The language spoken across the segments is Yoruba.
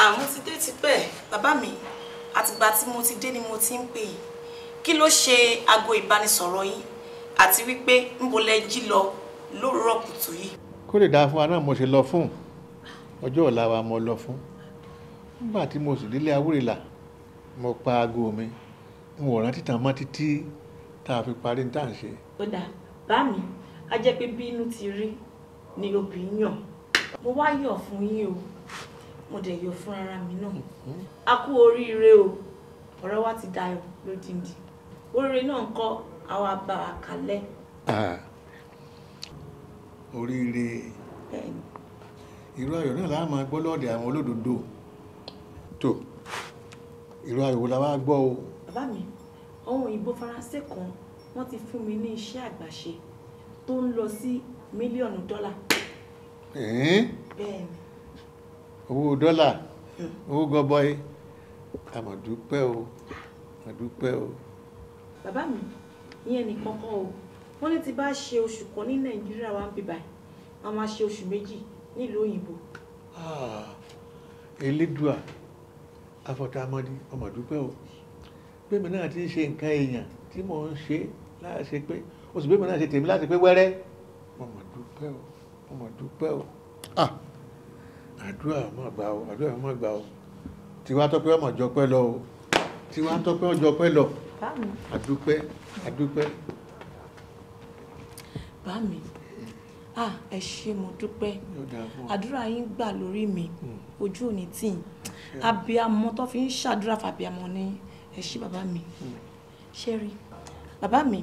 àwọn ti dé tipẹ́ bàbá mi àtìgbà tí mo ti dé ni mo ti ń pè yín kí ló ṣe aago ìbánisọ̀rọ̀ yín àti wípé ń bo lẹ jí lọ lóòrọ̀ kùtù yìí. kó lè dáa fún wa náà mo ṣe lọ fún ọjọ́ ọ̀la wa mo lọ fún nígbà tí mo sì délé awúrelà mo pa aago mi n ò rántí tàn mọ́ títí tá a fi parí ní tá ń ṣe. ó dà bá mi a jẹ́ pé bí inú ti rí ni obì ń yàn mo wá yọ̀ fún yín o mo dẹ̀ yọ fún ara mi náà mm-hmm. a kú oríire o ọ̀rọ̀ wa ti dayọ̀ lódìndí oríire náà ń kọ́ àwa bá wa kalẹ̀. Ah. oríire irú ayọ̀ náà láà máa gbọ́ lọ́ọ̀dẹ̀ àwọn olódodo tó irú ayọ̀ la wá gbọ́ o. bàbá mi ohun òyìnbó faransé kan wọ́n ti fún mi ní iṣẹ́ àgbàṣe tó ń lọ sí mílíọ̀nù dọ́là. bẹ́ẹ̀ owó dọ́là owó gọbọi àmọ̀dúpẹ́ o àmọ̀dúpẹ́ o. bàbá mi ìyẹn nìkan kọ́ o wọ́n ní ti bá ṣe oṣù kan ní nàìjíríà wa ń bí báyìí a máa ṣe oṣù méjì nílùú òyìnbó. Ah, elédùà afọtàmọdé ọmọdúpẹ́ o gbẹmí náà ti ń ṣe nǹkan èèyàn tí mò ń ṣe láṣẹ pé oṣù gbẹmí náà ṣe tèmi láti pé wẹ́rẹ́ ọmọdúpẹ́ o ọmọdúpẹ́ o. ah àdúrà má gbà ó àdúrà má gbà ó tiwa tọ́pẹ́ ọmọ jọpẹ́ lọ ó tiwa tọ́pẹ́ ọjọpẹ́ lọ àdúpẹ́ àdúpẹ́. bá mi ah ẹ ṣé mo dúpẹ́ àdúrà yín gbà lórí mi hmm. ojú òní tì í abiamọ tó fi ń ṣàdúrà fàbiamọ ní ẹ ṣé bàbá mi hmm. ṣé rí bàbá mi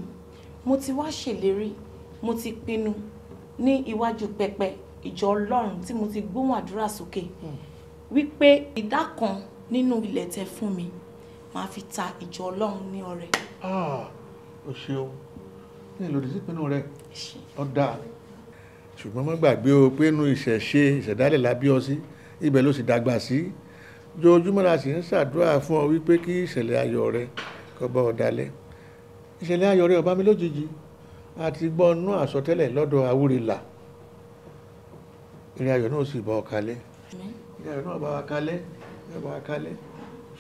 mo ti wá ṣèlérí mo ti pinnu ní iwájú pẹpẹ ìjọ ọlọ́run tí mo ti gbóhùn àdúrà sókè hmm. wípé ìdá kan nínú ilẹ̀ tẹ fún mi màá fi ta ìjọ ọlọ́run ní ọrẹ. Ah, o ṣeun ní ìlòdì sí ìpinnu rẹ ọ̀dà ṣùgbọ́n má gbàgbé o pé inú ìṣẹ̀ṣe ìṣẹ̀dálẹ̀ la bí ọ sí ibẹ̀ ló sì dàgbà sí jojúmọ́ la sì ń ṣàdúrà fún ọ wípé kí ìṣẹ̀lẹ̀ ayọ̀ rẹ kó bá ọ dalẹ̀ ìṣẹ̀lẹ̀ ayọ̀ rẹ ó bá mi lójijì àti gbọ́nú àsọtẹ́lẹ̀ lọ́dọ̀ àwúrẹ́là ìrìn ayọ̀ náà sì bá ọ kalẹ̀ ìrìn ayọ̀ náà bá wa kalẹ̀ yóò bá wa kalẹ̀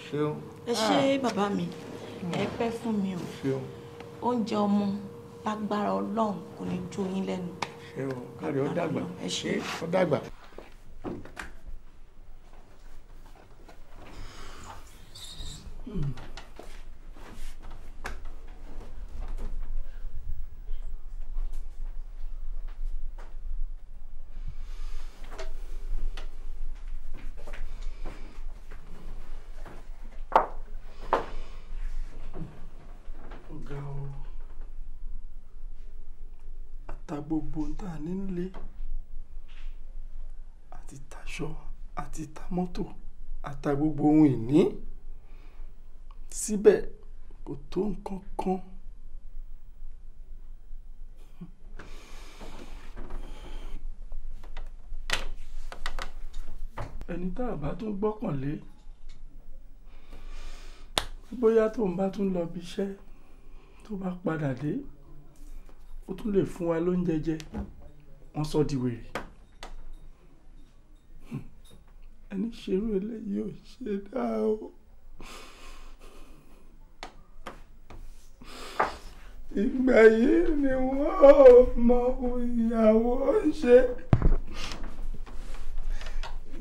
ṣeun. ẹ ṣe ah. bàbá mi hmm. ẹ pẹ́ fún mi o ṣeun oúnjẹ ọmọ lágbára Ọlọ́run kò ní jó yín lẹ́nu. ṣeun kárí ó dàgbà ṣe ó dàgbà. Mm-hmm. gbogbo tá a ní nílé àti taṣọ àti ta mọ́tò àta gbogbo ohun ìní síbẹ̀ kò tó nǹkan kan. ẹni tá a bá tún gbọ́kànlé bóyá tóun bá tún lọ bí iṣẹ́ tó bá padà dé ó tún lè fún wa lóúnjẹ jẹ wọ́n sọ di wèrè ẹni ṣerú eléyìí ò ṣe dáa o. ìgbà yìí ni wọ́n ò mọ ìyàwó ṣe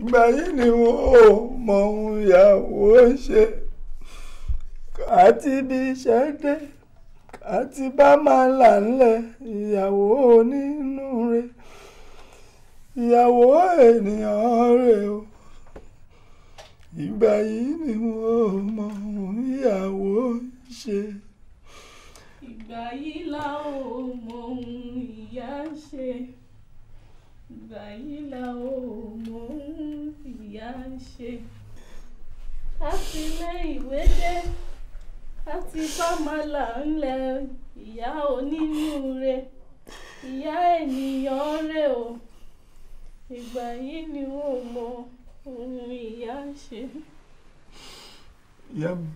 ìgbà yìí ni wọ́n ò mọ ìyàwó ṣe àti bí iṣẹ́ dé àti bá máa là ńlẹ̀ ìyàwó onínúure ìyàwó ènìyàn rẹ̀ o ìgbà yìí ni mo mọ ìyàwó ṣe. ìgbà yìí la ó mọ ohun ìyá ṣe ìgbà yìí la ó mọ ohun ìyá ṣe. a ti lé ìwé dé àti fámálà ńlẹ̀ ìyá onínúure ìyá ènìyàn rè o ìgbà yìí ni wọn mọ ohun ìyá ṣe. ìyá mi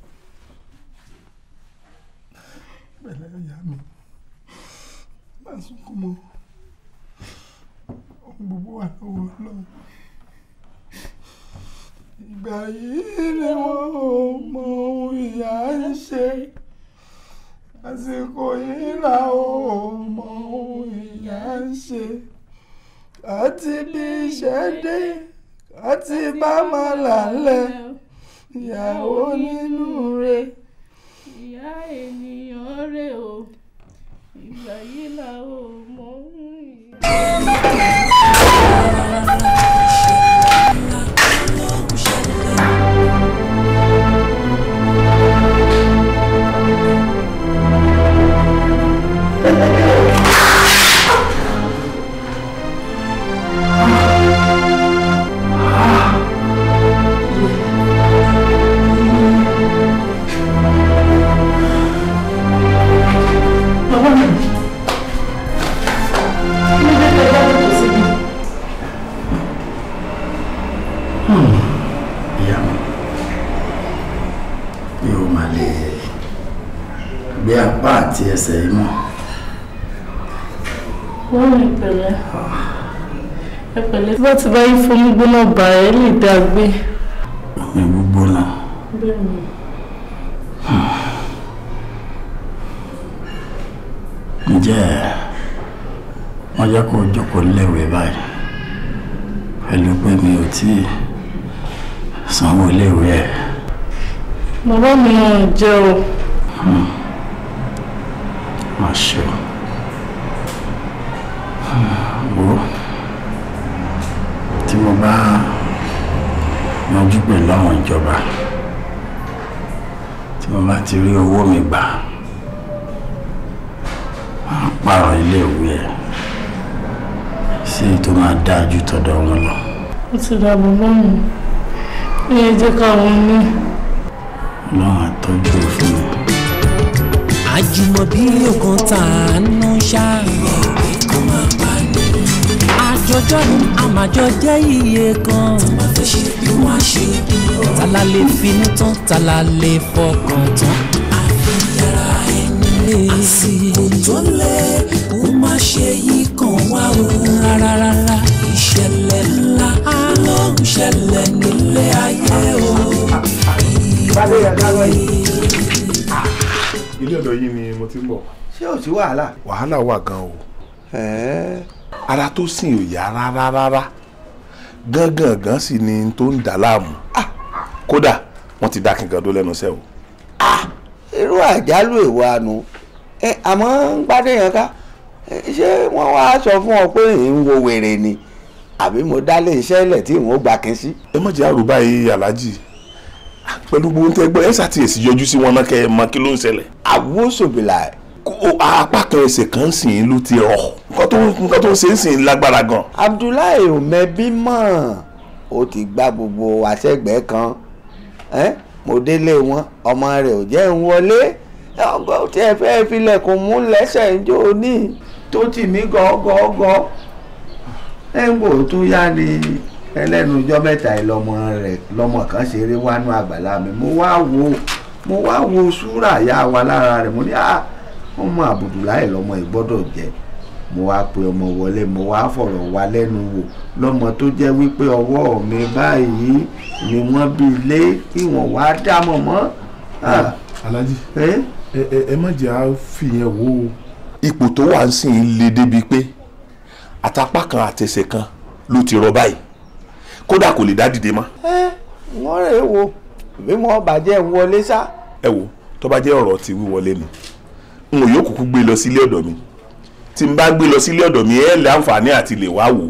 ìyá mi má sunkún mọ́ ohun gbogbo wà lọ́wọ́ Ọlọ́run ìgbà yìí ni wọn ò mọ ohun ìyá ń ṣe àsìkò yìí là ò mọ ohun ìyá ń ṣe àti bí iṣẹ́ dé àti bá máa là ń lẹ ìyàwó nínú rẹ̀. apá àti ẹsẹ̀ yìí mọ́. wọ́n mi pẹ̀lẹ́ ẹ pẹ̀lẹ́ tí wọ́n ti bá yí fomi gbóná bá ẹ lè dá gbé. omi gbígbóná. bẹ́ẹ̀ni. ǹjẹ́ wọ́n jẹ́ kó o jókòó léwèé báyìí pẹ̀lú pé mi ò tí sanwó léwèé ẹ̀. bàbá mi ò jẹ́ o. Hmm má ṣe o ah, wo tí mo bá yanjú pẹ̀lú àwọn ìjọba tí mo bá ti rí owó mi gbà máa pààrọ̀ iléèwé ẹ̀ sí èyí tó máa dáa ju tọ̀dọ̀ wọn lọ. ó ti dàbọ̀ bọ́ọ̀mù ní ẹjẹ́ káwọn ní. ọlọ́run àtọ́jú fún mi àjùmọ̀bí ọkàn tàánú ṣá. ìrọ̀lẹ́ kò máa bá ní. àjọjọ́ ni àmàjọ jẹ́ iye kan. tí wọ́n ṣe bí wọ́n ṣe bí tala lè finú tán tala lè fọkàn tán. àfihàn ẹni àsìkò tó lẹ kó má ṣe yí kan wá o. rárá rárá ìṣẹ̀lẹ̀ ńlá ló ń ṣẹlẹ̀ nílé ayé o. ìwé ìwé dé ọ̀dọ̀ yìí ni mo ti ń bọ̀. ṣé o ti wàhálà. wàhálà wà gan o. ara tó sìn ò yá rárá rárá gángan gan sì ni tó ń dà láàmú ah! kódà wọ́n ti dá kíkan tó lẹ́nu iṣẹ́ o. Ah! irú àjálù èwo àánú àmọ́ ń gbádùn yẹn ká ṣé wọ́n wá sọ fún ọ pé èyí ń wo wèrè ni àbí mo dá lé iṣẹ́ ilẹ̀ tí n ò gbà kí n sí. ẹ má jẹ́ àrùbá yìí aláàjì pẹ̀lú gbogbo ohun tẹ́ gbọ́ ẹ ṣàtìyèsí yọjú sí wọn náà kẹ́ ẹ mọ kí ló ń ṣẹlẹ̀. àwòsòbìlà apá kan ẹsẹ̀ kan sì ń lù ti rọ̀ nǹkan tó ń ṣe é sì ń lágbára gan. Abdullahi ò mẹ́bí mọ́ ó ti gba gbogbo àṣẹgbẹ́ kan mo délé wọn ọmọ rẹ̀ ò jẹ́ ń wọlé ọgọ́ tí ẹ fẹ́ filẹ̀kùn mú lẹ́sẹ̀ ń jó ní tó tì mí gọ́gọ́gọ́ ẹ̀ ń wò ó tún yá ni ẹlẹ́nu ọjọ́ mẹ́ta ìlọmọ rẹ̀ lọmọ kan ṣeré wánú àgbàlá mi mo wá wo mo wá wo súrà yá wa lára rẹ̀ mo ní à ah, ọmọ àbùdùláì lọmọ yìí gbọ́dọ̀ jẹ́ mo wá pe ọmọ wọlé mo wá fọ̀rọ̀ wá lẹ́nu wò lọ́mọ tó jẹ́ wípé ọwọ́ mi báyìí ni wọ́n bí lé kí wọ́n wá dámọ̀ mọ́. Ah. alájí ẹ má jẹ́ à wo. ipò tó wà ń sìn le débi pé àtàpá kan àtẹsẹ̀ kan ló ti rọ báyìí kódà kò lè dá dìde mọ́. ẹ wọ́n rè é wo bí wọ́n bàjẹ́ wọlé sá. ẹ wo tó bá jẹ́ ọ̀rọ̀ ti wíwọlé nu n ò yóò kúkú gbé lọ sílé ọ̀dọ̀ mi tí n bá gbé lọ sílé ọ̀dọ̀ mi ẹ láǹfààní àti lè wá wò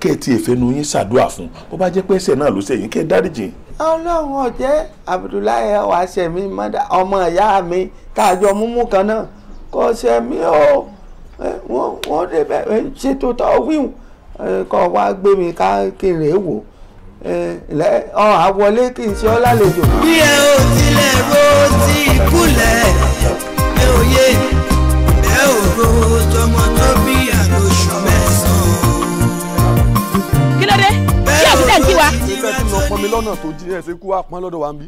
kẹ́ ẹ ti ìfẹ́nu yín ṣàdúrà fún bó bá jẹ́ pé ẹ̀ṣẹ̀ náà ló ṣẹ̀yìn kẹ́ ẹ dáríjì. ọlọ́run ọ̀jẹ́ abdullahi ẹ̀wà ṣẹ̀mí ọmọ ìyá mi tààjọ múmú kan náà kò ṣẹ̀mí o wọ́n débẹ̀ ṣètò tó wíwù kọ́ wá gbé mi ká kí n rèé wò ọ àwọlé kì í ṣe ọ́ lálejò. bí ẹ ò tilẹ̀ ro ti ìkúlẹ̀ ẹ ò yé ẹ ò ro tọmọ tó bí àlòṣù mẹ́sàn-án. kí ló dé kí ọ̀sùn tẹ̀ ń kí wa. ìfẹ́ tí mo pọn mi lọ́nà tó jí ẹ̀ ṣe kú àpọ́n lọ́dọ̀ wa ń bí.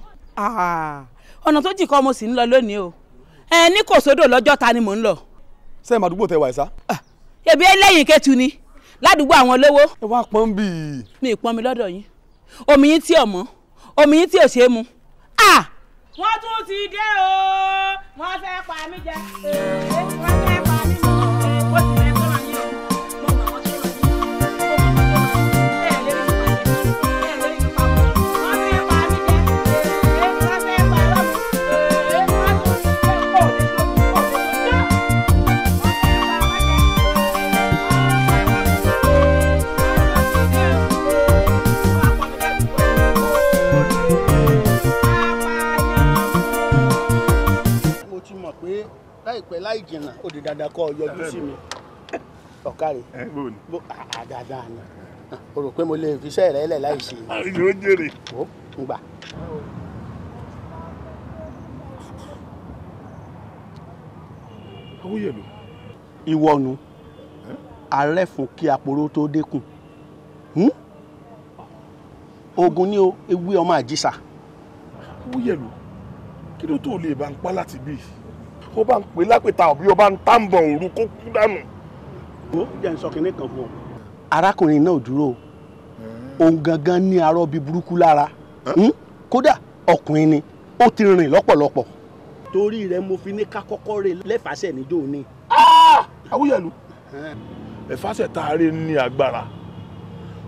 ọ̀nà tó jì kọ́ mo sì ń lọ lónìí o ẹ ní kòsódò lọ́jọ́ ta ni mò ń lọ. sẹ́yìn màdúgbò tẹ wà ẹ̀ sá. ẹ̀bí ẹlẹ́yìn kẹ́tù ni ládùúgbò àwọn olówó. ẹ wá pọ́n bì í. mi ì pọ́n mi lọ́dọ̀ yín omi yín tí ò mọ́ omi yín tí ò ṣeé mu. wọ́n tún ti dé o wọ́n fẹ́ pa mí jẹ. mọ̀ pé láìpẹ́ láì jìnnà ó di dandan kọ́ ọ yọjú sí mi ọ̀kàrẹ̀ àdàdà ni o rò pé mo lè fi iṣẹ́ rẹ lẹ̀ láì ṣe. yóò jèrè. ó ń gbà. awúyẹ̀lò. ìwọ nu ààrẹ fún kí àpòrò tó dẹ́kun ogun ni o ewé ọmọ àjíṣà. awúyẹ̀lò kí ló tó lè bá ń pa láti bí yìí ó bá ń pè lápèta òbí ó bá ń tàǹbọ̀ òru kó kú dànù. ó jẹ́ sọ kínní kan fún ọ. arákùnrin náà dúró hmm. òun gangan ní arọ bíi burúkú lára hmm? kódà ọkùnrin ni ó ti rìn lọ́pọ̀lọpọ̀. torí rẹ mo fi ní ká kọ́kọ́ rè lẹ́fàṣẹ̀ níjó ni. àwùyẹ̀lú ah! hmm. ẹ̀fàṣẹ̀ tá a rí ní agbára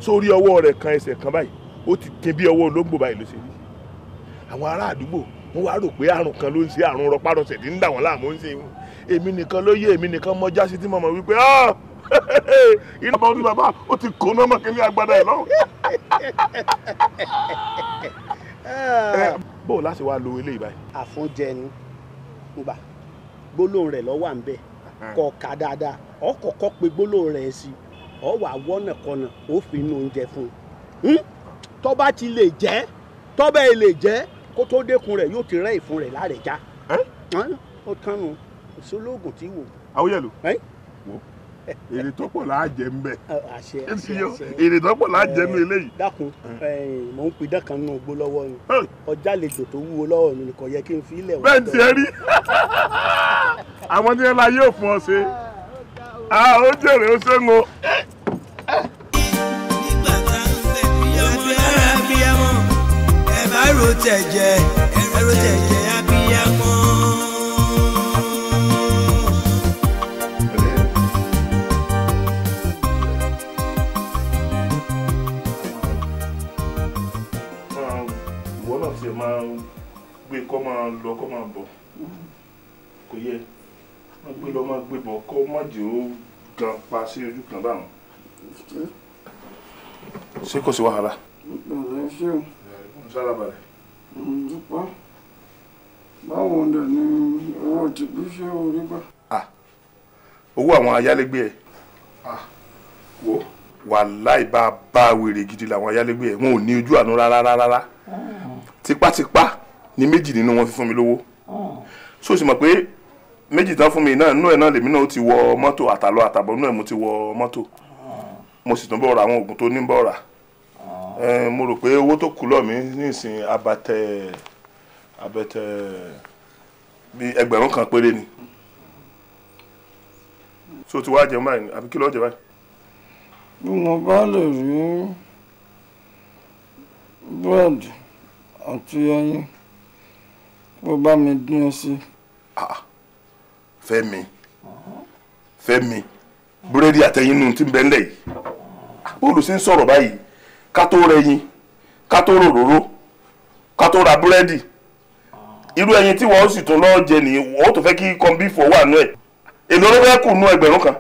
sórí ọwọ́ rẹ̀ kan ẹsẹ̀ kan báyìí ó ti kin bí ọwọ́ olóńgbò báyìí ló ṣe rí àwọn ará àdúgbò wọ́n wá rò pé àrùn kan ló ń ṣe àrùn rọpárọsẹ̀ tí ń dà wọ́n láàmú ń ṣe èmi nìkan ló yé èmi mọ jásí tí mo wípé iná bá ní bàbá ó ti kó náà agbada eléyìí gbólóhùn ń kọ ká dáadáa ọ gbólóhùn rẹ sí ọ wà wọnàkọnà ó fi inú fún un ti lè jẹ́ kó tó dẹ́kun rẹ̀ yóò ti rẹ́ ìfun rẹ̀ láàrẹ̀ já o tán nu ìṣolóògùn tí wò. àwòyẹ̀lò wò èrè tó pọ̀ là á jẹ ń bẹ̀ èrè tó pọ̀ là á jẹ ń eléyìí. dákun mò ń pidán kan nínú igbó lọ́wọ́ ni ọjà àlejò tó wúwo lọ́wọ́ mi kò yẹ kí n fi ilẹ̀ wá. bẹ́ẹ̀ ti ẹ rí àwọn tí wọn la yóò fún ọ ṣe ó jèrè ó ṣe ń ẹrù tẹ̀jẹ̀ ẹrù tẹ̀jẹ̀ abiyamọ. ìwọ náà ti máa gbé kọ́ máa lọ kọ́ máa bọ̀ kò yẹ máa gbé lọ máa gbé bọ̀ kọ́ má jẹ́ ó gan pa sí ojú kan báwọn. ṣé kò sí wàhálà. ṣé o sára balẹ̀. dúpọ́ báwo dẹ̀ ni owó tìbí ṣe orí gbà. owó àwọn ayálégbé ẹ wo wàláì bá bá wèrè gidi làwọn ayálégbé ẹ wọn ò ní ojú àánú rárá rárá tipátipá ni méjì nínú wọn fi fún mi lówó so sì mọ̀ pé méjì tán fún mi náà inú ẹ̀ náà lèmi náà ti wọ mọ́tò àtàlọ́ àtàbọ̀ inú ẹ̀ mo ti wọ mọ́tò mo sì tún bọ̀ ra àwọn oògùn tó ní bọ̀ rà mo rò pé owó tó kù lọ́mí nísìnyí abatẹ abẹtẹ bíi ẹgbẹ̀rún kan péré ni so ti wá jẹun báyìí àbí kí ló jẹ báyìí. bí mo bá lè rí bread àti ẹyin bó bá mi dín in sí. Ah, fẹ́mi fẹ́mi búrẹ́dì àtẹyin nù tí ń bẹ ń lẹ̀ yìí bóòlù sì ń sọ̀rọ̀ báyìí ká tó rẹyin ká tó ròróró ká tó ra búrẹ́dì irú ẹyin tí wọ́n sì tún lọ́ọ́ jẹ nìyí wọ́n tó fẹ́ kí kọ́ńbífọ̀ wà nú ẹ̀ èlò ló fẹ́ kù nú ẹgbẹ̀rún kan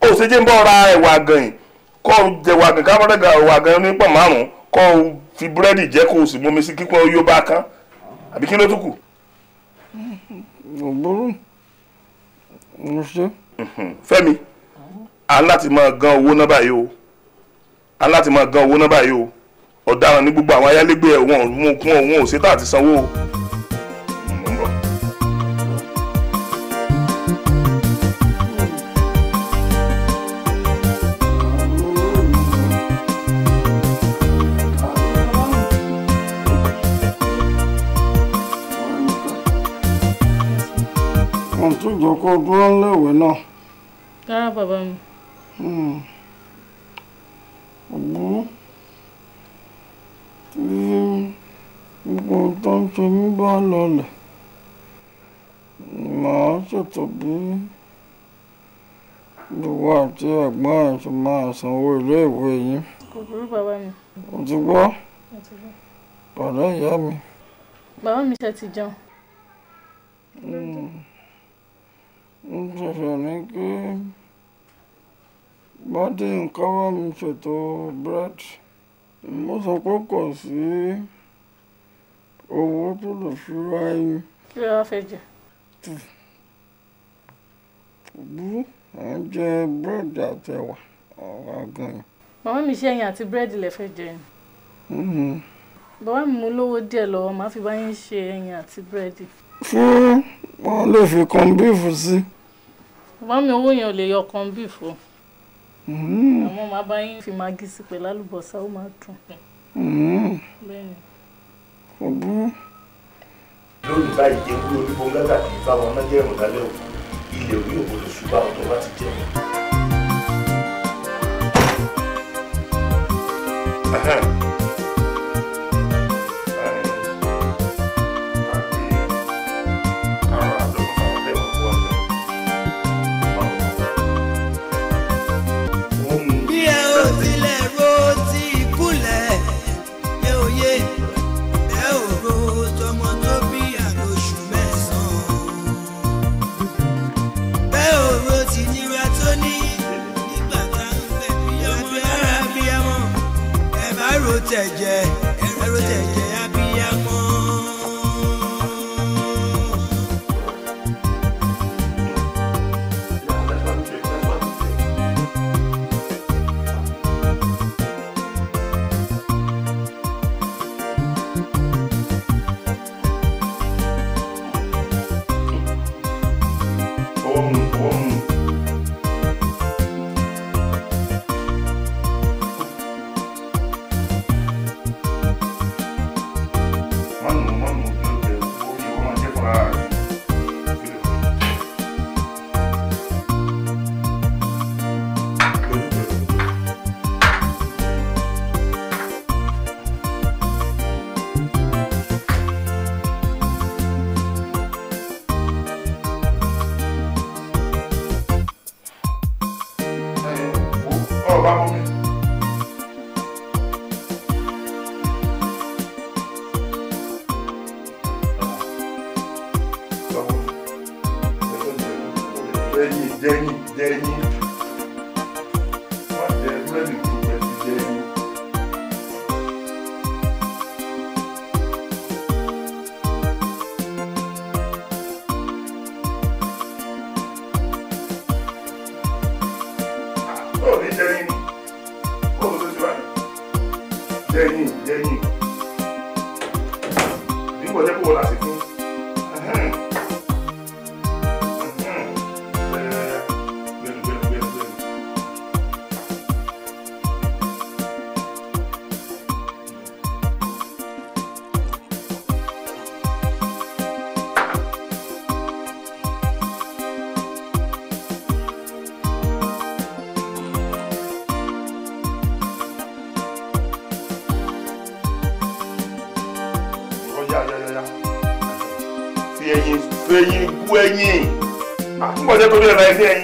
ó ṣe jẹ́ ń bọ́ ra ẹ̀wà àgànyìn kọ́ jẹ̀wà àgàn kámọ́rẹ́gà ẹ̀wà àgàn ní pọ̀ márùn kọ́ fi búrẹ́dì jẹ́ kó o sì bomi sí kíkún yóò bá kán àbí kí ló tún kù. Fẹ́mi a láti máa gan owó náà báyìí o aláti máa gan owó náà báyìí o ọ̀daràn ní gbogbo àwọn ayálégbé ẹ̀ wọn ò kún wọn ò ṣetán àti sanwó o. kò tún jọ kó dúró ńlẹ̀wé náà. rárá bàbá mi. Hmm àmọ́ tí gbogbo ohun tó ń ṣe mí bá lọlẹ̀ ni màá ṣètò bí gbogbo àti ẹ̀gbọ́n ẹ̀ ṣe máa sanwó iléèwé yín. kò burú bàbá mi. mo ti gbọ́ pàdé ìyá mi. bàbá mi ṣe ti jẹun. n hmm. ṣẹ̀ṣẹ̀ ní kí bọ́dí nǹkan bá mi ṣètò bread mo sọ pé kò sí owó tó lè fi ra ẹyin. kí ló wá fẹ́ jẹ. bú à ń jẹ búrẹ́dì àti ẹ̀wà ọ̀rọ̀ gan-an. màmá mi ṣe ẹyin àti búrẹ́dì lè fẹ́ jẹ. Mm-hmm. bàbá mi mú lówó díẹ̀ lọ́wọ́ màá fi bá yín ṣe ẹyin àti búrẹ́dì. fún wọn lè fi kan bíìfù sí. bàbá mi owó yẹn ò lè yọ kan bíìfù o. Mm. àmọ́ màá bá yín fi magi sí pẹ̀lú àlùbọ́sà ó máa dùn. Mm. bẹ́ẹ̀ni. kò burú. lórí báyìí jẹ́ wí oníbo mẹ́ta kì í bá wọn náà jẹ́ ìrọ̀lẹ́ o ilé orí òbòdò ṣùgbọ́n àwọn tó bá ti jẹ́ Uh-huh. jẹ́jẹ́. salvar o Gracias.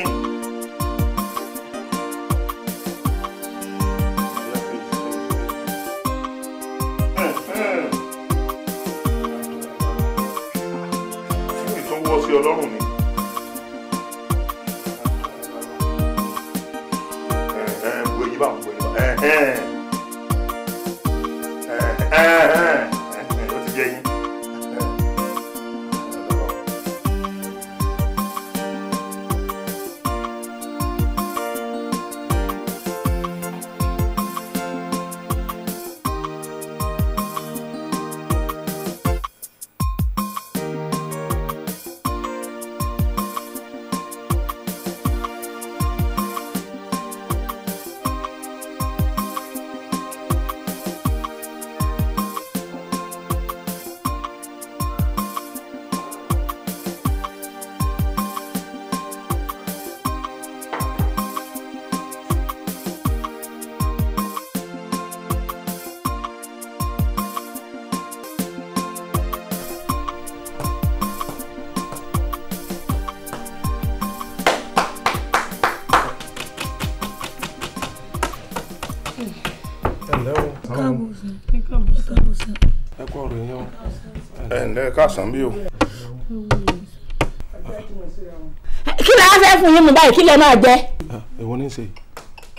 ẹ káàsán bí o. kí ló wá fẹ́ fún yín mú báyìí kí lè máa jẹ. Ah, èwo ní í ṣe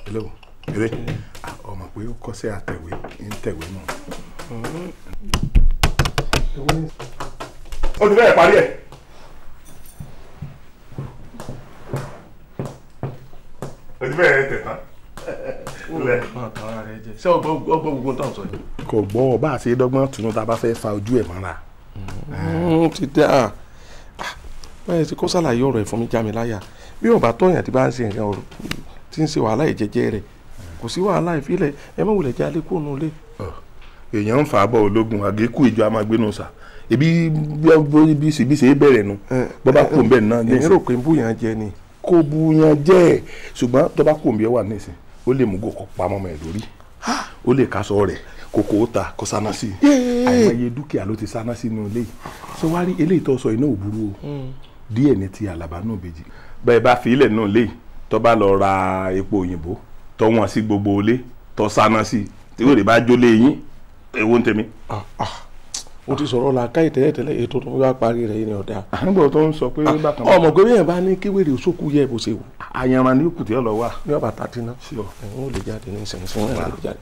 eléwo eré ọmọ ah, pé ó kọ́ sí àtẹ̀wé ń tẹ̀wé náà. ó ti fẹ́ẹ̀ parí ẹ̀. ó ti fẹ́ẹ̀ tẹ̀ tán ṣé ọgbọ́n gbogbo tó ń sọ yìí. kò gbọ́ ọ bá a ṣe dọ́gbọ́n tunu tá a bá fẹ́ fa ojú ẹ̀ mọ́ra ti dá a ah, báyìí ti kó sàlàyé ọ̀rọ̀ ẹ̀ fún mi já mi láyà bí ọba tọ̀yìn àti bá ń ṣe nǹkan ọ̀rọ̀ tí ń ṣe wàhálà ìjẹ́jẹ́ rẹ̀ kò sí wàhálà ìfilẹ̀ ẹ mọ̀ wùlẹ̀ jẹ́ alẹ́ kó nù lé. èèyàn ń fà á bọ̀ ológun àgékù ìjọ amagbénusà ebi bí bí ṣe é bẹ̀rẹ̀ nu eh, bọ́bá kò ń bẹ̀ náà ní ìsìn. èyí rò pé búyàn jẹ ni. kò búyàn jẹ ṣùgbọ́n tọ́ba kò ń bí ẹ wà ní ìsìn ó lè mú àìmọye dúkìá ló ti sáná sínú ilé so wá rí eléyìí tó sọ iná ò burú o hmm. díẹ̀ ní ti àlàbà náà bèjì bẹ́ẹ̀ bá fi ilẹ̀ náà lé tó bá lọ ra epo òyìnbó tó wọ́n sí gbogbo ilé tó sáná sí tí wèrè bá jólé yín èwo ń tèmi. Ah, ah. o ti sọ̀rọ̀ la káyì tẹ́lẹ̀tẹ́lẹ̀ ètò tó bá parí rẹ̀ ni ọ̀dà. àgbọ̀ ah, tó ń sọ pé bákan náà. ọmọ gbé yẹn bá ní kíwèrè òṣòkú yẹ bó ṣe wù. àyànràn ní kùtì ọ̀lọ́ wà. ní ọ̀bà tàdínà. ṣé o ẹ̀ ń lè jáde ní ìsẹ̀nsẹ̀ wọn ẹ̀ ń lè jáde.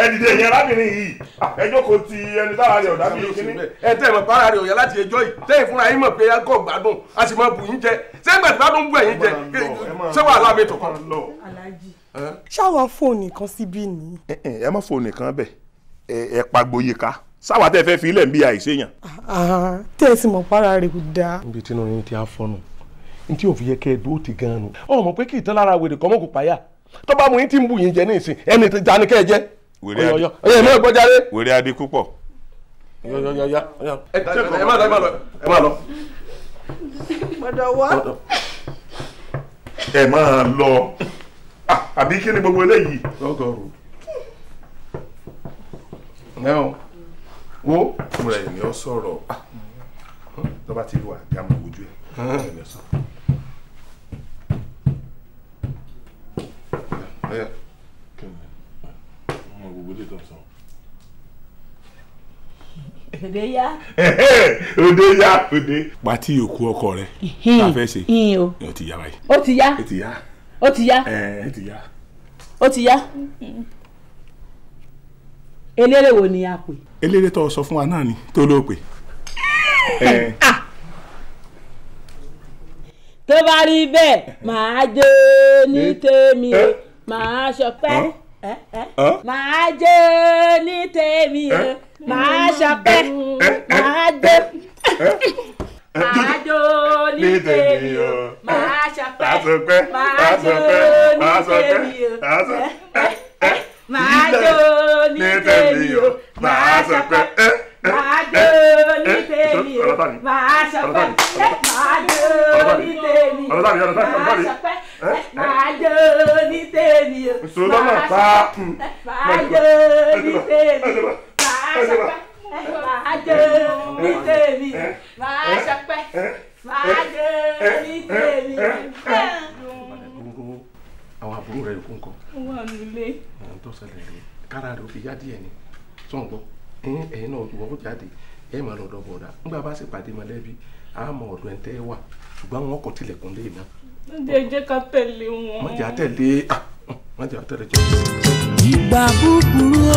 ẹ dìde yẹn arábìnrin yìí ẹ jókòó ti ẹni tára rẹ ọ̀dà bíi kíní. ẹ tẹ́ mọ̀ para rẹ ọ̀yà láti ẹjọ́ yìí tẹ́yìn fúnra yín mọ̀ pé ẹ kọ́ gbádùn a sì máa bù yín jẹ ṣé ìgbà tí gbádùn bù ẹ̀yìn jẹ ṣé wàhálà mi tó kàn. ṣáwa fóònù kan síbí ni. ẹ má fóònù kan bẹ ẹ pa gboyè ká sáwà tẹ fẹ́ fi ilẹ̀ ń bí àìsèyàn. Ah, ah, tẹ́ ẹ sì mọ̀ para rẹ̀ kò dáa. níbi tí inú ti á fọ́nù ní tí òfin yẹ kẹ́ ẹ dúró ti gan-an nù. ọmọ pé kí ìtàn lára wèrè kọ́mọ́kù páyà tó bá mu yín tí ń bù yín jẹ ní ìsìn ẹni tí ni kẹ́ ẹ jẹ́ wèrè adi púpọ̀. ẹ má lọ ẹ má lọ. gbọ́dọ̀ wá. ẹ máa lọ àbí kí ni gbogbo eléyìí. lẹ́wọ̀n wo. fúnra ẹ̀ ni ó sọ̀rọ̀ tó bá ti lu àgàmù ojú ẹ̀. Yeah gbogbo lè tọ̀sán. òde yá. òde yá òde. pati òkú ọkọ rẹ ta fẹ́ ṣe ó ti yá báyìí. ó ti yá ó ti yá ó ti yá ó ti yá ó ti yá eléré wo ni a pè. eléré tó sọ fún wa náà ni tó ló pè. Ah. tó bá rí bẹ́ẹ̀ màá jó ní tèmi màá ṣọpẹ́ màá jẹ́ ní tèmi o màá ṣọpẹ́ màá jẹ́ màá jó ní tèmi o màá ṣọpẹ́ màá jó ní tèmi o màá jó ní tèmi o màá ṣọpẹ́ máa jó ní tèmi o máa ṣọpẹ́ máa jó ní tèmi o máa ṣọpẹ́ máa jó ní tèmi o máa ṣọpẹ́ máa jó ní tèmi o máa ṣọpẹ́ máa jó ní tèmi o máa ṣọpẹ́ máa jó ní tèmi o. àwọn àbúrò rẹ yòókù ń kọ. wọn ò nílé. ohun tó ṣẹlẹ̀ rèé kára rẹ̀ ó fi yá díẹ̀ ni sọ̀ǹgbọ́n. ẹ̀yin ẹ̀yin náà wọ́n jáde ẹ̀ máa lọ dọ́bọ̀ ọ̀dà nígbà bá sì pàdé mọ̀lẹ́bí a mọ ọ̀dọ̀ ẹ̀ tẹ́ wà ṣùgbọ́n wọn kò tilẹ̀kùn lé iná. ǹjẹ́ jẹ́ ká tẹ̀lé wọn. má jẹ́ àtẹ̀lé má jẹ́ àtẹ̀lé ìgbà búburú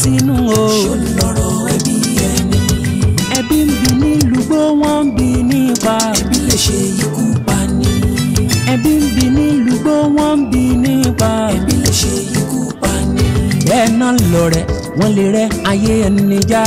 sínú o. ṣòlọ́rọ̀ ẹbí ẹni. ẹbí ń bi nílùgbó wọ́n ń bi nípa. ẹbí lè ṣe ikú pani. ẹbí ń bi nílùgbó wọ́n ń bi nípa. ẹbí lè ṣe ikú pani. bẹ́ẹ̀ náà lọ rẹ̀ wọ́n lè rẹ́ ayé ẹni já.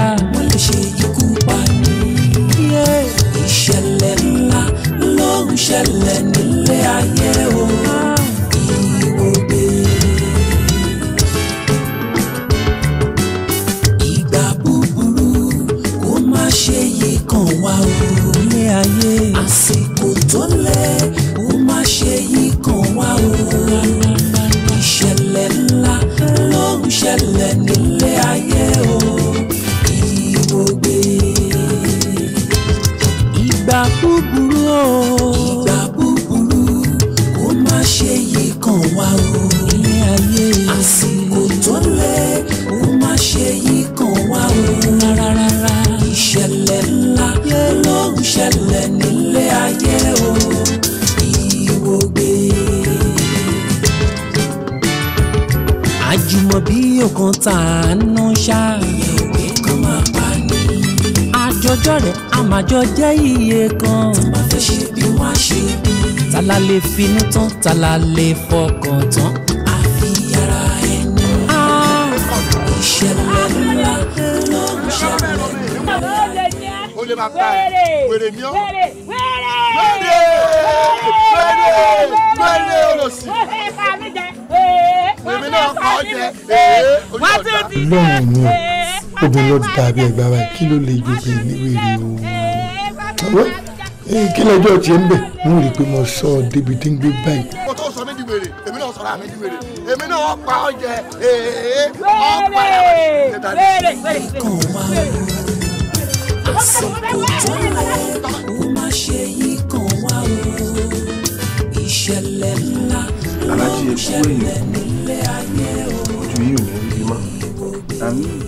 ta la lè fọkàn tán. àfi ara ẹni ìṣẹ̀lẹ̀ ńlá ló ń ṣẹlẹ̀. o lè máa pa ẹ wèrè ni ọ. wèrè wèrè wèrè wèrè olùsí. èmi náà kọ́ ọ jẹ ee oníyọ̀dá. lọ́rùn mi obìnrin ló dàbí ẹgbàá báyìí kí ló lè gbé obìnrin níwèrè o kí lọ́jọ́ tiẹ̀ ń bẹ̀ ń rí i pé mo sọ ọ débi tí ń gbé báyìí. mo tó sọ mí di wèrè èmi náà sọra mi di wèrè èmi náà wọ́n pa oúnjẹ èèyàn ọ̀pá wèrè wèrè. kò máa lò àsìkò tó lò ó má ṣe yí kan wá o ìṣẹ̀lẹ̀ ńlá ló ń ṣẹlẹ̀ nílé ayé o. ojú yìí ò ní rí i mọ́ ta ní.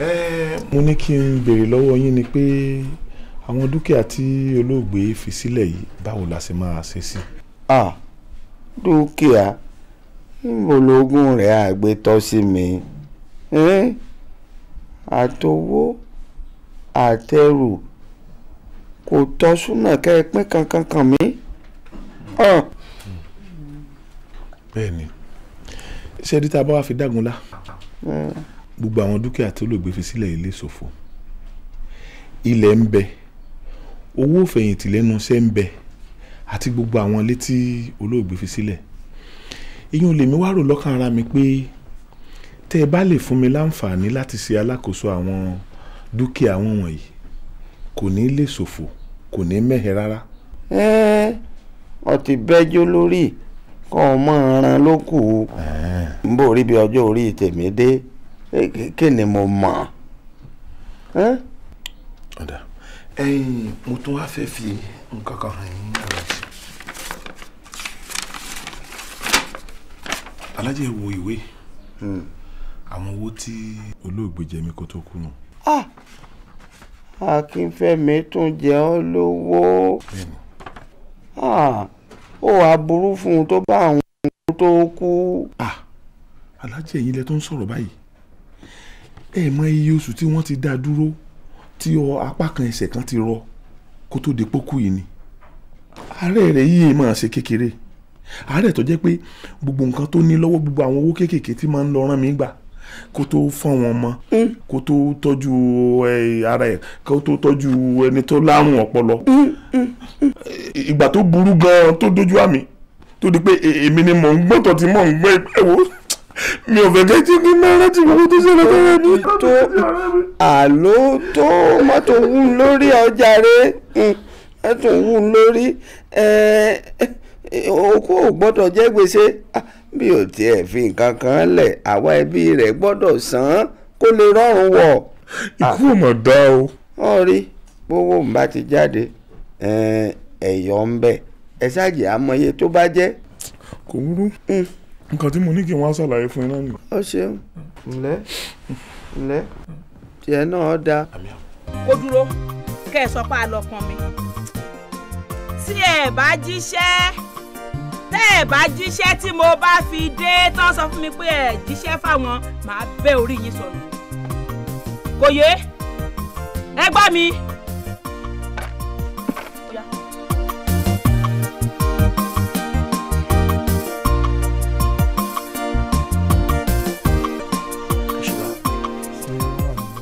mo ní kí n béèrè lọ́wọ́ yín ni pé àwọn dúkìá tí olóògbé fi sílẹ̀ yìí báwo la ṣe máa ṣe sí. dúkìá ìmọ̀lógún rẹ̀ àgbétọ́ sí mi àtowó àtẹrù kò tọ́ súnà kẹ́ ẹ pín kankan kan mi. bẹ́ẹ̀ni ṣé ẹni tá a bá wá fi dágunlá gbogbo àwọn dúkìá tó lògbé fi sílẹ̀ ilé ṣòfò ilẹ̀ ń bẹ owó fẹ̀yìntì lẹ́nu iṣẹ́ ń bẹ àti gbogbo àwọn ilé tí olóògbé fi sílẹ̀ ìyún lèmi wá rò lọ́kàn ara mi pé tẹ́ ẹ bá lè fún mi láǹfààní láti ṣe alákòóso àwọn dúkìá wọn wọ̀nyí kò ní lè ṣòfò kò ní mẹ́hẹ̀ rárá. ẹ ọ ti bẹjọ lórí kọ́ ọ mọ́ ọ̀ràn ló kù. n bò rí bí ọjọ́ orí tèmi dé. Eh, kí ni mo mọ̀ eh? ọ̀dà ẹ̀yìn mo tún wá fẹ́ fi nǹkan kan hàn yín aláàjì aláàjì wo ìwé hmm. àwọn owó tí olóògbé jẹ mí kó tó kú nù. Ah! akínfẹ́mi tún jẹ ọ́ lówó ah! ó wàá burú fún un tó bá àwọn ohun tó kú. Ah! aláàjì ẹ̀yin lẹ tó ń sọ̀rọ̀ báyìí ẹ mọ iye oṣù tí wọ́n ti dá dúró tí ọ apá kan ẹsẹ̀ kan ti rọ kó tó de pókú yìí ni àárẹ̀ rẹ̀ yìí máa ṣe kékeré àárẹ̀ tó jẹ́ pé gbogbo nǹkan tó ní lọ́wọ́ gbogbo àwọn owó kéékèèké tí máa ń lọ rán mi gbà kó tó fọ́n wọn mọ́ mm. kó tó tọ́jú ara ẹ̀ kó tó tọ́jú ẹni tó lárùn ọpọlọ mm, mm, ìgbà tó burú gan-an tó dojú àmì tó di pé e, èmi ni mò ń gbọ́tọ̀ tí mò ń gbẹ́ ẹ̀wọ̀ mi ò fẹ́ jẹ́ kí n máa rántí gbogbo tó ṣẹlẹ̀ lọ́wọ́ mi tó àló tó mọ́tò wù lórí ọjà rẹ̀ ẹ̀tún wù lórí òkú ò gbọ́dọ̀ jẹ́ gbèsè bí o tiẹ̀ fi nǹkan kan lẹ̀ àwa ẹbí rẹ̀ gbọ́dọ̀ san án kó lè rọrùn wọ̀. ikú ah. ò mọ̀ dá o. wọ́n rí gbowó ń bá ti jáde ẹ̀yọ́ ń bẹ̀ ẹ̀ ṣáàjì àmọye tó bá jẹ́. kò burú nǹkan tí mo ní kí wọ́n á ṣàlàyé fún iná nìyí. ó ṣeun ǹlẹ́ ǹlẹ́ tiẹ̀ náà dáa. kó dúró kẹ́ ẹ sọ pé a lọ pọn mi tí ẹ bá jíṣẹ́ tẹ́ ẹ bá jíṣẹ́ tí mo bá fi dé tán sọ fún mi pé ẹ jíṣẹ́ fáwọn màá bẹ́ orí yín sọnù kò yé ẹ gbọ́ mi.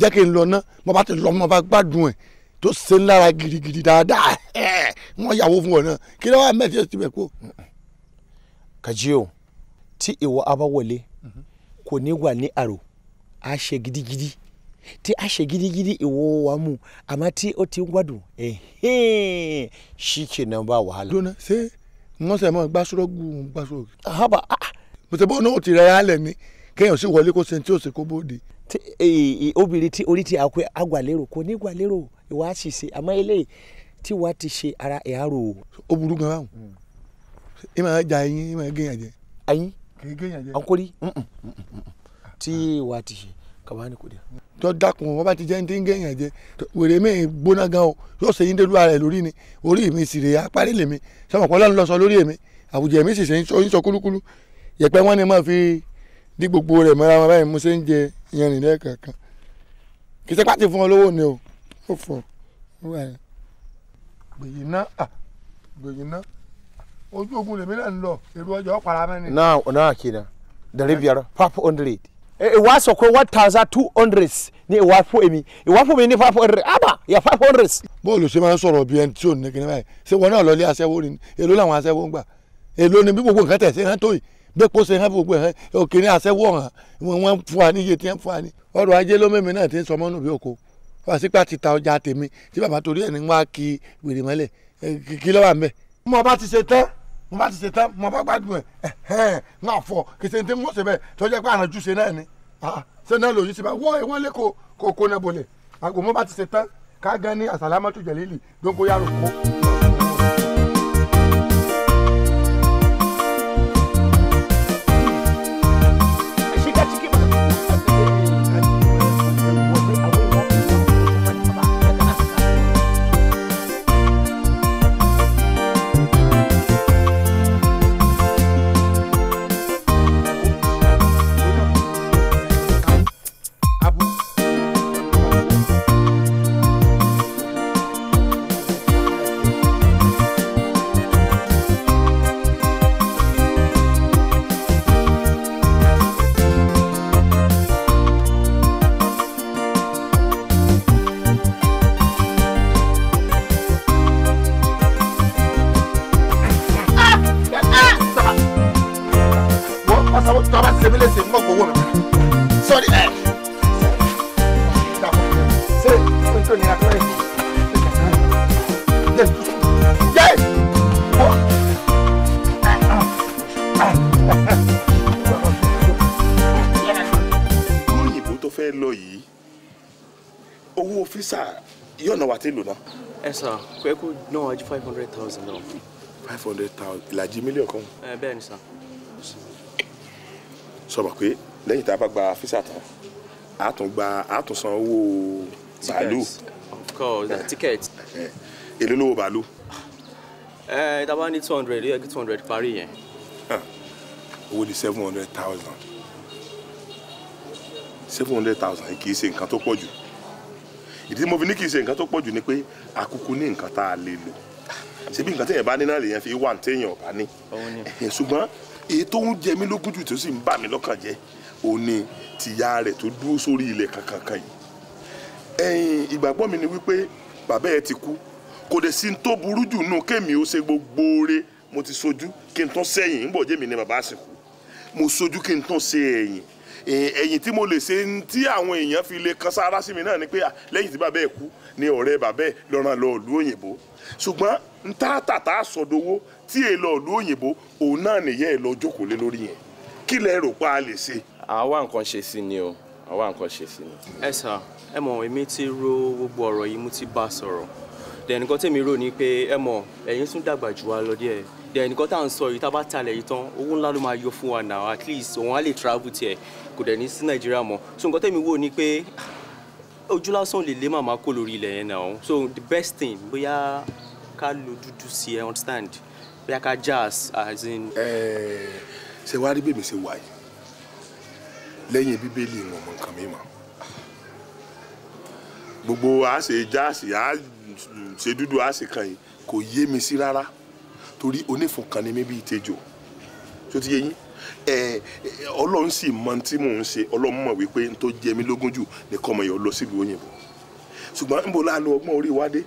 jẹ́ kí n lọ ná mo bá ti lọ mo bá gbádùn ẹ̀ tó ṣe ńlára gidigidi dáadáa ẹ̀ wọ́n yàwó fún ọ náà kí ló wà mẹ́tí ẹ̀ ti bẹ̀ kú. Kàjíò tí ìwọ abáwọlé kò ní wà ní àrò á ṣe gidigidi tí a ṣe gidigidi ìwọ wa mu àmọ́ tí ó ti ń gbádùn ṣì kì náà bá wàhálà. dona ṣé wọn sẹ mọ gbàsúrọgù gbàsúrọgù. haba. Ah, ah. mo ti bọ́ náà ó ti rẹ̀ yálẹ̀ mi kéèyàn sì wọlé kó ṣe ó ṣe kó bóde. Eh, eh, obìnrin tí orí ti àkó agbàlérò kò ní gbàlérò ìwà àṣìṣe àmọ́ eléyìí tí wàá ti ṣe ara ẹ̀ àrò. ó burú gan báwọn hmm. ẹ máa ja ẹyin ẹ máa gẹyàn jẹ. ayin ọkùnrí hmm, hmm, tí wàá ti ṣe kàwá ni kò dé. tó dákun wọn bá ti jẹ́ ní tí ń gẹ̀yàn jẹ wèrè mi gbóná gan o yóò ṣe yín délú ara lórí ni orí mi sì rèé apárí lèmi sọmọkọ lọ́nà lọ́sọ lórí èmi àwùjọ èmi sì ṣe ń sọ kúlúkúlú yẹ̀pẹ̀ wọn ni máa fi dí gbogbo rẹ̀ mọ́ra wọn báyìí mo ṣe ń jẹ yanrìn lẹ́ẹ̀kọ̀ọ̀kan kì í ṣe pàtì fún ọ lówó ni o ó fọ ó wà yẹn. gbèyí ná gbèyí ná ojú ogun lèmi náà ń lọ èrò ọjà ó para mẹ́ni. náà náà kì í na dari biyar five hundred eh, ìwà sọ̀kọ̀ one thousand two hundred ní ìwà fún èmi ìwà fún mi ní five hundred àbá yà five hundred. bóòlù ṣe máa ń sọ̀rọ̀ bíi ẹni tí ò ní kíní báyìí ṣé wọn náà lọ lé aṣẹ́wó ni èló làwọn aṣẹ́wó ń gbà èló ni bí gbogbo nǹkan tẹ̀ ṣe ń tó yìí dépò ṣe hàn gbogbo ẹ̀ òkèrè àṣẹwọ̀ hàn wọ́n fún wa níye tí wọ́n fún wa ní. ọrọ̀ ajé ló náà ti ń sọ mọ́nù bí oko fàṣípà ti ta ọjà tèmi tí bàbá torí ẹ̀ wá kí wèrè mọ́lẹ̀ kí lọ́wọ́ à ń bẹ̀. mo bá ti ṣe tán mo bá ti ṣe tán mo bá gbádùn ẹ̀ ẹ̀hẹ́n náà fọ kìsẹ̀ tí mo ṣe bẹ́ẹ̀ tọ́jú pé àrùn jùṣe náà ni ṣé náà lòyún sí bá wọ́n ìwọ́n lé kó kó náà bolẹ̀ àgò mo bá ti ṣe tán ká gan ní àsàlámọ́tò jẹ̀lẹ́lì dóńgóyàrò kó. tèlò náà. ẹ sàn pé kó ná wájú five hundred thousand náà. five hundred thousand ìlàjì mílíọ̀nù kan. ẹ bẹ́ẹ̀ ni sàn. sọ̀rọ̀ pé lẹ́yìn tá a bá gba físà tán a tún gba a tún san owó bàálù. of course the ticket. Eh, èló lówó bàálù. ẹ tá a bá ní two hundred ó yẹ kí two hundred parí yẹn. owó di seven hundred thousand seven hundred thousand kì í ṣe nǹkan tó pọ̀ jù ìdí tí mo fi ní kì í ṣe nǹkan tó pọ̀ jù ni pé àkókò ní nǹkan tá a lè lò ṣebí nǹkan téèyàn bá ní náà lèèyàn fi wà téèyàn ọ̀bá ní ṣùgbọ́n èyí tó ń jẹ mí lógún jù tó sì ń bà mí lọ́kàn jẹ́ òun tìyá rẹ̀ tó dúró sórí ilẹ̀ kankankan yìí ìgbàgbọ́ mi ni wípé bàbá ẹ ti kú kò dẹ̀ sí tó burú jù nù kémi ó ṣe gbogbo oore mo ti sojú kí n tán sẹ́yìn ń bọ̀ jẹ́mi ni bàbá àsìkò mo sojú kí n tán ṣe ẹ̀yìn ẹ̀yìn tí mo lè ṣe tí àwọn èèyàn fi lè kan sára sí mi náà ni pé lẹ́yìn tí bàbá ẹ̀ kú ni ọ̀rẹ́ bàbá ẹ̀ lọ́ràn lọ ìlú òyìnbó ṣùgbọ́n n tààtà tá a sọ̀dọ̀wọ́ tí èè lọ ìlú òyìnbó òun náà nìyẹn ẹ̀ lọ jókòó lé lórí yẹn kí lẹ rò pa á lè ṣe. àwa nǹkan ṣe sí ni o àwa nǹkan ṣe sí ni. ẹ sà ẹ mọ èmi ti ro gbogbo ọ̀rọ̀ yìí mo ti bá a sọ̀rọ̀ dẹ̀ nǹkan tèmi rò ni pé ẹ mọ ẹ̀yin tún dàgbà jù wá lọ díẹ̀ dẹ̀ tá à ń sọ yìí tá a bá talẹ̀ yìí tán owó ńlá ló máa yọ fún wa náà at least òun á lè travel tiẹ̀ kò dẹ̀ ní sí nàìjíríà mọ́ so nǹkan tẹ́mi wò ni pé ojú lásán lè lé màmá kó lórí ilẹ̀ yẹn náà so the best thing bóyá ká lo dúdú sí ẹ understand bóyá ká jazz as in. ẹ ṣe wá rí bèbè ṣe wà yìí lẹ́yìn bíbélì wọn mọ nǹkan mímọ́ gbogbo a ṣe jáàsì a ṣe dúdú a ṣe kan yìí kò yé mi sí rárá torí onífun kan ni mi bíi tejò tó ti yé yín ọlọ́run sì mọ tí mò ń ṣe ọlọ́run mọ̀ wípé n tó jẹ mí lógún jù ní kọ́mọ yẹn lọ sílùú òyìnbó ṣùgbọ́n níbo la lo ọgbọ́n orí wádé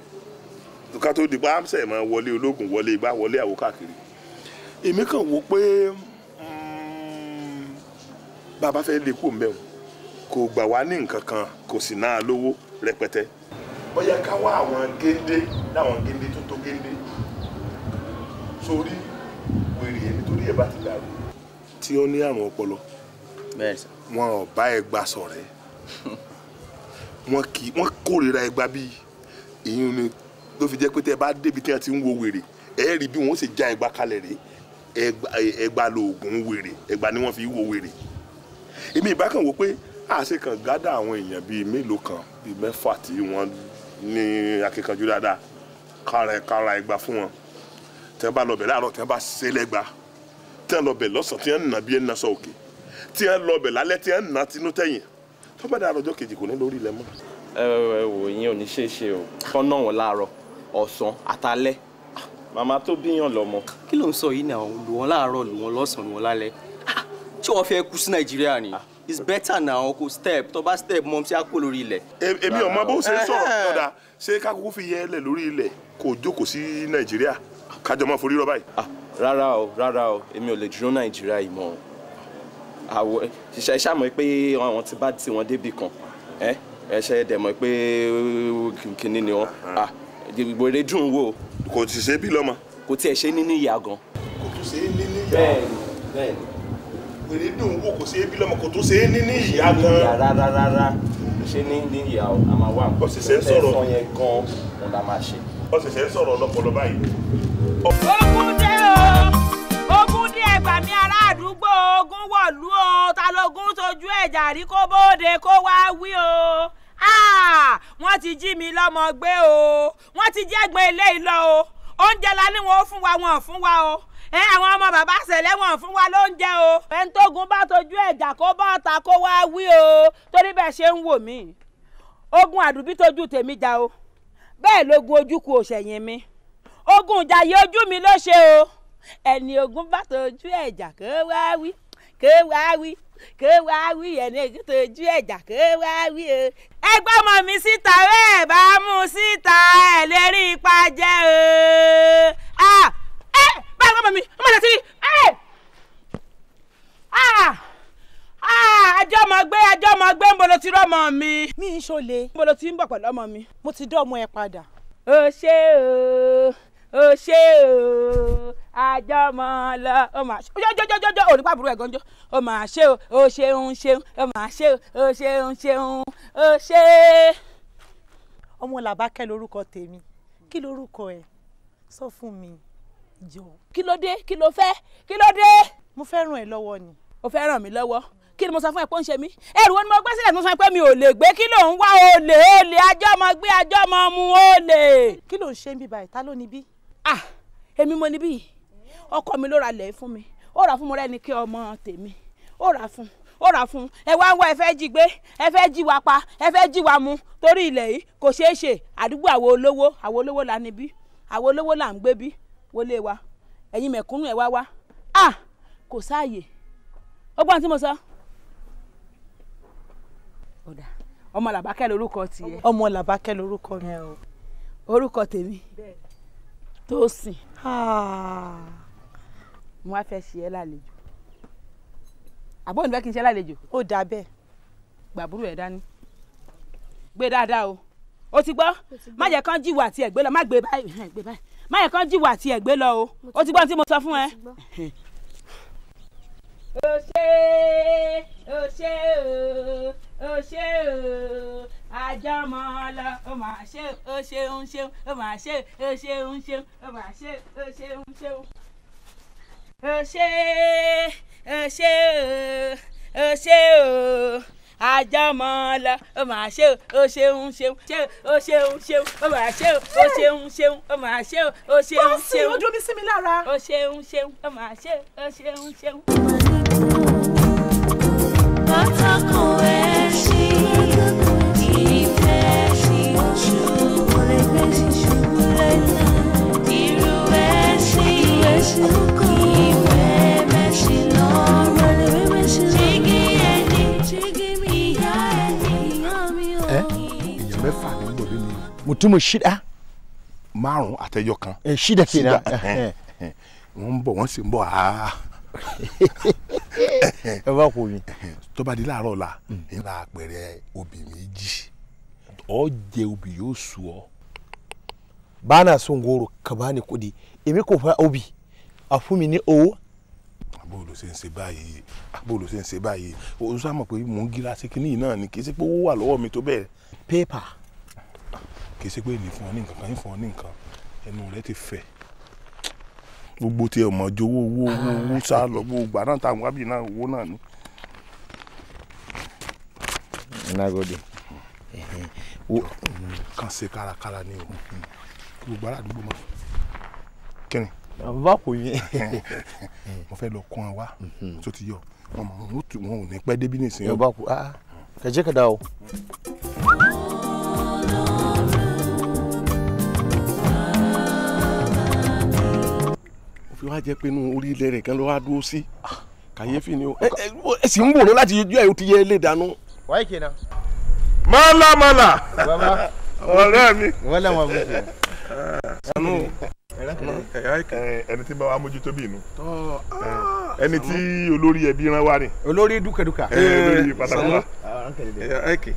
ká tó di pa amsẹ̀ máa wọlé ológun wọlé ibà wọlé àwo káàkiri èmi kàn wò pé mm, bàbá fẹ́ lè kú mẹ́wọ̀n kò gbà wá ní nǹkan kan kò sì náà lówó rẹpẹtẹ ó yẹ ká wá àwọn géńdé láwọn géńdé tó tó géńdé sórí wèrè ẹni torí ẹ bá ti dàrú tí ó ní àrùn ọpọlọ wọn ò bá ẹgba ṣọ̀rẹ́ wọn kì í wọn kórìíra ẹgba bíi ìyún ni ló fi jẹ́ pé tẹ́ bá débi tí wọ́n ti ń wo wèrè ẹ rí bí wọ́n sì já ẹgba kalẹ̀ rèé ẹgba lóògùn wèrè ẹgba ni wọ́n fi wo wèrè èmi ìbákan wò pé àṣẹ kan gádà àwọn èèyàn bíi mélòó kan bíi mẹ́fà tí wọ́n ní akíkanjú dáadáa kára ẹgba fún wọn tí wọ́n bá lọ bẹ̀ láàárọ̀ tí bá ṣe tí a lọ bẹ̀ lọ́sàn-án tí a ń nà bí ẹ ń na sọ òkè tí a lọ bẹ̀ lálẹ́ tí a ń nà tinú tẹ̀yìn tó bá dáa lọ́jọ́ kejì kò ní lórí ilẹ̀ mọ́. ẹ ẹ wò yín ò ní ṣe é ṣe o kán náà wọn láàárọ̀ ọ̀sán àtàlẹ́ ah, màmá tó bíyàn lọ́mọ. kí ló ń sọ yìí náà lù wọn láàárọ̀ lù wọn lọ́sàn lù wọn lálẹ́ ah, ṣé wọn fẹ́ kú sí nàìjíríà ni ah. it's better now kò step tó bá step mọ tí a kó lórí ilẹ̀. E, èmi ò mọ bó ṣe sọ̀rọ̀ lọ́dà ṣé kákókó fi yẹ ẹ lẹ̀ lórí ilẹ̀ kò jókòó sí nàìjíríà kájọ máa forí rọ báyìí rárá o rárá o èmi ò lè dúró nàìjíríà yìí mọ́ o àwọ ṣiṣẹ́ iṣẹ́ àmọ́ pé àwọn ti bá tiwọn débì kan ẹ ẹṣẹ́ dẹ̀ mọ̀ pé kìnìún ni wọ́n ìgbò èdè dùn wò. kò tí ṣe bí lọ́mọ. kò tiẹ̀ ṣe ní níyà gan. kò tún ṣe ní níyà. bẹ́ẹ̀ni bẹ́ẹ̀ni. èdè dùn wò kò ṣe bí lọ́mọ kò tún ṣe ní níyà gan. rárá rárá ṣe ní níyà o a máa wà. ọ̀sẹ̀sẹ̀ ń sọ̀rọ̀ ọ̀sẹ̀sẹ̀ ń sọ̀rọ̀ ọlọ́pọ̀lọ́ báyìí ní ẹgbà mi ará àdúgbò ogun wọ̀lú o ta lógun tójú ẹ̀jà rí kó bóde kó wá wí o wọ́n ti jí mi lọ́mọ gbé o wọ́n ti jẹ́gbọ́n ilé ìlọ o oúnjẹ la ní wọn ó fún wa wọn fún wa o ẹ àwọn ọmọ bàbá ṣẹlẹ̀ wọn fún wa lóúnjẹ o ẹni tógun bá tójú ẹ̀jà kó bọ́ ọ̀tá kó wá wí o torí bẹ́ẹ̀ ṣe ń wò mí ogun àdùbí tójú tèmi jà o bẹ́ẹ̀ lógun ojúkù òṣèyìn mi ogun ìjàyè ojú mi ló ṣe o ẹni ogun bá tojú ẹ̀jà kó wá wí kó wá wí kó wá wí ẹni ogun tojú ẹ̀jà kó wá wí o. ẹ gbọ́ ọmọ mi síta bẹ́ẹ̀ bá mú síta ẹ̀ lè rí ipa jẹ́ o. ẹ báyìí ọmọ mi ọmọ ìdọ̀tí ẹ ajọ́ ọmọ gbé ajọ́ ọmọ gbé ńbolo ti rọ́mọ mi. mi ń ṣọlẹ ńbolo ti ń bọ̀ pẹ̀lú ọmọ mi. mo ti dọ́ ọmọ ẹ padà. o ṣé o o ṣé o àjọmọ lọ ó mà ṣe jọjọjọjọ ò ní pàbùrù ẹ̀ gànjọ́ ó mà ṣe o ó ṣeun ṣeun ó mà ṣe o ó ṣeun ṣeun ó ṣe. ọmọ làbákẹ́ lórúkọ tèmi kí lórúkọ ẹ sọ fún mi jọ. kí ló dé kí ló fẹ́ kí ló dé. mo fẹ́ ràn ẹ́ lọ́wọ́ ni. o fẹ́ ràn mí lọ́wọ́ kí ni mo sọ fún ẹ pé ó ń ṣe mí ẹrù wo ni mo gbé sílẹ̀ mo sọ pé mi ò lè gbé kí ló ń wá olè olè ajọ́mọ gbé ajọ́mọ mu olè. kí ló ń ṣe ń bí báyìí ta ló ní bí. ah èmi mo ní bí ọkọ mi ló ra lẹ̀ fún mi ó rà fún mo rẹ́ni kí ọmọ tèmi ó rà fún ó rà fún ẹ wá ń wá ẹ fẹ́ jí gbé ẹ fẹ́ jí wa pa ẹ fẹ́ jí wa mu torí ilẹ̀ yìí kò ṣeé ṣe àdúgbò àwọn olówó àwọn olówó là níbí àwọn olówó là ń gbé bí wọlé wa ẹ̀yin mẹ̀kúnnù ẹ wá wá à kò sáàyè ó gbọ́n tí mo sọ. ọ̀dà ọmọ làbákẹ́ lorúkọ tiẹ̀. ọmọ làbákẹ́ lorúkọ mi. orúkọ tèmi tó sìn. Ah mo wá fẹ́ ṣe ẹ́ lálejò àbọ̀ níbẹ̀ kí n ṣe lálejò. ó dáa bẹ́ẹ̀. gbàbúrò ẹ̀ dání gbé dáadáa o o ti gbọ́ má jẹ́ kán jìwà àti ẹ̀gbẹ́ lọ má gbé báyìí má jẹ́ kán jìwà àti ẹ̀gbẹ́ lọ o o ti gbọ́ tí mo sọ fún ẹ. o ṣe o ṣe o o ṣe o àjọmọ lọ o máa ṣe o ṣeun ṣeun o máa ṣe o ṣeun ṣeun o máa ṣe o ṣeun ṣeun ẹ ṣé ẹ ṣé o ẹ ṣé o àjọmọlọ ó mà ṣe o ó ṣeun ṣeun ṣe ó ṣeun ṣeun ó mà ṣe o ó ṣeun ṣeun ó mà ṣe o ó ṣeun ṣeun ó dún mi sí mi lára ó ṣeun ṣeun ó mà ṣe o ó ṣeun ṣeun. pátákó ẹ. mutumin shida márùn àtẹjọ kan ẹ shida kenan wọn bọ wọn sì ń bọ aa ẹ bá kò mi. tó bá di láàárọ̀ la n ra àpẹẹrẹ obì méjì ọ jẹ obì yóò sùn ọ. bá a na so ngoro ka bá ní kudi èmi kò fa obì a fún mi ní owó. Ah, bóòlù ṣe ń ṣe báyìí ah, bóòlù ṣe ń ṣe báyìí o sọ àmọ̀ pé mò ń gíra ṣe kínní náà ni kì í ṣe pé owó wà lọ́wọ́ mi tó bẹ́ẹ̀. pépà kì í ṣe pé èmi fún ọ ní nǹkan kan ìfún ọ ní nǹkan ẹnu rẹ ti fẹ̀ gbogbo tí ọmọ ọjọ owó owó owó owó sá lọ gbogbo gbà náà táwọn wábì náà owó náà ni. nagode. kàn ṣe kárakára ni o gbogbo aládùúgbò máa kẹrin. bàbá kò yẹ. mo fẹ́ lọ kún ọ wá tó ti yọ wọn ò ní pẹ́ débi nìsín. bàbá kò kẹjẹ ah, kẹdà o. fi wá jẹ́ pé inú orílẹ̀ rẹ̀ kan ló wá dúró sí ah. kàyéfì ni o ẹ sì ń wòrán láti ojú ẹ o ti yẹ ilé ìdáná. wáyé kìnnà. mọ́lámọ́lá ọ̀rẹ́ mi. wọ́n làwọn àbúrò rẹ̀. Ah, sanu ẹni tí bá wa mójútó bí inú ah. ẹni tí olórí ẹbí rán wa ni. olórí dúkàdúkà. olórí pátákó. ẹ ẹ kì í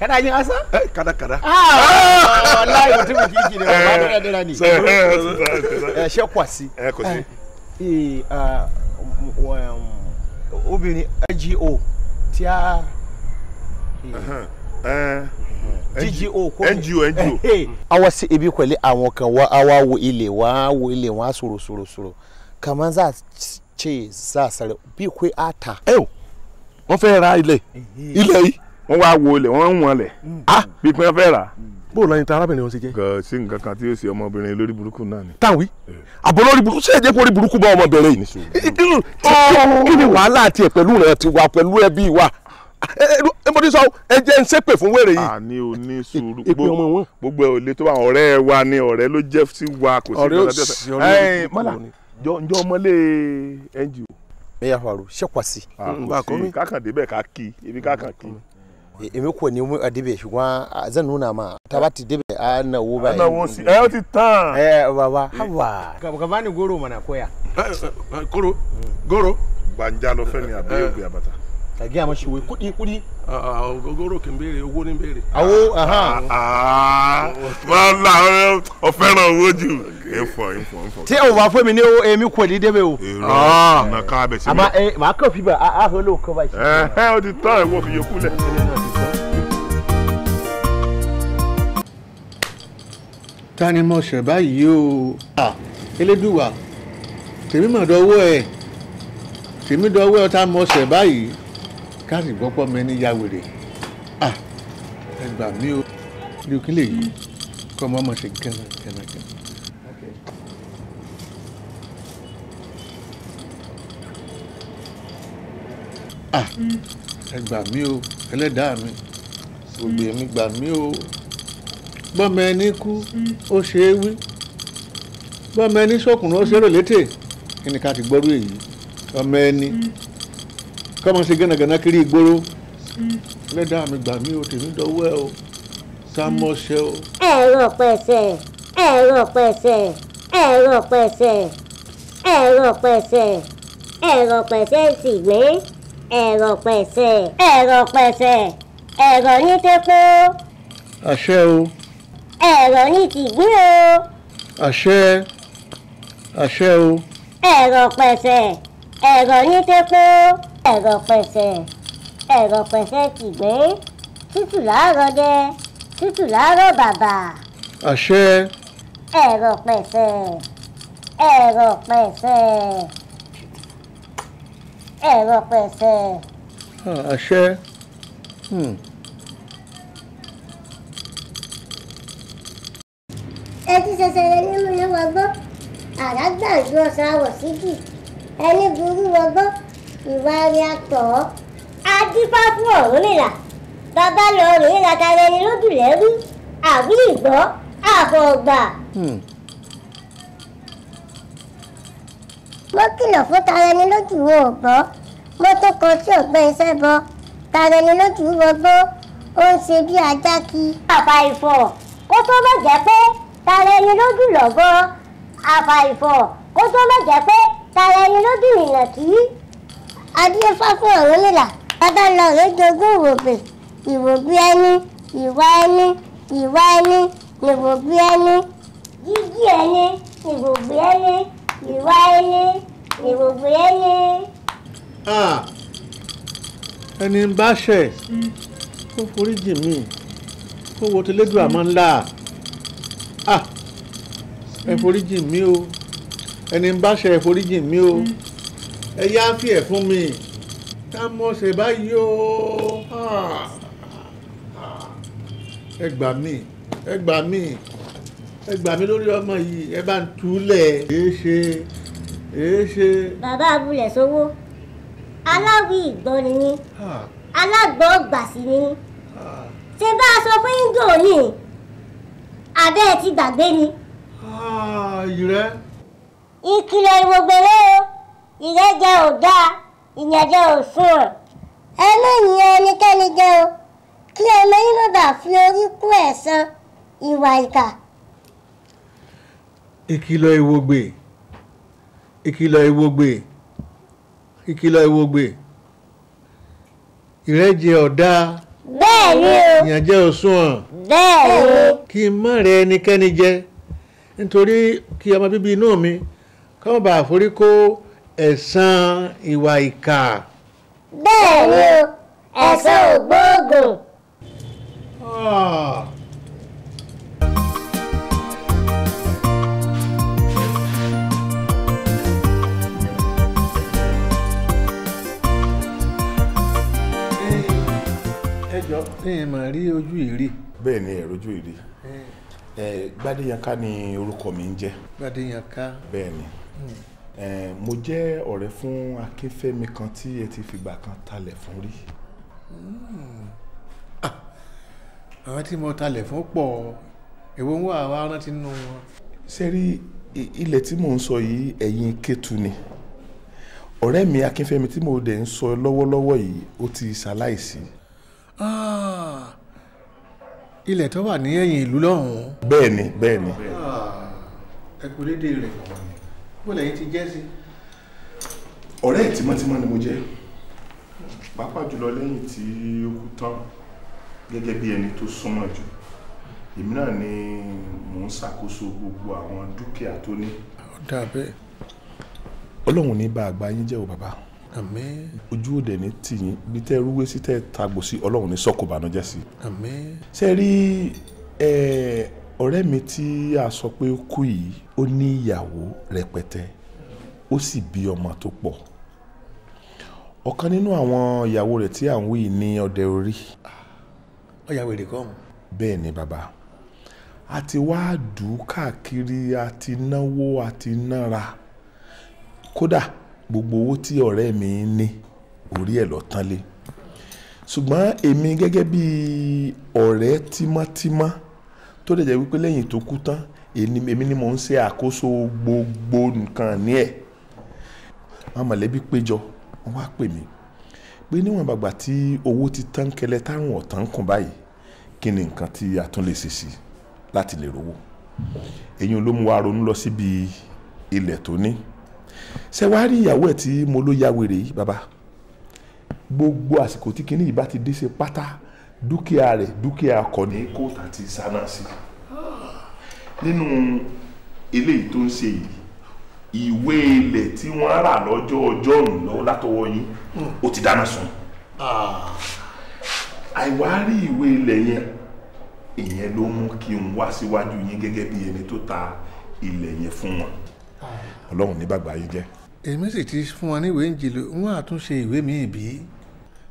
kana jin asa eh kada kada ah oh, wallahi mutumin kiki ne ba da dara ne eh she kwasi eh kwasi eh, eh ah obìnrin ngo tí a ngo ko ngo ngo eh, awa si ebi kwale àwọn kan wa awa wo ilé wa wo ilé wa sọ̀rọ̀ sọ̀rọ̀ sọ̀rọ̀ kaman za ce za sare bi kwe ata eh wọ́n fẹ́ ra ilé eh, ilé yìí wọ́n wá wo ilẹ̀ wọ́n ń wọn lẹ̀ hmm. ah, bí pé wọ́n fẹ́ rà. bóòlù ẹni tá arábìnrin wọn ṣe jẹ́. kò sí nǹkan kan tí yóò ṣe ọmọbìnrin lórí burúkú náà ni. táwí eh. àbọ̀ lórí burúkú ṣe é jẹ́ kó rí burúkú bá ọmọbìnrin yìí. Oh. kí ni wàhálà tiẹ̀ pẹ̀lú rẹ̀ ti wà pẹ̀lú ẹbí wa eh, eh, ẹmọdé sọ ẹ jẹ́ ń ṣépè fún wèrè yìí. àní oní sùúrù gbogbo ẹ ò le tó bá ọ̀rẹ́ wa ni ọ̀rẹ́ ló jẹ́ sí wa kò sí ọ̀rẹ́ òsì ọ̀rẹ́ mọlá njọ ọmọlé ngo. ẹ yà fàrọ ṣẹkwasi. àkọsí kákàndébẹ ká kí ebi kákàn kí. èmi kò ní mú àdébẹ̀ ṣùgbọ́n àzẹ́nu náà mà tábà ti débẹ̀ á nà owó báyìí. àná wo baba haba. kaba goro mana koya. koro goro gbanja lọ fẹ ni àbẹ́yẹ̀ ka gaya mashi wai kuɗi kuɗi a gogoro kì í béèrè owó ní béèrè. awo wọn là ọ fẹ́ràn owó jù tí o bá fún mi ní o èmi kò ní débẹ̀ o. èrò ọ̀nà ah. ká bẹ̀ sí mi. àmọ́ ẹ màá kàn fi bá a hàn ló kọ́ báyìí. ẹ ẹ o ti tọ́ ẹ̀wọ́ fi yòókù lẹ̀. ta ni mo ṣẹ̀ báyìí o elédùwà tèmi mà dọ́wọ́ ẹ̀ tèmi dọ́wọ́ ẹ̀ ta mo ṣẹ̀ báyìí káàsì gbọ́pọ̀ mi ní ya wèrè à ẹ gbà mí o irú kí lè yí kọ́ ọmọ ọmọ ṣe gánà gánà gánà. à ẹ gbà mí o ẹlẹ́dàá mi gbogbo èmi gbà mí o bọ́mọ ẹni kú ó ṣe é wí bọ́mọ ẹni sọkùnrin ó ṣe é rò létè kí ni ká ti gbọ́rú èyí ọmọ ẹni. Mm kọ́mọ ṣe gánagànà kiri ìgboro mm. lẹ́dàá mi gbà mí o tèmi dọ́wọ́ ẹ o sámọ́ṣẹ́ mm. o. ẹ̀rọ pẹ̀sẹ̀ ẹ̀rọ pẹ̀sẹ̀ ẹ̀rọ pẹ̀sẹ̀ ẹ̀rọ pẹ̀sẹ̀ ẹ̀rọ pẹ̀sẹ̀ sì gbé ẹ̀rọ pẹ̀sẹ̀ ẹ̀rọ pẹ̀sẹ̀ ẹ̀rọ ní tẹ́pọ́. àṣẹ o. ẹ̀rọ ní tìgbín o. àṣẹ àṣẹ o. ẹ̀rọ pẹ̀sẹ̀ ẹ̀rọ ní tẹ́pọ́ ẹ̀rọ pẹ̀sẹ̀ ẹ̀rọ pẹ̀sẹ̀ kìgbé tútù láàárọ̀ jẹ tútù láàárọ̀ bàbà. àṣẹ. ẹ̀rọ pẹ̀sẹ̀ ẹ̀rọ pẹ̀sẹ̀ ẹ̀rọ pẹ̀sẹ̀. àṣẹ. Hmm. ẹtí ṣẹṣẹrẹ nínú yẹn wọgbọ́n àràgbà ju ọ̀sán àwọ̀ sídìí ẹni burú wọgbọ́n ìwárí àtọ̀ adífá fún Ọ̀rúnmìlà bàbá lọ rèé lakara ẹni lójú lẹ́rú àwí ìgbọ́ àfọ̀gbà. Hmm. mo kìlọ̀ fún tarẹni lójú wo ò gbọ́ mo tó kọ sí ọ̀gbẹ́ iṣẹ́ bọ tarẹni lójú wọgbó ó ń ṣe bí ajá kí. bàbá ìfọ̀ kó tó bá jẹ́ pé tarẹni lójú lọ́gbọ́ àbà ìfọ̀ kó tó bá jẹ́ pé tarẹni lójú ìnà adífá fún ọ̀rọ̀ mìlà bàbá lọ rèé jogún ìwòbè ìwòbí ẹni ìwà ẹni ìwà ẹni ìwòbí ẹni jíjí ẹni ìwòbí ẹni ìwà ẹni ìwòbí ẹni. ẹni ń bá ṣẹ̀ kó forí jì mí kó wo tẹlẹ́dùn àmọ́ ńlá ẹ forí jì mí o ẹni ń bá ṣẹ̀ ẹ forí jì mí o. Mm ẹ yá fi ẹ̀ fún mi ká mọ̀ ṣe báyìí o ẹ gbà mí ẹ gbà mí ẹ gbà mí lórí ọmọ yìí ẹ bá ń túlẹ̀ èé ṣe èé ṣe. bàbá abúlé sówó aláwí ìgbọ́n ni yín alágbọ̀n gbà sí ni yín ṣe bá a sọ fún yíngò ní abẹ́ ẹ ti gbàgbé ni. ìrẹ́. ìkìlọ̀ ìwògbèrè o ìyẹn jẹ ò dáa ìyẹn jẹ ò sùn ọ. ẹ má yìn ẹnikẹ́ni jẹ o kí ọmọ yín má bàa fi orí kú ẹ̀san ìwà ìkà. ìkìlọ̀ ìwògbè ìkìlọ̀ ìwògbè ìkìlọ̀ ìwògbè ìrẹ́jẹ ọ̀dá. ni o. ìyànjẹ́ òsùnwọ̀n. bẹ́ẹ̀ ni. kí n má rẹ ẹnikẹ́ni jẹ nítorí kí ọmọ bíbí inú mi kọ́ bá forí kó ẹ̀san ìwà ìkà. bẹ́ẹ̀ ni ẹ̀san ògbóògùn. Ah. ẹjọ ẹyìn mà rí ojú ìrí. bẹ́ẹ̀ ni ẹrọ ojú ìrí Gbádéyanká ni orúkọ mi ń jẹ́. Gbádéyanká. bẹ́ẹ̀ ni. Hmm mo jẹ́ ọ̀rẹ́ fún akínfẹ́mi kan tí ẹ ti fìgbà kan talẹ̀ fún rí. Hmm. Ah, àwọn tí mo talẹ̀ fún pọ̀ èwo ń wà wá rántí nínú wọn. sẹ́rí ilẹ̀ tí mò ń sọ yìí ẹ̀yìn Kétu ni ọ̀rẹ́ mi akínfẹ́mi tí mo dẹ̀ ń sọ lọ́wọ́lọ́wọ́ yìí ó ti ṣaláìsí. Ah, ilẹ̀ tó wà ní ẹ̀yìn ìlú lọ́hùn-ún. bẹ́ẹ̀ ni bẹ́ẹ̀ ni. Ah, ẹ kò lédè rẹ̀ bó lẹ́yìn ti jẹ́ sí. ọ̀rẹ́ ẹ̀ tímọ́tímọ́ ni mo jẹ́ pàápàá jùlọ lẹ́yìn tí ó kú tán gẹ́gẹ́ bí ẹni tó súnmọ́ jù èmi náà ni mò ń ṣàkóso gbogbo àwọn dúkìá tó ní. ó dà bẹ́ẹ̀. ọlọ́run ní bá àgbà yín jẹ́ o bàbá. àmín. ojú òde ní tìyín bí tẹ́ rúwé sí tẹ́ tagbò sí ọlọ́run ní sọ́kò bànújẹ́ sí. àmín. ṣe rí ọ̀rẹ́ mi tí a sọ pé ó kú yìí ó ní ìyàwó rẹpẹtẹ ó sì bí ọmọ tó pọ̀ ọ̀kan nínú àwọn ìyàwó rẹ̀ tí à ń wí ní ọdẹ orí. ọ̀yà wèrè kan. bẹ́ẹ̀ ni bàbá a ti wá dùn káàkiri a ti náwó a ti nára kódà gbogbo owó tí ọ̀rẹ́ mi ní orí ẹ̀ lọ tán lé ṣùgbọ́n èmi gẹ́gẹ́ bí ọ̀rẹ́ tímọ́tímọ́ tó lè jẹ́ wípé lẹ́yìn tó kú tán èmi ni mò ń ṣe àkóso gbogbo nǹkan ní ẹ̀ àwọn mọ̀lẹ́bí péjọ wọ́n wá pè mí pé níwọ̀n bàgbà tí owó ti tán kẹlẹ́ táwọn ọ̀tán kùn báyìí kí ni nǹkan tí a tún lè ṣe sí láti lè rówó èyí ló mú wa ronú lọ síbi ilẹ̀ tó ní ṣé ìyàwó ẹ̀ tí mo ló yá wèrè yìí bàbá gbogbo àsìkò tí kinní yìí bá ti dé ṣe pátá dúkìá rẹ̀ dúkìá akọni kóòtù àti sanasi nínú eléyìí tó ń ṣe yìí ìwé ilẹ̀ tí wọ́n rà lọ́jọ́ ọjọ́ ìlọ́ látọwọ́ yín ó ti dáná sun ah. àìwárí ìwé ilẹ̀ yẹn ìyẹn ló mú kí n wá síwájú yín gẹ́gẹ́ bí ẹni tó ta ilẹ̀ yẹn fún wọn ah. ọlọ́run ní bàgbà yín jẹ́. èmi sì ti fún wọn ní ìwé ìjìnlẹ̀ wọn àtúnṣe ìwé mi-ín bí.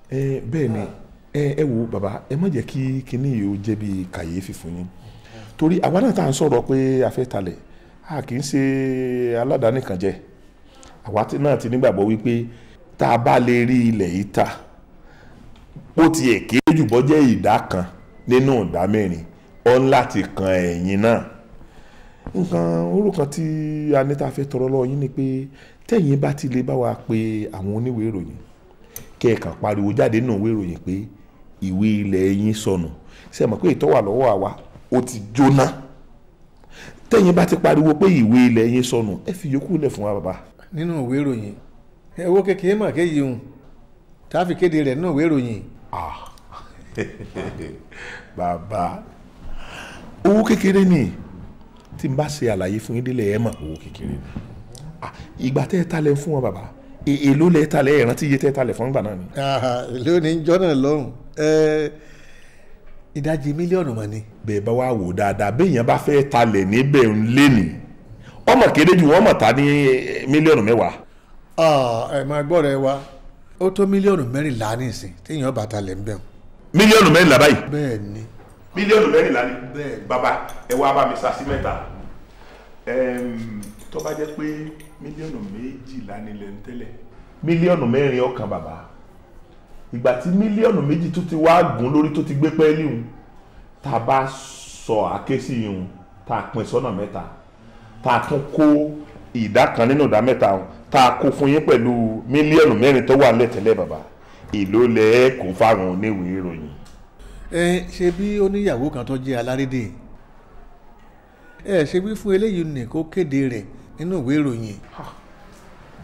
ẹ bẹ́ẹ̀ ni. Ah ẹ wo bàbá ẹ má jẹ́ kí kinní yìí ó jẹ́ bí kàyéfì fún yín torí àwa náà tá à ń sọ̀rọ̀ pé a fẹ́ talẹ̀ a kì í ṣe aládàáni kan jẹ́ àwa náà ti nígbàgbọ́ wípé tá a bá lè rí ilẹ̀ yìí ta? bó ti kéré jù bọ́ jẹ́ ìdá kan nínú ìdá mẹ́rin ọ́n láti kan ẹ̀yìn náà nǹkan orúkan tí a ní fẹ́ tọrọ lọ́wọ́ yín ni pé tẹ̀yin bá ti lè bá wa pé àwọn oníwèé ìròyìn kẹ́ẹ̀kan pariwo jáde nínú ìwé ìròyìn pé ìwé ilẹ̀ yín sọnù ṣe mọ̀ pé ìtọ́wà lọ́wọ́ àwa ó ti jóná tẹ́yìn bá ti pariwo pé ìwé ilẹ̀ yín sọnù ẹ fi yòókù lẹ̀ fún wa bàbá. nínú ìwé ìròyìn owó kékeré mà kéyìí hùn tá a fi kéde rẹ̀ nínú ìwé ìròyìn. bàbá owó kékeré ni tí n bá ṣe àlàyé fún yín délẹ̀ ẹ mọ̀ owó kékeré ni ìgbà tẹ́ ẹ talẹ̀ fún wọn bàbá èló lẹ́ẹ̀ talẹ̀ ẹ̀rántí iye tẹ́ ẹ talẹ̀ fún gbà náà ni. èló ni jọ́nà lọ́rùn ìdajì mílíọ̀nù ma ni. bẹ́ẹ̀ bá wà wò dáadáa béèyàn bá fẹ́ talẹ̀ níbẹ̀ ń lé nìí ọmọ kéré ju ọmọ mọ̀ ta ní eh, mílíọ̀nù mẹ́wàá. ẹ máa gbọ́ rẹ wa ó tó mílíọ̀nù mẹ́rìnlá nísìn téèyàn bá talẹ̀ ń bẹ̀ mílíọ̀nù mẹ́rìnlá báyìí. bẹ́ẹ̀ ni. mílíọ̀nù mẹ́rìnlá ni. bẹ́ẹ̀ baba ẹ wá bá mi sa sí mẹ́ta tó bá jẹ́ pé mílíọ̀nù méjìlá nílẹ̀ ń mílíọ̀nù mẹ́rin ọkàn bàbá ìgbà tí mílíọ̀nù méjì tó ti wá gùn lórí tó ti gbé pẹ́ẹ́lí hùn tá a bá sọ àkésì hùn tá a pín sọ́nà mẹ́ta tá a tún kó ìdá kan nínú ìdá mẹ́ta hùn tá a kó fún yín pẹ̀lú mílíọ̀nù mẹ́rin tó wà nílẹ̀ tẹ́lẹ̀ bàbá èló lẹ kó fáwọn oníwèé ìròyìn. ẹ ṣe bí oníyàwó kan tó jẹ́ alárédè ẹ ṣe bí fún eléyìí nì kó kéde rẹ̀ nínú ìwé ìròyìn.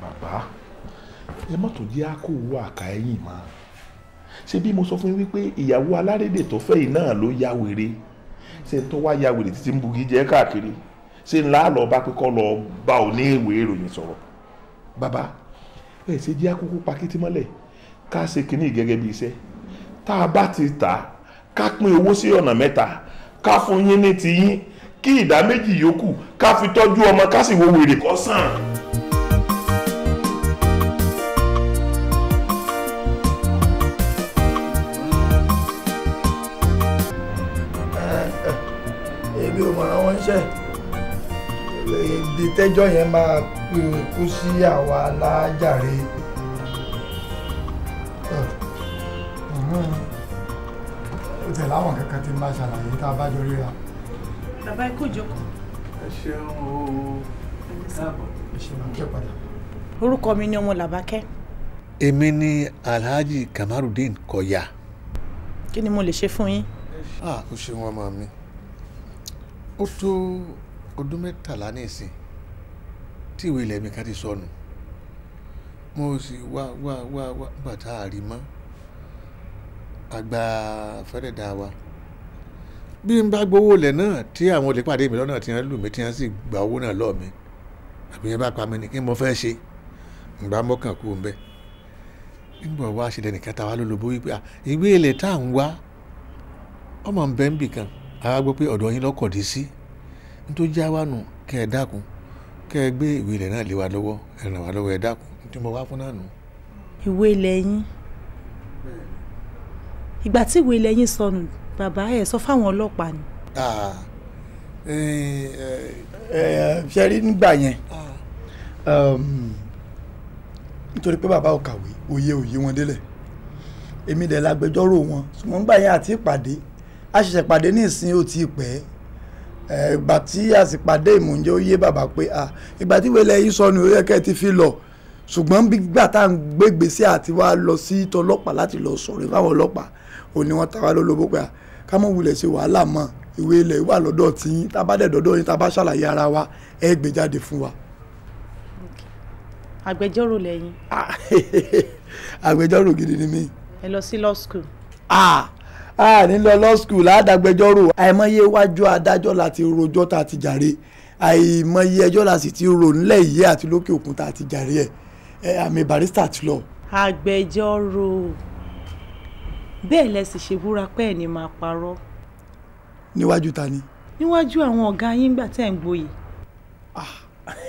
bàbá ẹ mọ́tò jẹ́ àkó àkà ẹ̀yìn máa ṣé bí mo sọ fún yín wípé ìyàwó alárédè tó fẹ́ yìí náà ló ya wèrè ṣé n tó wá ya wèrè títí ń bugi jẹ́ káàkiri ṣé n láàlọ́ bá pé kọ́ lọ bá ò ní ìwé ìròyìn sọ̀rọ̀ bàbá ẹ ṣe jẹ́ àkókò pakítí mọ́lẹ̀ ká ṣe kínní gẹ́gẹ́ bí iṣẹ́ tá a bá ti tà ká pín owó sí ọ̀nà mẹ́ta ká fún yín ní tiyín kí ìdá méjì yòókù ká fi tọ́jú ọmọ ká sì wo wèrè kọ́ sàn. ṣiṣẹ́ ibi tẹ́jọ́ yẹn máa kú sí àwa alájàre. ó tẹ̀ láwọn kankan tí máa ṣàlàyé tá a bá jọ ríra. bàbá ikú jókòó. ẹ ṣeun ooo káàbọ̀ ẹ ṣeun kẹ́ padà. orúkọ mi ni ọmọ làbákẹ́. èmi ni alhaji kamarudeen kọyà. kí ni mo lè ṣe fún yín. ah o ṣeun ọmọ mi ó tó ọdún mẹ́tàlá ní ìsìn tí ìwé ilẹ̀ mi ká ti sọnù mo sì wá wá wá wá bàtà àrímọ́ àgbà fẹ́rẹ̀dá wa bí n bá gbowó ilẹ̀ náà tí àwọn olè pàdé mi lọ́nà tí wọ́n lù mí tí wọ́n sì gba owó náà lọ́ọ̀ mi àbí yẹn bá pa mí ni kí n mo fẹ́ ṣe ìgbà mọ́kàn kú mbẹ́ nígbà wá ṣe lẹ́nìkan táwa lólobó wípé ìwé ilẹ̀ tá à ń wá ọmọ nbẹ́ ń bì kan a gbọ́ pé ọ̀dọ̀ yín lọ́kọ̀ dé sí nítorí já wa nù kẹ́ ẹ dákun kẹ́ ẹ gbé ìwé ilẹ̀ náà lé wa lọ́wọ́ ẹ ràn wá lọ́wọ́ ẹ dákun tí mo wá fún náà nù. ìwé ilẹ̀ yín ìgbà tí ìwé ilẹ̀ yín sọnù bàbá ẹ̀ sọ fáwọn ọlọ́pàá ni. ṣe nígbà yẹn nítorí pé bàbá ò kàwé òye òye wọn délẹ̀ èmi dẹ̀ lágbẹjọ́rò wọn ṣùgbọ́n nígbà yẹn àti ìpàdé a ṣẹ̀ṣẹ̀ pàdé ní ìsìn ó ti pẹ́ ìgbà tí a sì pàdé ìmọ̀ǹjẹ́ ó yé bàbá pé à ìgbà tí wẹ́lẹ̀ yìí sọnù ó yẹ kẹ́ ẹ ti fi lọ ṣùgbọ́n gbígbà tá à ń gbégbé sí àti wá lọ sí tọlọ́pàá láti lọ sọ̀rọ̀ fáwọn ọlọ́pàá ò ní wọ́n ta wá lólobó pé à ká mọ̀ wulẹ̀ ṣe wàhálà mọ́ ìwé ilẹ̀ wà lọ́dọ̀ tiyín tá a bá dẹ̀ dọ́dọ̀ yín tá a bá ṣàlàyé ara wa ẹ gbé jáde fún wa. agbẹjọ́rò lẹ́yìn. Ah, agbẹjọ́rò gidi ni mí. ẹ lọ sí law school. ah a ní lọ law school ládàgbẹjọ́rò àìmọye iwájú adájọ́ láti rojọ́ tá a ti jàre àìmọye ẹjọ́ la sì ti rò nílẹ̀ yìí àti lókè òkun tá a ti jàre ẹ̀ àmì barista ti lọ. agbẹjọ́rò bẹ́ẹ̀ lẹ sì ṣe búra pé ẹ̀ ní máa parọ́. níwájú ta ni. níwájú àwọn ọ̀gá yín gbà tẹ́ ń gboyè. ah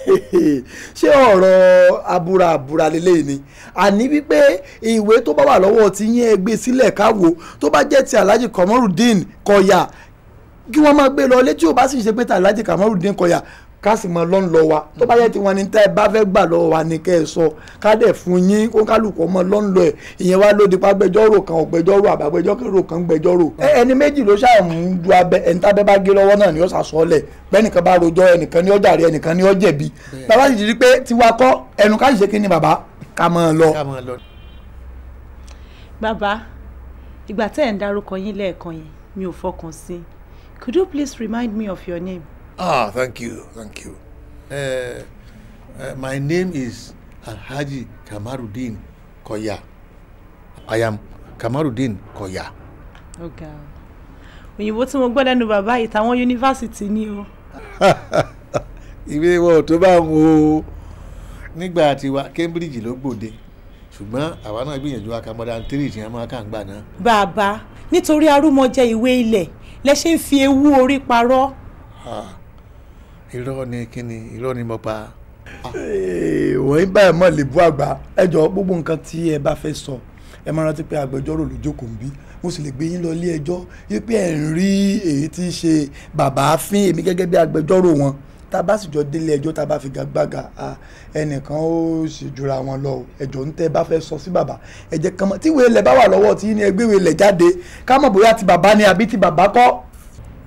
ṣé ọ̀rọ̀ abúra abúra lélẹ́yìn ni àní wípé ìwé tó bá wà lọ́wọ́ ti yín ẹ gbé sílẹ̀ káwo tó bá jẹ́ ti Alhaji Kamorudeen Kọ̀yà kí wọ́n máa gbé lọ létí ò bá sì ṣe pé ti Alhaji Kamorudeen Kọ̀yà ká sì mọ lọ́n lọ wa tó bá yẹ ti wọn ni tẹ́ ẹ bá fẹ́ gbà lọ́wọ́ wa ni kẹ́ ẹ sọ ká dẹ̀ fún yín kó kálukọ́ mọ lọ́n ẹ̀ ìyẹn wá ló di pa gbẹjọ́rò kan ògbẹjọ́rò àbágbẹjọ́rò kan gbẹjọ́rò. ẹni méjì ló ṣàmú ju abẹ ẹni tábẹ́ bá gé lọ́wọ́ náà ni ó sàsọ́ọ̀lẹ̀ bẹ́ẹ̀nìkan bá rojọ́ ẹnìkan ni ó jàre ẹnìkan ni ó jẹ̀bi bàbá sì ti di pé tiwa kọ́ ẹnu ká ṣe kí ni bàbá ká mọ́ ọ lọ. bàbá ìgbà tẹ́ ẹ̀ ń darúkọ yín lẹ́ẹ̀kan yẹn mi ò fọkàn sí could you please remind me of your name. Ah, thank you, thank you. Uh, uh, my name is Alhaji Kamaruddin Koya. I am Kamaruddin Koya. Ọ̀gá òyìnbó tí mo gbọ́ lẹ́nu bàbá yìí táwọn yunifásitì ni o. ìwé to tó bá ń wo nígbà tiwa Cambridge ló gbòde ṣùgbọ́n àwa náà gbìyànjú akamọ́dá tírì tí wọ́n máa kà ń gbà náà. Baba, nítorí arúmọjẹ ìwé ilẹ̀ lẹ ṣe ń fi ewu orí parọ́. Ah irọ́ ni kíni irọ́ ni mo pa. wọ́n ń bá ẹ̀ mọ́ lè bú àgbà ẹ jọ gbogbo nǹkan tí ẹ bá fẹ́ sọ ẹ máa rántí pé agbẹjọ́rò ló jókòó ń bí mo sì lè gbé yín lọ ilé ẹjọ́ wípé ẹ̀ ń rí èyí tí í ṣe bàbá fín èmi gẹ́gẹ́ bí agbẹjọ́rò wọn tá a bá sì jọ délé ẹjọ́ tá a bá fi gbàgbàgà ẹnìkan ó sì jura wọn lọ ẹjọ́ ń tẹ́ bá fẹ́ sọ sí bàbá ẹ̀jẹ̀ kan mọ́ tíwèé lẹ̀ bá wà lọ́wọ́ tí ní ẹgbẹ́ ìwé lẹ̀ jáde ká mọ̀ bóyá ti bàbá ni àbí ti bàbá kọ́.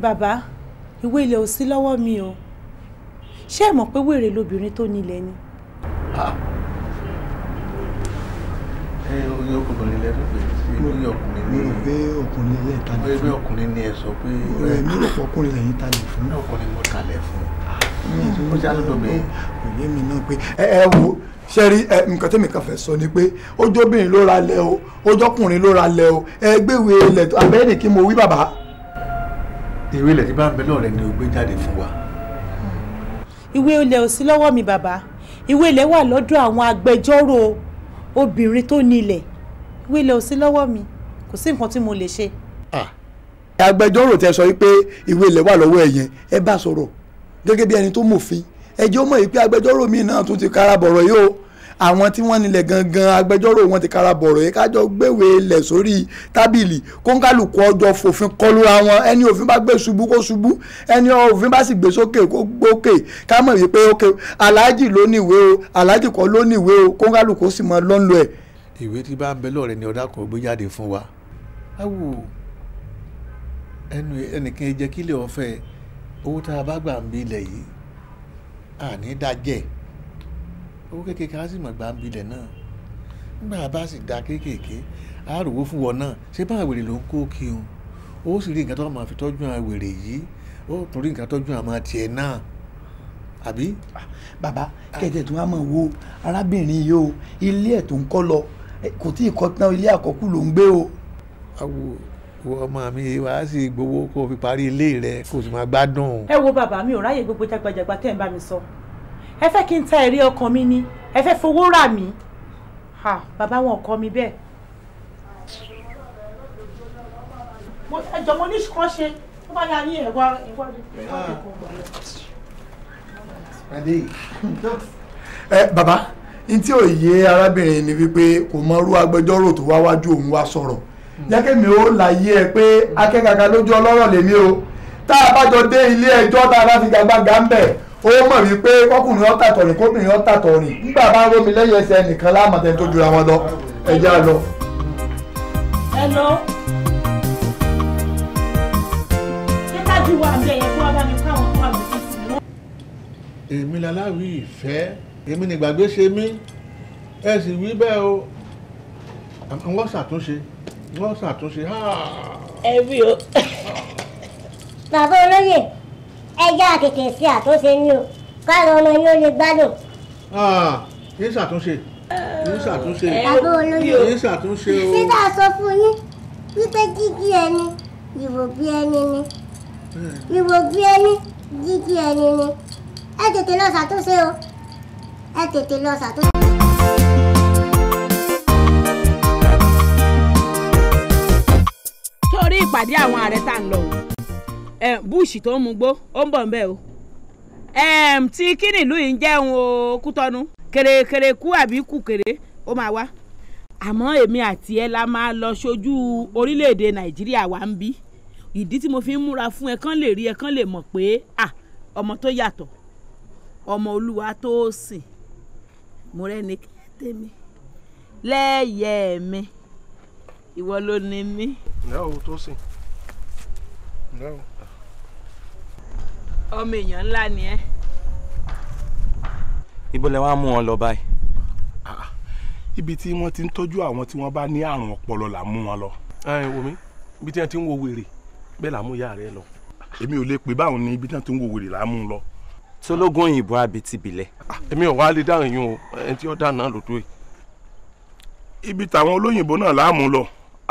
bàbá ìwé ilẹ̀ ò sí lọ́wọ́ mi o ṣé ẹ mọ̀ pé wèrè lobìnrin tó nílẹ̀ ni. ẹ oyún ọkùnrin lẹ́nu pé oyún ọkùnrin ní. mo rò pé ọkùnrin lẹ́yìn ta lè fún. mo rò pé ọkùnrin ní ẹ sọ pé. mi ò pọ̀ ọkùnrin lẹ́yìn ta lè fún. ọkùnrin mo ta lẹ̀ fún. mo ṣe alódò mi. kò yé mi náà pé ẹ ẹ wo ṣe rí ẹ nǹkan tẹ́mi kan fẹ́ sọ ni pé ojóbìnrin ló ra lẹ̀ o ojókùnrin ló ra lẹ̀ o ẹ gbéwé ilẹ̀ abẹ́rẹ́ kí mo wí bàbá. ìwé ilẹ̀ tí bá ń bẹ lọ́rẹ̀ ni o gbé jáde fún wa ìwé ilẹ̀ ò sí lọ́wọ́ mi bàbá ìwé ilẹ̀ wà lọ́dọ̀ àwọn agbẹjọ́rò obìnrin tó nílẹ̀ ìwé ilẹ̀ ò sí lọ́wọ́ mi kò sí nǹkan tí mo lè ṣe. agbẹjọ́rò tẹ sọ pé ìwé ilẹ̀ wà lọ́wọ́ ẹ̀ yẹn ẹ bá sọ̀rọ̀ gẹ́gẹ́ bí ẹni tó mọ̀fin ẹjọ́ mọ̀ yìí pé agbẹjọ́rò mi náà tún ti kára yìí o àwọn tí wọ́n nílẹ̀ gangan agbẹjọ́rò wọn ti kára bọ̀rọ̀ yẹ kájọ gbéwèé ilẹ̀ sórí tábìlì kóńkálùkù ọjọ́ fòfin kọlura wọn ẹni òfin bá gbé ṣubú kó ṣubú ẹni òfin bá sì gbé sókè kó gbókè ká mọ̀ wípé ókè aláàjì ló ní ìwé o aláàjì kọ́ ló ní ìwé o kóńkálùkù sì mọ lọ́nlọ ẹ̀. ìwé tí bá ń bẹ lọ́rẹ̀ ni ọ̀dà kan gbé jáde fún wa awo ẹnu ẹnìkan jẹ́ kílẹ̀ ọ̀fẹ́ owó tá a bá gbà ń bí ilẹ̀ yìí àní dájẹ́ owó kéékèèké á sì mọ̀ gbà ń bilẹ̀ náà nígbà bá sì da kéékèèké á rògbò fún wọn náà ṣé bá àwèrè ló ń kó kí n ó sì rí nǹkan tó máa fi tọ́jú àwèrè yìí ó tún rí nǹkan tọ́jú àmọ́ tiẹ̀ náà àbí. Ah, bàbá kẹ̀tẹ̀ tó máa mọ̀ wo arábìnrin yìí o ilé ẹ̀ tó ń kọ́ lọ kò tí ì kọ́ tán ilé àkọ́kù ló ń gbé o. awo wo ọmọ mi wá sí gbowó kó o fi parí ilé rẹ kó o sì máa gbádùn. ẹ wo bàbá mi ò ráyè gbogbo jágbajàgba tẹ́ ẹ̀ ń bá mi sọ ẹ fẹ́ kí n ta èrè ọkàn mi ni ẹ fẹ́ fowó rà mí ha bàbá wọn kọ́ mi bẹ́ẹ̀. mo ẹ jọ mo ní kàn ṣe tó bá yá yín ẹ̀wá ẹ̀wá ah. ẹ bàbá n tí ò yé arábìnrin ni wípé kò mọ irú agbẹjọ́rò tó wá wájú òun wá sọ̀rọ̀ hmm. jákèmí ó láyé ẹ pé akẹ́kàkà lójú ọlọ́rọ̀ lèmi o tá a bá jọ dé ilé ẹjọ́ tá a bá fi gbàgbàgbà ń bẹ̀ ó mọ̀ wípé kọkùnrin ọ̀tàtọ̀ rìn kóbìnrin ọ̀tàtọ̀ rìn nígbà bá ń rómi lẹ́yìn ẹsẹ̀ nìkan tó jura wọn lọ ẹja lọ. hello ṣé tájú wa àbí ẹ̀yẹ kó wá bá mi káwọn kó àbùkù sí i. èmi laláwí ìfẹ́ èmi nìgbàgbé ṣe mí ẹ sì wí bẹ́ẹ̀ o wọ́n ṣàtúnṣe wọ́n ṣàtúnṣe. ẹ o bàbá ẹjẹ́ àtètè ṣe àtúnṣe ni o káàrọ̀ ọmọ yóò lè gbádùn. kì í ṣàtúnṣe kì í ṣàtúnṣe kì í ṣàtúnṣe o. síta sọ fún yín wípé jíjí ẹni ìwò bí ẹni ni ìwò bí ẹni jíjí ẹni ni ẹ tètè lọ ṣàtúnṣe o ẹ tètè lọ ṣàtúnṣe. torí ìpàdé àwọn ààrẹ tá à ń lọ bush tó ń mugbó ó ń bọ̀ ń bẹ̀ o tí kíni ìlú yìí ń jẹun o kútọ́nu kèrèkèrè kú àbí kù kèrè ó máa wá àmọ́ èmi àti ẹ la máa lọ sójú orílẹ̀-èdè nàìjíríà wa ń bí ìdí tí mo fi ń múra fún ẹ kán lè rí ẹ kán lè mọ̀ pé à ọmọ tó yàtọ̀ ọmọ olúwa tó sìn mo rẹ́ni tèmi lẹ́yẹ̀ mi ìwọ ló ní mí. ǹlẹ́ o tó sìn ǹlẹ́ o ọmọ èèyàn ńlá ni ẹ. ibo lẹ wá mú wọn lọ báyìí. Ah, ah. ibi tí wọ́n ti ń tọ́jú àwọn tí wọ́n bá ní àrùn ọpọlọ là mú wọn lọ. ẹ wò mí ibi tí wọ́n ti ń wo wèrè bẹ́ẹ̀ là mú ìyá rẹ lọ. èmi ò lè pè báwọn ní ibi tí wọ́n ti ń wo wèrè là mú un lọ. tológun òyìnbó àbí tìbílẹ̀. Ah, èmi ò wá lè dáhùn yín o ẹni tí ó dáná lòdù yìí ibi táwọn olóyìnbó náà láàmú lọ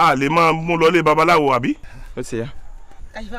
a lè máa mú lọ lé babaláwo àbí. ó ti yá. káṣífà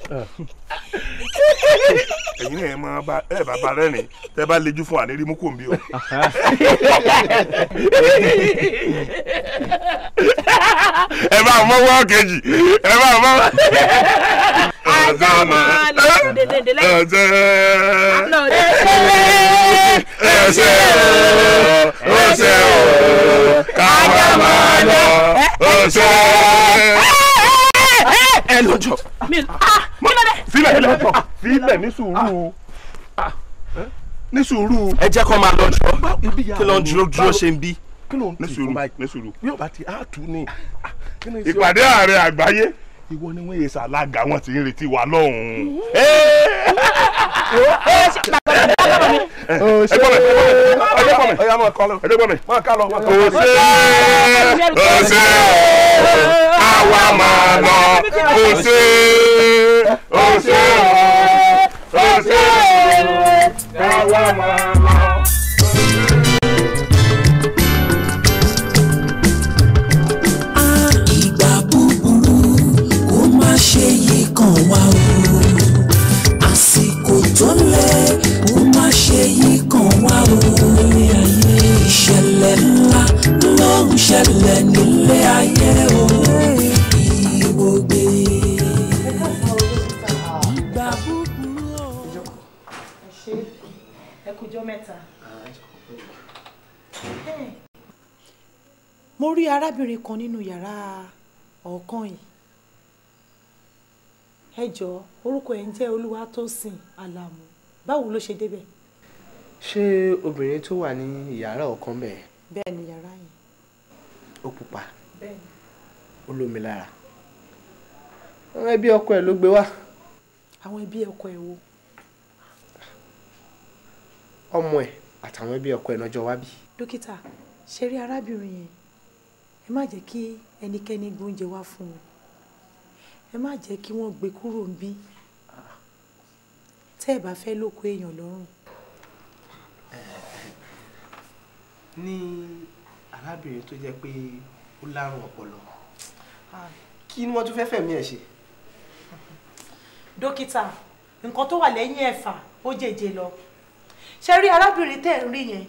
ẹ̀yin náà ẹ máa bá ẹ bàbá rẹ́rìn tẹ́ bá lejú fún àní rímú kò ń bí o. ẹ bá mọ wọ́ọ̀ kejì ẹ bá mọ. ajá máa lọ dédédé lẹ́yìn. ọ̀sẹ̀ ọ̀sẹ̀ ọ̀sẹ̀ kájà máa lọ ọ̀sẹ̀. ẹ lọ jọ. Ah! sílẹ̀ sílẹ̀ sílẹ̀ ní sùúrù ah. Ah. Eh? ní sùúrù. ẹ jẹ́ kó máa lọ jọ kí ló ń dúró dúró ṣe ń bí. ní sùúrù ìpàdé ààrẹ àgbáyé ìwọ ni wọ́n yẹ sàlágà wọ́n ti ń retí wa lọ́hùn Ose àwa máa lọ ose ose ose àwa máa. ṣẹlẹ̀ nílé ayé o ìwò gbé. ìgbà búburú o. ẹ kújọ́ mẹ́ta. mo rí arábìnrin kan nínú yàrá ọ̀kan yìí ẹ jọ̀ọ́ orúkọ ẹ̀ ń jẹ́ Olúwatósìn Àlàmú báwo ló ṣe débẹ̀. ṣé obìnrin tó wà ní yàrá ọ̀kan bẹ́ẹ̀. bẹ́ẹ̀ ni yàrá yẹn ó pupa ó lómi lára àwọn ẹbí ọkọ ẹ ló gbé wá. àwọn ẹbí ọkọ ẹ wo. ọmọ ẹ àtàwọn ẹbí ọkọ ẹ náà jọ wá bí. dókítà ṣe rí arábìnrin yẹn ẹ má jẹ́ kí ẹnikẹ́ni gbóúnjẹ wá fún un ẹ má jẹ́ kí wọ́n gbé kúrò ń bí tẹ́ ẹ bá fẹ́ lóko èèyàn lọ́rùn. ní arábìnrin tó jẹ́ pé ó lárùn ọpọlọ ah. kí ni wọ́n tún fẹ́ fẹ̀mí ẹ̀ ṣe. dókítà nǹkan tó wà lẹ́yìn ẹ̀fà ó jèjè lọ ṣe rí arábìnrin tẹ̀ ń rí yẹn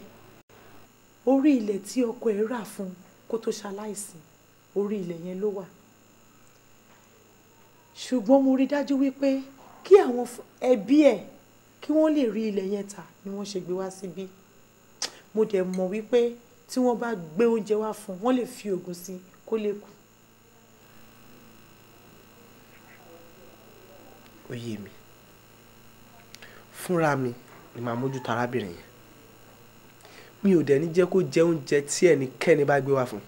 orí ilẹ̀ tí ọkọ ẹ̀ rà fún kó tó ṣaláìsí orí ilẹ̀ yẹn ló wà ṣùgbọ́n mo rí dájú wípé kí àwọn ẹbí ẹ̀ kí wọ́n lè rí ilẹ̀ yẹn tà ni wọ́n ṣe gbé wá síbí mo dẹ̀ mọ̀ wípé tí wọ́n bá gbé oúnjẹ wá fún un wọ́n lè fi oògùn sí kó lè kú. ó mi fúnra mi ni màá mójútó arábìnrin yẹn mi ò dẹ̀ ní jẹ́ kó jẹ oúnjẹ tí ẹnikẹ́ni bá gbé wá fún un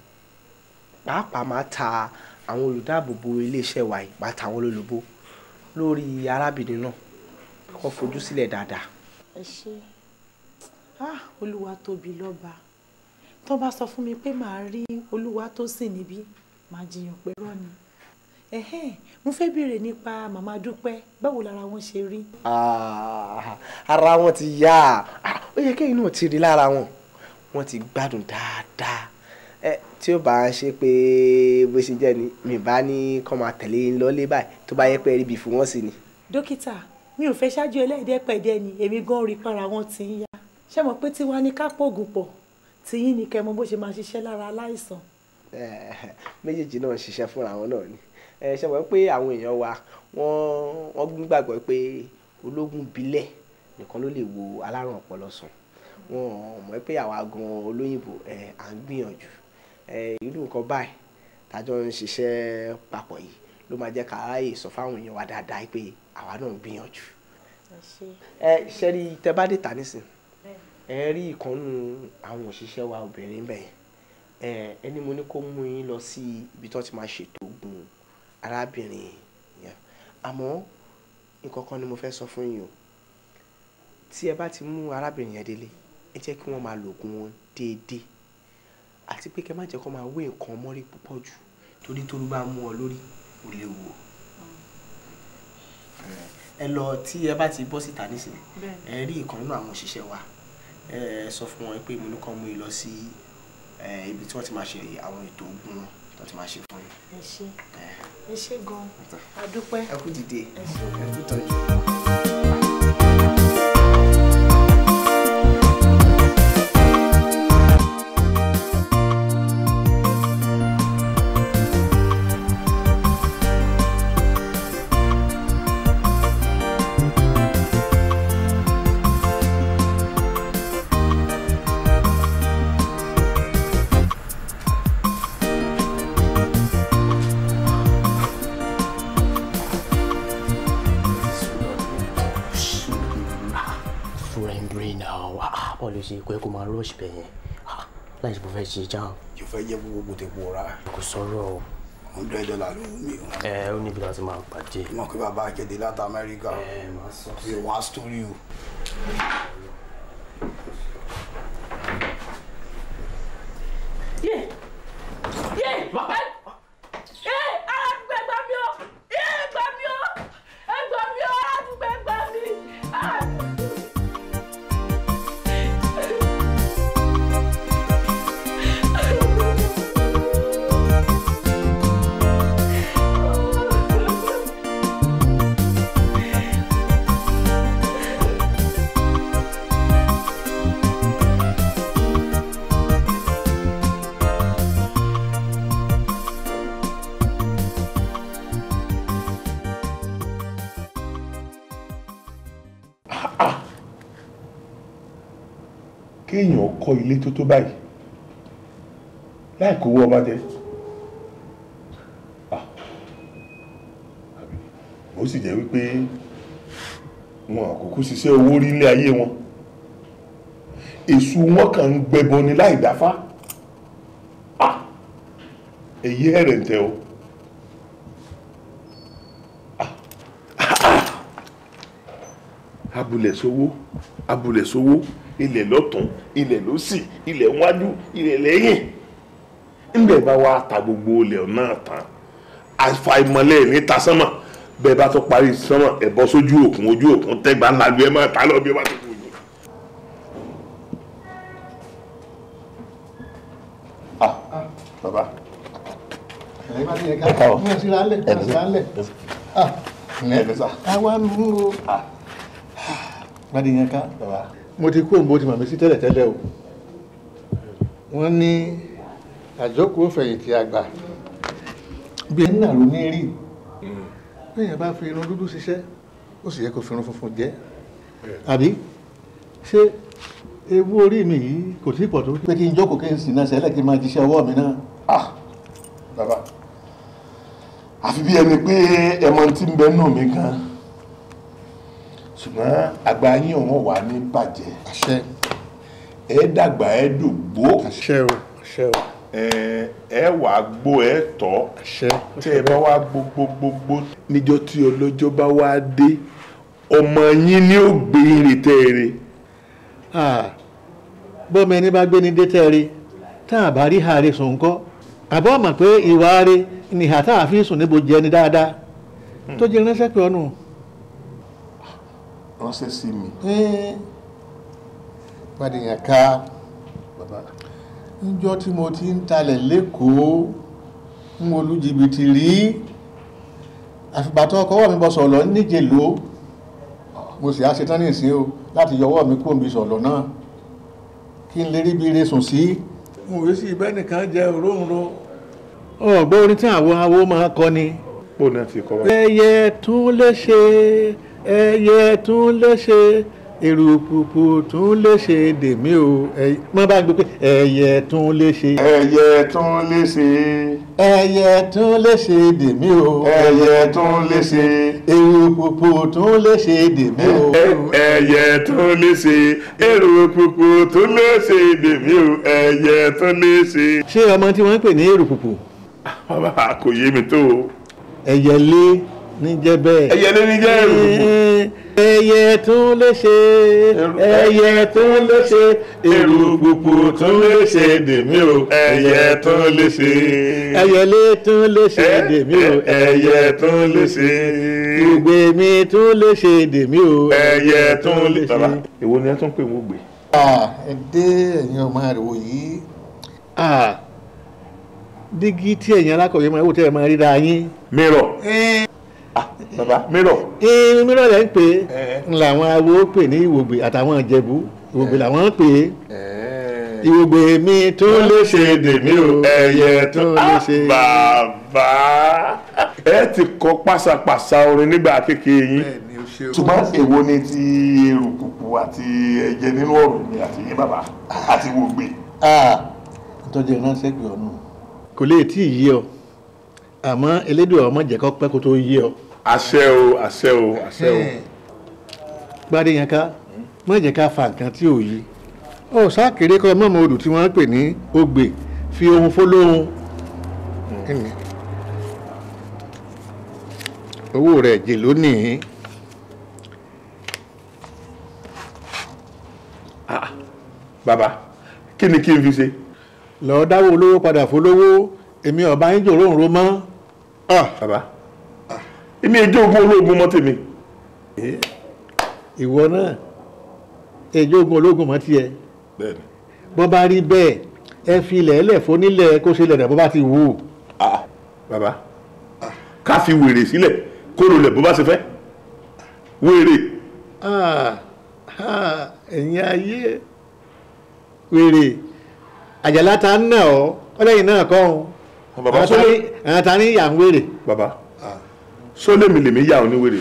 pàápàá máa ta àwọn olùdáàbòbò iléeṣẹ́ wa yìí máa ta àwọn olólobó lórí arábìnrin náà kó fojú sílẹ̀ dáadáa. ẹ ṣe ah olúwa tóbi lọ́ba tó bá sọ fún mi pé màá rí olúwa tó sìn níbí màá jiyàn pé rọ́ ni ẹ̀hẹ́n mo fẹ́ béèrè nípa màmá dúpẹ́ báwo lára wọn ṣe rí. Ah, ara wọn ti yá ah, ó yẹ kéyìn náà ti rí lára wọn wọn ti gbádùn dáadáa ẹ tí ó bá ń ṣe pé bó ṣe jẹ́ ni mi bá ní kọ́ máa tẹ̀lé ń lọ lé báyìí tó bá yẹ pé ríbi fún wọn sí ni. dókítà mi ò fẹ́ ṣáájú ẹlẹ́ẹ̀dẹ́pẹ̀dẹ́ ni èmi gan rí para wọn ti ń yá ṣé mo pé tiwa ni ká pògùn pọ̀ tìyín ni kẹ́ mọ bó ṣe máa ṣiṣẹ́ lára aláìsàn. méjèèjì náà ṣiṣẹ́ fúnra wọn náà ni ṣe mọ̀ pé àwọn èèyàn wa wọ́n gbàgbọ́ pé ológun bílẹ̀ nìkan ló lè wo alárùn ọpọlọ sàn wọn mọ̀ pé àwa gan olóyìnbó à ń gbìyànjú irú nǹkan báyìí tájọ ń ṣiṣẹ́ papọ̀ yìí ló máa jẹ́ ká ráàyè sọ fáwọn èèyàn wa dáadáa pé àwa náà ń gbìyànjú. ṣe rí tẹ bá dé ta nísìnyí ẹ rí ìkànnù àwọn òṣìṣẹ́ wa obìnrin bẹ́ẹ̀ ẹni mo ní kó mú yín lọ sí ibi tó ti máa ṣètò oògùn arábìnrin yẹn àmọ́ nǹkan kan ni mo fẹ́ sọ fún yín o tí ẹ bá ti mú arábìnrin yẹn délé ẹ jẹ́ kí wọ́n máa lo oògùn wọn déédéé àti pé kẹ́ má jẹ́ kó máa wé nǹkan mọ́rí púpọ̀ jù torí tó bá mú ọ lórí ò lè wò ẹ lọ tí ẹ bá ti bọ́ síta nísìnyí ẹ rí ìkan àwọn òṣìṣẹ́ wa ẹ sọ fún wọn pé mo ní kàn mú yín lọ sí ibi tí wọ́n ti máa ṣe àwọn ètò ogun wọn ti máa ṣe fún yín. ẹ ṣé ẹ ṣé gan-an a dúpẹ́ ẹ kú dìde ẹ kú tọ́jú. rush bẹ́ẹ̀ yẹn láì mo fẹ́ ṣe já o. yóò fẹ́ jẹ́ gbogbo tèpo ra. kò sọ̀rọ̀ o. hundred dollar ló wù mí ẹ ó níbi láti máa pàdé. mo kí bàbá akéde láti amẹ́ríkà. ẹ máa sọ sí. mi ò wá sítórí o. kọ́ ilé tó tó báyìí láì kówó ọba jẹ ah. ó sì jẹ́ wípé wọn àkókò ṣiṣẹ́ owó rí ilé ayé wọn èṣù wọn kàn ń gbẹbọ ni láì dáfá èyí ah. ẹ̀rẹ̀ ń tẹ o. Ah. abúlẹ̀ sówó abúlẹ̀ sówó ilẹ̀ lọ́tún ilẹ̀ lọ́sì ilẹ̀ wájú ilẹ̀ lẹ́yìn ńbẹ̀ bá wá ta gbogbo ilẹ̀ náà tán àfàìmọ̀lẹ́ ní ta sánmà bẹ́ẹ̀ bá tó parí sánmà ẹ̀ bọ́ sójú òkun ojú òkun tẹ́gbà ńlá lu ẹ̀ máa ta lọ bí ẹ bá tó kú. Ah, baba. ẹ káwọ ẹ káwọ ẹ káwọ. àwa ń mú o. láti yẹn bàbá mo ti kú òǹbó màmí sí tẹ́lẹ̀tẹ́lẹ̀ o wọ́n ní àjókòó fẹ̀yìntì àgbà bí ẹni náà ní rí bẹ́ẹ̀ bá fi irun dúdú ṣiṣẹ́ ó sì yẹ kó fi funfun jẹ́ àbí ṣé ewu mi yìí kò tí pọ̀ tó pé kí n jókòó kí n sì náà mi náà ah bàbá àfi bí ẹni pé ṣùgbọ́n àgbà yín òun wà ní bàjẹ́ ẹ dàgbà ẹ dògbó ẹ wà gbó tọ́ tí ẹ bá wá gbogbogbò níjọ tí bá wá dé ọmọ yín ni ó gbé irin tẹ́ẹ̀rẹ́. bọ́mọ ẹni bá gbé ní dé tẹ́ẹ̀rẹ́ tá a bá rí sùn pé ìwà ni ìhà tá a fi sùn níbo ránṣẹ́ sí mi. pàdéyàn ká níjọ́ tí mo ti ń talẹ̀ lẹ́kọ̀ọ́ ń olú jìbìtì rí àfìgbà tó ọkọ̀wọ́ mi bọ́ sọ̀lọ́ níje ló mo sì á ṣetán ní ìsín o láti yọwọ́ mi kúrò mi sọ̀lọ́ náà kí n lè rí bí ire sùn sí. mo rí sí ibẹ́ nìkan jẹ òróǹro. ọ̀gbọ́n orin tí àwọn awo máa kọ ni. pò náà ti kọ́ wa. ẹyẹ tún lè ṣe ẹyẹ tún léṣe èrùpùpù tún léṣe dèmí o mọ bá ń gbé pé ẹyẹ tún léṣe. ẹyẹ tún léṣe. ẹyẹ tún léṣe dèmí o. ẹyẹ tún léṣe. èrùpùpù tún léṣe dèmí o. ẹyẹ tún léṣe èrùpùpù tún léṣe dèmí o. ẹyẹ tún léṣe. ṣé ọmọ tí wọ́n ń pè ní èrùpùpù. bàbá kò yé mi tó o. ẹyẹ lé níjẹ́ bẹ́ẹ̀. ẹyẹ lé níjẹ́ ẹrù. ẹyẹ tún lè ṣe ẹyẹ tún lè ṣe èrò gbogbo tún lè ṣe dèmí o ẹyẹ tún lè ṣe. ẹyẹ lé tún lè ṣe dèmí o ẹyẹ tún lè ṣe. ìgbè mi tún lè ṣe dèmí o ẹyẹ tún lè ṣe. èwo ni ẹ tún pè wọ́n gbé. ẹ dé ọmọ àrẹ̀wò yìí dígí tí ẹ̀yin alákọ̀wé máa wò tẹ́ ẹ máa ríra yín. mìíràn. Ah, bàbá mírọ̀. ee mírọ̀ lẹ́ ń pè é ń làwọn awo pè ní ìwògbè àtàwọn ìjẹ̀bú ìwògbè làwọn ń pè é ìwògbè mi tó lè ṣe dèmí o ẹyẹ tó lè ṣe. bàbá ẹ ti kọ pàṣàpàṣà orin nígbà kékeré yín ṣùgbọ́n èwo ni ti èrùkùkù àti ẹ̀jẹ̀ nínú ọ̀rọ̀ mi àti yín bàbá àti ìwògbè. tọ́jú ìránṣẹ́ pé ọ̀nà. kò lè tí ì yí ọ àmọ́ elédùn ọmọ jẹ́kọ́ pẹ́ kó tó yí ọ àṣẹ o àṣẹ o àṣẹ o. gbadé yẹn ká má jẹ́ ká fa nǹkan tí ò yí ó sákèrè kọ́ mọ́mọ́ odò tí wọ́n ń pè ní ogbè fi ohun fólóhun owó rẹ̀ jè lónìí. Ah, bàbá kí ni kí n fi ṣe. lọ́ọ́ dáwọ́ olówó padà fólówó èmi ọ̀bá yín jòrò òun ro mọ́. Ah, bàbá. Ah, èmi èjì ogun ológun mọ́ tèmi. ìwọ náà èjì ogun ológun mọ́ tiẹ̀ bọ́ bá rí bẹ́ẹ̀ ẹ fi ilẹ̀ ẹlẹ̀ fónílẹ̀ kó ṣe lẹ̀dà bó bá ti wù. bàbá ká fi wèrè sílẹ̀ kó lulẹ̀ bó bá ṣe fẹ́ wèrè. ẹ̀yin ayé wèrè àjàlá ta ń nà ọ́ ọ́ náà kọ́ ọ́n àwọn ta ìyà ń wèrè. bàbá só lèmi lèmi yà oníwèrè.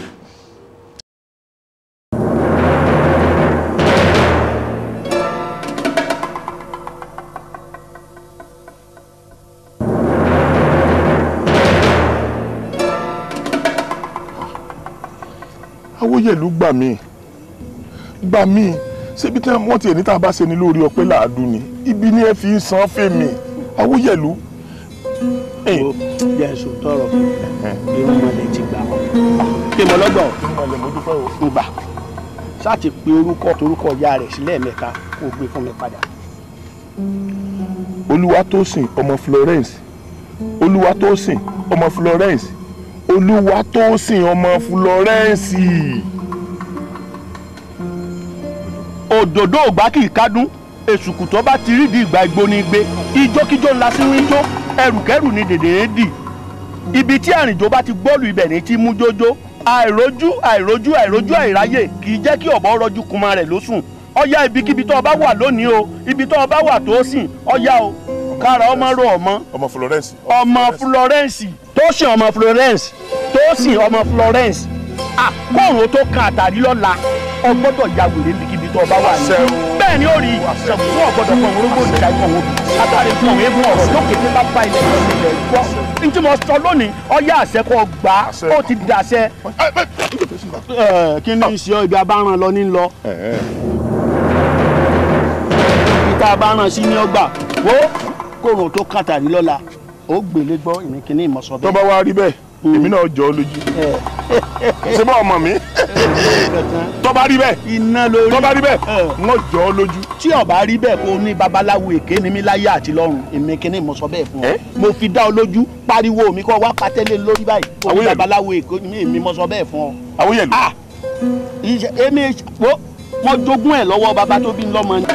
awóyèlú gbà mí gbà mí ṣébi tí wọ́n ti ẹ̀ níta bá ṣe ni lórí ọpẹ́ làádú ni ibi ni ẹ fi ń san fèmí awóyèlú jẹ́ ń tọrọ irun mọ̀lẹ́ ti gbà wọ́n. pé mo lọ́gbọ̀n ọ̀lẹ̀ mo dúpẹ́ o. mo gbà sáàtì pé orúkọ torúkọ ìyá rẹ̀ sílẹ̀ mẹ́ta kó gbé fún mi padà. olúwatósìn ọmọ Florence olúwatósìn ọmọ Florence olúwatósìn ọmọ Florence. òdòdó ògbá kì í kádùn èsùkù tó bá ti rí di ìgbà ìgbóni gbé ijókíjó ńlá sí rí jó ẹrùkẹ́rù ni dèdèrè dì ibi tí àrìnjó bá ti gbọ́lù ibẹ̀ ní ti mú jójó àìrójú àìrójú àìrójú àìráyè kì í jẹ́ kí ọ̀bọ rọjú kuma rẹ̀ lósùn ọ̀yá ibikíbi tó o bá wà lónìí o ibi tó o bá wà tó sìn ọ̀yá o kára ọmọ ro ọmọ. ọmọ Florence. ọmọ Florence tó sìn ọmọ Florence tó sìn ọmọ Florence àkóòrò tó kan àtàrí lọ́la ọgbọ́dọ̀ ya wèrè ibikíbi tó o bá wà ní bẹ́ẹ̀ ni ó rí ṣàkóso ọ̀gbọ́dọ̀ kan orógbó ìjà ikọ̀ wọn látàrí fún àwọn eégún ọ̀rọ̀ lókè tí bá bá ilẹ̀ lọ sí n tí mo sọ lónìí ọyá àṣẹ kọ gbà ó ti dàṣẹ. kí ni ìṣe ibi abáràn lọ ní lọ ìta abáràn sí ní ọgbà wo kòrò tó kàtàrí lọ́la ó gbélé gbọ́ ìrìnkìnnì ìmọ̀sọ́ bẹ́ẹ̀. bá wá rí bẹ́ẹ̀ hmm. èmi náà jọ ọ lójú ṣé bá ọmọ mi. tó bá rí bẹ́ẹ̀ iná lórí tó bá rí bẹ́ẹ̀ wọ́n jọ ọ́ lójú. tí ó rí bẹ́ẹ̀ kó ní babaláwo èké ni mí láyé àti lọ́run èmi kí ni mo sọ bẹ́ẹ̀ fún ọ mo fi dá ọ lójú pariwo mi kọ́ wá patẹ́lẹ̀ lórí báyìí kó ní babaláwo èké ni èmi mo sọ bẹ́ẹ̀ fún ọ. àwọn yẹn lò. èmi wo mo jogún ẹ lọ́wọ́ baba tó bí ń lọ́mọ ni.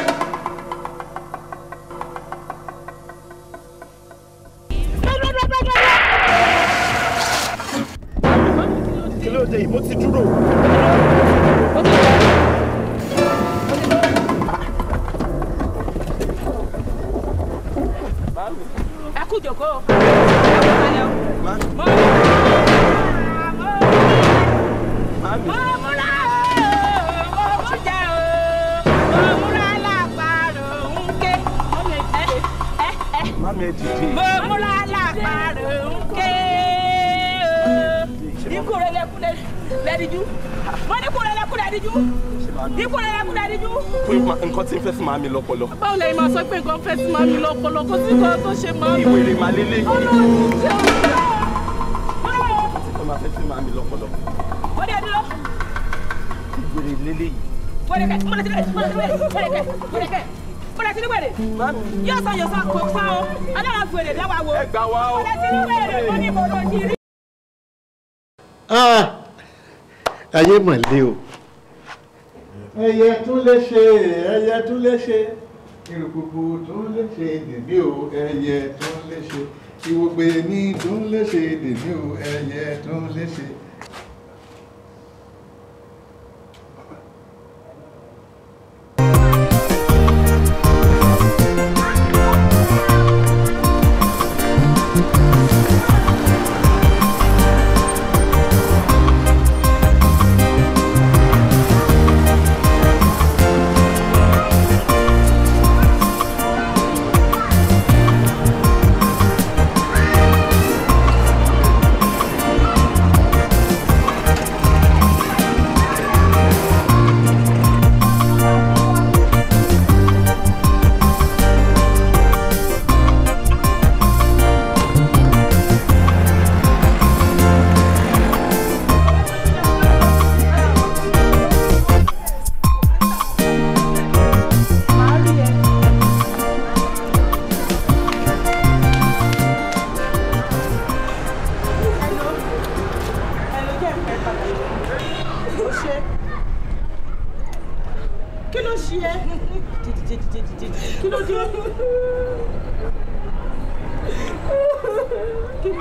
mi lọ́pọlọ. báwo lẹ́yìn máa sọ pé nǹkan fẹ́ sí máa mi lọ́pọlọ kó sí nǹkan tó ṣe máa mi. ìwèrè máa lélẹ̀. ọlọ́run jẹ́ ọlọ́run. ọmọ afẹ́ sí máa mi lọ́pọlọ. ó dé dúró. ìwèrè lélẹ̀ yìí. wẹ́rẹ́kẹ́ mọ̀lẹ́tìlẹ̀ mọ̀lẹ́tìlẹ̀ wẹ́rẹ́kẹ́ mọ̀lẹ́tìlẹ̀ wẹ́rẹ́. yóò sọ yóò sọ kò pa ọ́ alára gbèrè láwa wo. ẹ gbà wá o. mọ̀lẹ́tìlẹ̀ wẹ́rẹ́ mo ní mo lọ jírí. ayé mọ̀lẹ́ o ẹyẹ tún lè ṣe é ẹyẹ tún lè ṣe. ìrùkùkù tún lè ṣe dèmí o ẹyẹ tún lè ṣe ìwògbè ní tún lè ṣe dèmí o ẹyẹ tún lè ṣe.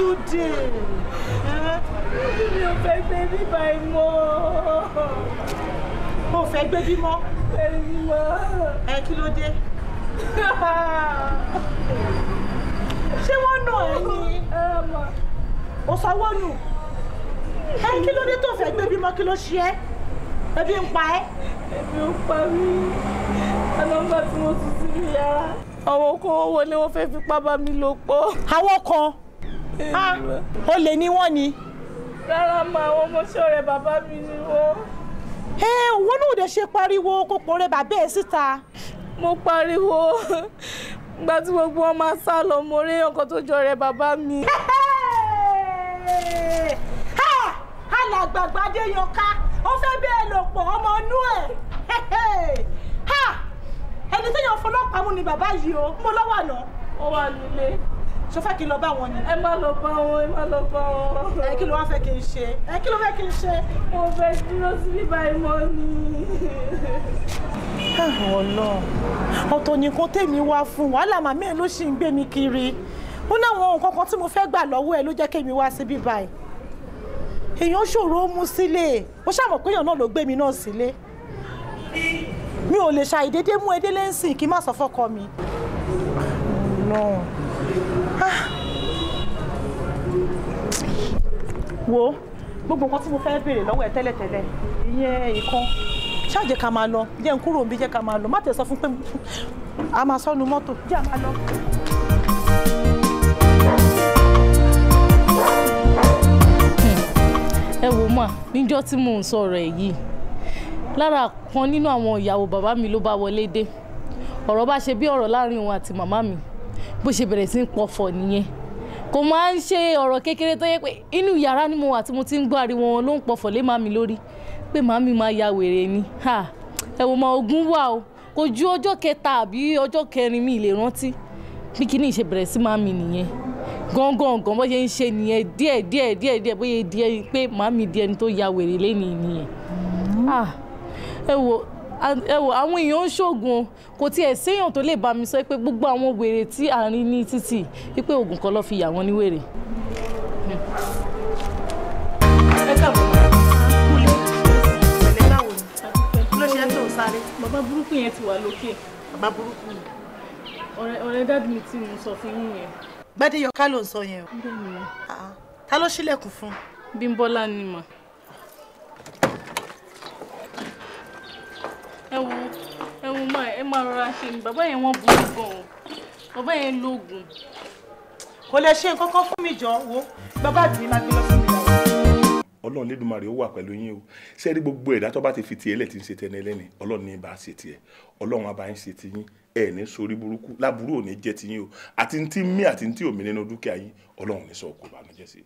today mi ò fẹ́ gbé bíbá ẹ mọ́ o fẹ́ gbé bímọ. ẹ kí ló dé ṣé wọ́n nà ẹ́ ni ó sanwó nù ẹ kí ló dé tó fẹ́ gbé bímọ kí ló ṣe ẹ́ ebi ń You ẹ́. ebi ń pa mí ọlọ́gbà tí mo sùn sí mi yàrá. àwọn kan wọlé wọn fẹ́ fipá bá mi lò pọ̀. àwọn kan. olè ni wọ́n ni. rárá ma àwọn ọmọọṣẹ́ rẹ bàbá mi ni wọ́n. ẹ òwò náà pariwo kókó rẹ bàbá ẹ síta. mo pariwo gba tí gbogbo wọn máa sá lọ mo rí ọkọ tó jọ rẹ bàbá mi. alàgbàgbà adéyọká ó fẹ́ bẹ́ẹ̀ lò pọ̀ ọmọ inú ẹ̀ ẹni tó yàn fọlọ́pàá mú ni bàbá yìí o mo lọ́wọ́ àná. ó wà nílé. ṣó fẹ́ kí n lọ bá wọn ni. ẹ má lọ bá wọn ẹ má lọ bá wọn. ẹ kí ló wá fẹ́ kí n ṣe ẹ kí ló fẹ́ kí n ṣe. mo fẹ́ dúró sí bíbá ìmọ̀ ni. ọlọ ọ̀tọ̀ nìkan tèmi wá fún wàhálà màmí ẹ ló ṣì ń gbé mi kiri ó láwọn nǹkan kan tí mo fẹ́ gbà lọ́wọ́ ẹ ló jẹ́ kémi wá sí bíbá ẹ èèyàn ṣòro mú sílé ó ṣàmọ̀ pé èèyàn náà ló gbé mi náà sílé mi ò lè ṣàìdédé mú edé lẹ́sìn kí n má sọ fọ́kọ mi. ọlọ́run wo gbogbo nǹkan tí mo fẹ́ béèrè lọ́wọ́ ẹ tẹ́lẹ̀tẹ́lẹ̀ ìyẹn ìkan ṣáà jẹ́ ká máa lọ jẹ́ n kúrò níbi jẹ́ ká máa lọ má tẹ̀ sọ fún pé a máa sọ́nu mọ́tò jẹ́ a máa lọ. ẹ wò mà níjọ́ tí mò ń sọ̀rọ̀ ẹ̀ yìí lára kan nínú àwọn ìyàwó bàbá mi ló bá wọlé dé ọ̀rọ̀ bá ṣe bí ọ̀rọ̀ láàrin òun àti màmá mi bó ṣe bẹ̀rẹ̀ sí ń pọ̀fọ̀ nìyẹn kò máa ń ṣe ọ̀rọ̀ kékeré tó yẹ pé inú yàrá ni mo wà tí mo ti ń gbọ́ ariwo wọn ló ń pọ̀fọ̀ lé màmí lórí pé màmí máa ya wèrè ni ẹ̀wọ̀n máa ogun wà o kò ju ọjọ́ kẹta àbí ọjọ́ kẹrin mi lè rántí bí kíní ìṣe bẹ̀rẹ̀ sí màmí nìyẹn gangan bó ṣe ń ṣe nìyẹn díẹ̀ díẹ̀ díẹ̀ díẹ̀ bó ṣe di ẹni pé màmí di ẹni tó ya wèrè lẹ́nìí nìyẹn ẹ ẹwọ eh, àwọn èèyàn ń ṣoògùn kò tiẹ̀ séèyàn tó lè bá mi sọ pé gbogbo àwọn wèrè tí à ń rí ní títì wípé oògùn kan ló fi yà wọ́n ní wèrè. ẹ káàbọ̀ kúlẹ̀ tẹ̀lé báwo ni ló ṣe tó ń sáré. bàbá burúkú yẹn ti wà lókè. bàbá burúkú yẹn. ọ̀rẹ́ ọ̀rẹ́ dáàdì mi tí mo sọ fún yín yẹn. Gbádéyọká ló ń sọ yẹn o. Ah, ah. ta ló ṣílẹ̀kùn fún. Bímbọ́lá ni mà. ẹ wo ẹ ẹ máa rọra ṣe ni bàbá yẹn wọ́n burú gan-an bàbá yẹn lóògùn. kò lè ṣe nǹkan fún mi jọ wo bàbá mi máa gbé lọ sí mi ọlọ́run lédùmarè ó wà pẹ̀lú yín o ṣé rí gbogbo ẹ̀dá tó bá ti fi tiẹ̀ lẹ̀ tí ń ṣe tẹni ẹlẹ́ni ọlọ́run ní ibà ṣe tiẹ̀ ọlọ́run abá ń ṣe ti yín ẹ̀ ní sórí burúkú láburú ò ní jẹ́ ti yín o àti tí mí àti tí òmí nínú dúkìá yín ọlọ́run ní sọ kò bànújẹ́ sí i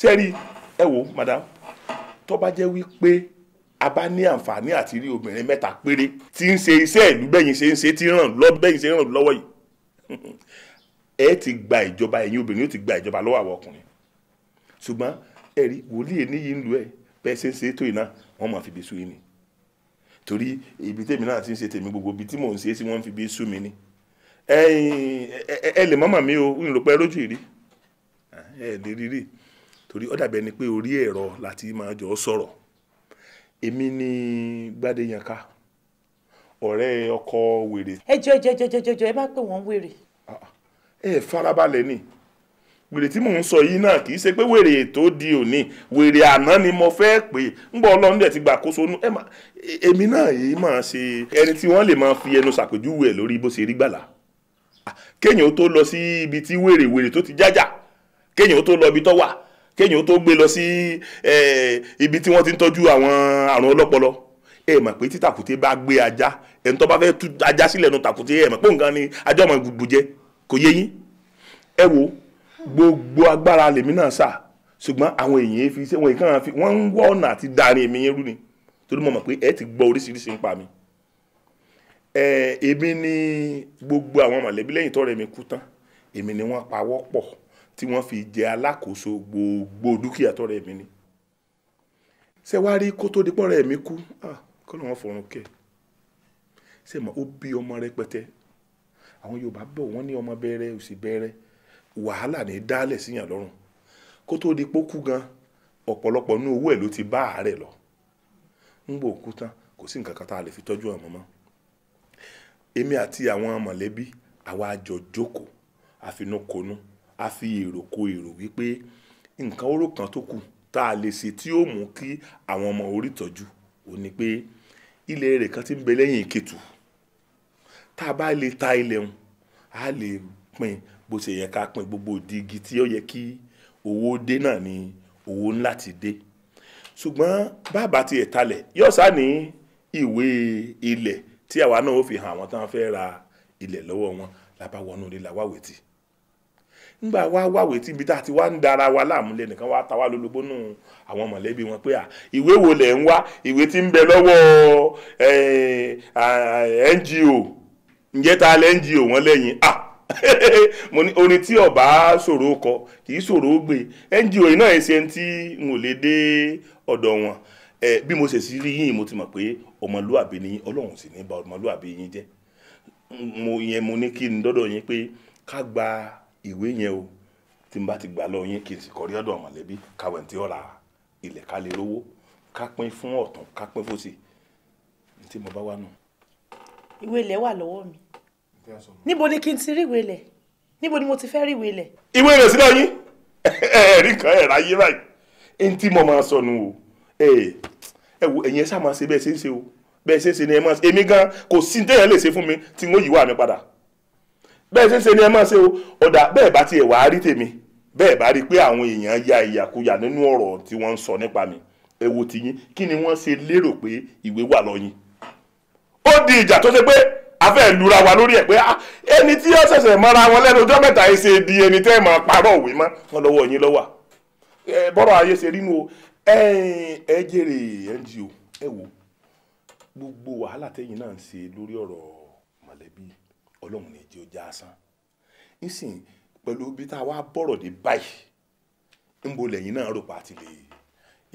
ṣé rí ẹ wo madam tó bá jẹ́ wí a bá ní àǹfààní àti rí obìnrin mẹ́ta péré tí ń ṣe iṣẹ́ ìlú bẹ́yìn ṣe ń ṣe tí ràn lọ bẹ́yìn ṣe ń ràn lọ́wọ́ yìí ẹ ti gba ìjọba ẹ̀yin obìnrin ó ti gba ìjọba lọ́wọ́ àwọn ọkùnrin ṣùgbọ́n ẹ̀rí wòlíì ènìyí ń lu ẹ̀ bẹ́ẹ̀ ṣe ń ṣe tó iná wọ́n máa fi bí sú yín ni torí ibi tèmi náà ti ń ṣe tèmi gbogbo ibi tí mò ń ṣe sí wọ́n fi bí sú mi ni ẹ lè mọ́mọ́ mi o ń lò pẹ́ lójú ìrí ẹ lè rí rí torí ó pé orí ẹ̀rọ láti máa jọ sọ̀rọ̀ èmi ni Gbádéyànká ọrẹ ọkọ wèrè. ẹ jọ jọ jọ jọ jọ ẹ má pè wọ́n wèrè. Ah, ah. ẹ farabalẹ̀ ni wèrè tí mò ń sọ yìí náà kì í ṣe pé wèrè tó di òní wèrè àná ni mo fẹ́ pè ń gbọ́ ọlọ́run dẹ̀ ti gbàkóso nú e, èmi náà yìí máa ṣe ẹni tí wọ́n lè máa fi ẹnu ṣàpèjúwe ẹ̀ lórí bó ṣe rí gbàlà ah, kéèyàn tó lọ sí ibi tí wèrè wèrè tó ti jájà kéèyàn tó lọ ibi tó wà kéèyàn tó gbé lọ sí ibi tí wọ́n ti ń tọ́jú àwọn àrùn ọlọ́pọlọ ẹ mọ̀ pé tí tàkùté bá gbé ajá ẹni tó bá fẹ́ tú ajá sílẹ̀ nu tàkùté ẹ mọ̀ pé nǹkan ni ajá ọmọ gbùgbù jẹ kò yé yín ẹ wo gbogbo agbára lèmi náà sà ṣùgbọ́n àwọn èèyàn fi ṣe wọn ìkànnà fi wọ́n ń wọ́ ọ̀nà àti darin èmi yẹn rú ni torí mo mọ̀ pé ẹ ti gbọ́ oríṣiríṣi nípa mi ẹ èmi ni gbogbo àwọn mọ̀lẹ́bí lẹ́yìn tọ́rẹ tí wọ́n fi jẹ alákòóso gbogbo dúkìá tọ́rẹ́ mi ni ṣé wàá rí kó tó di pọ́nrẹ́ mi kú ah, kọ́ ló wọ́n fọ̀rùn kẹ́ ṣé mà ó bí ọmọ rẹpẹtẹ àwọn Yorùbá bọ̀ wọ́n ní ọmọ bẹ̀rẹ̀ òsì bẹ̀rẹ̀ wàhálà ní dálẹ̀ síyàn lọ́rùn kó tó di pọ́ kú gan ọ̀pọ̀lọpọ̀ nínú owó ẹ̀ ló ti bá àárẹ̀ lọ ń bò kú tán kò sí nǹkan kan tá a lè fi tọ́jú ọmọ mọ́ èmi àti àwọn mọ̀lẹ́bí àwa àjọ jókòó àfinúkonú no a fi èrò kó èrò wípé nǹkan oró kan tó kù tá a lè ṣe tí ó mú kí àwọn ọmọ orí tọ́jú ò ní pé ilẹ̀ rẹ̀ kan ti ń bẹ lẹ́yìn ìkẹtù tá a bá lè ta ilẹ̀ ọ̀hún a lè pín bó ṣe yẹ ká pín gbogbo dígí tí ó yẹ kí owó dé náà ni owó ńlá ti dé ṣùgbọ́n bàbá tiẹ̀ talẹ̀ yóò sá ìwé ilẹ̀ tí àwa náà ó fi hàn àwọn táwọn fẹ́ ra ilẹ̀ lọ́wọ́ wọn làbá ilé làwáwé ngba wa wa tí ibi tá a ti wa ń dara wa láàmú nikan wá ta wá lólobó nù àwọn mọ̀lẹ́bí wọn pé à ìwé wo lẹ̀ ń wá ìwé tí ń bẹ lọ́wọ́ NGO ǹjẹ́ ta lẹ́ NGO won leyin à mo ní orin tí ọba ṣòro kọ kì í ṣòro NGO iná ẹ̀ ṣe tí n ò lè dé ọ̀dọ̀ wọn bí mo ṣe sí rí yín mo ti mọ̀ pé ọmọlúàbí ni ọlọ́run sì ní bá ọmọlúàbí yín jẹ́ mo yẹn mo ni ki n dọ́dọ̀ yín pé ká gba ìwé yẹn o tí n bá ti gbà lọ yín kì í sì kọrí ọ̀dọ̀ mọ̀lẹ́bí káwé tí ó ra ilẹ̀ ká lè rówó ká pín fún ọ̀tún ká pín fòsì tí mo bá wà nù. ìwé ilẹ̀ wà lọ́wọ́ mi níbo ni kí n ti rí ìwé ilẹ̀ níbo ni mo ti fẹ́ rí ìwé ilẹ̀. ìwé rẹ̀ sílẹ̀ yín ẹ̀rí kan ẹ̀rá yé báyìí ẹni tí mo máa sọnù o ẹ wo ẹ̀yin ẹ ṣáà máa ṣe bẹ́ẹ̀ ṣe ń ṣe o bẹ́ẹ̀ ṣe ń ṣe ni ẹ máa ṣe èmi gan kò sí ní tẹ́yẹ̀ lè ṣe fún mi tí n ó yíwá mi padà bẹ́ẹ̀ ṣe ń ṣe ni ẹ máa ṣe o ọ̀dà bẹ́ẹ̀ bá tiẹ̀ wàá rí tèmi bẹ́ẹ̀ bá rí i pé àwọn èèyàn ya ìyàkuyà nínú ọ̀rọ̀ tí wọ́n ń sọ nípa mi ẹ wo tiyín kí ni wọ́n ṣe lérò pé ìwé wà lọ́yìn ó di ìjà tó ṣe pé a fẹ́ lura wa lórí ẹ̀ pé ah, ẹni tí ó ṣẹ̀ṣẹ̀ mọ́ra wọn lẹ́nu ọjọ́ mẹ́ta ẹ ṣe di ẹni tẹ́ máa parọ́ òwe mọ́ wọn lọ́wọ́ yín lọ́wọ́ bọ́rọ̀ ayé ṣe rí nu o ẹ jèrè ngo ẹ wo gbogbo wàhálà tẹ́yìn náà ń ṣe lórí ọ̀rọ̀ mọ̀lẹ́bí yìí ọlọ́run ní jẹ́ ó já asán nísìnyí pẹ̀lú bí tá a wá bọ̀rọ̀ dé báyìí níbo lẹ́yìn náà rò pa àti lè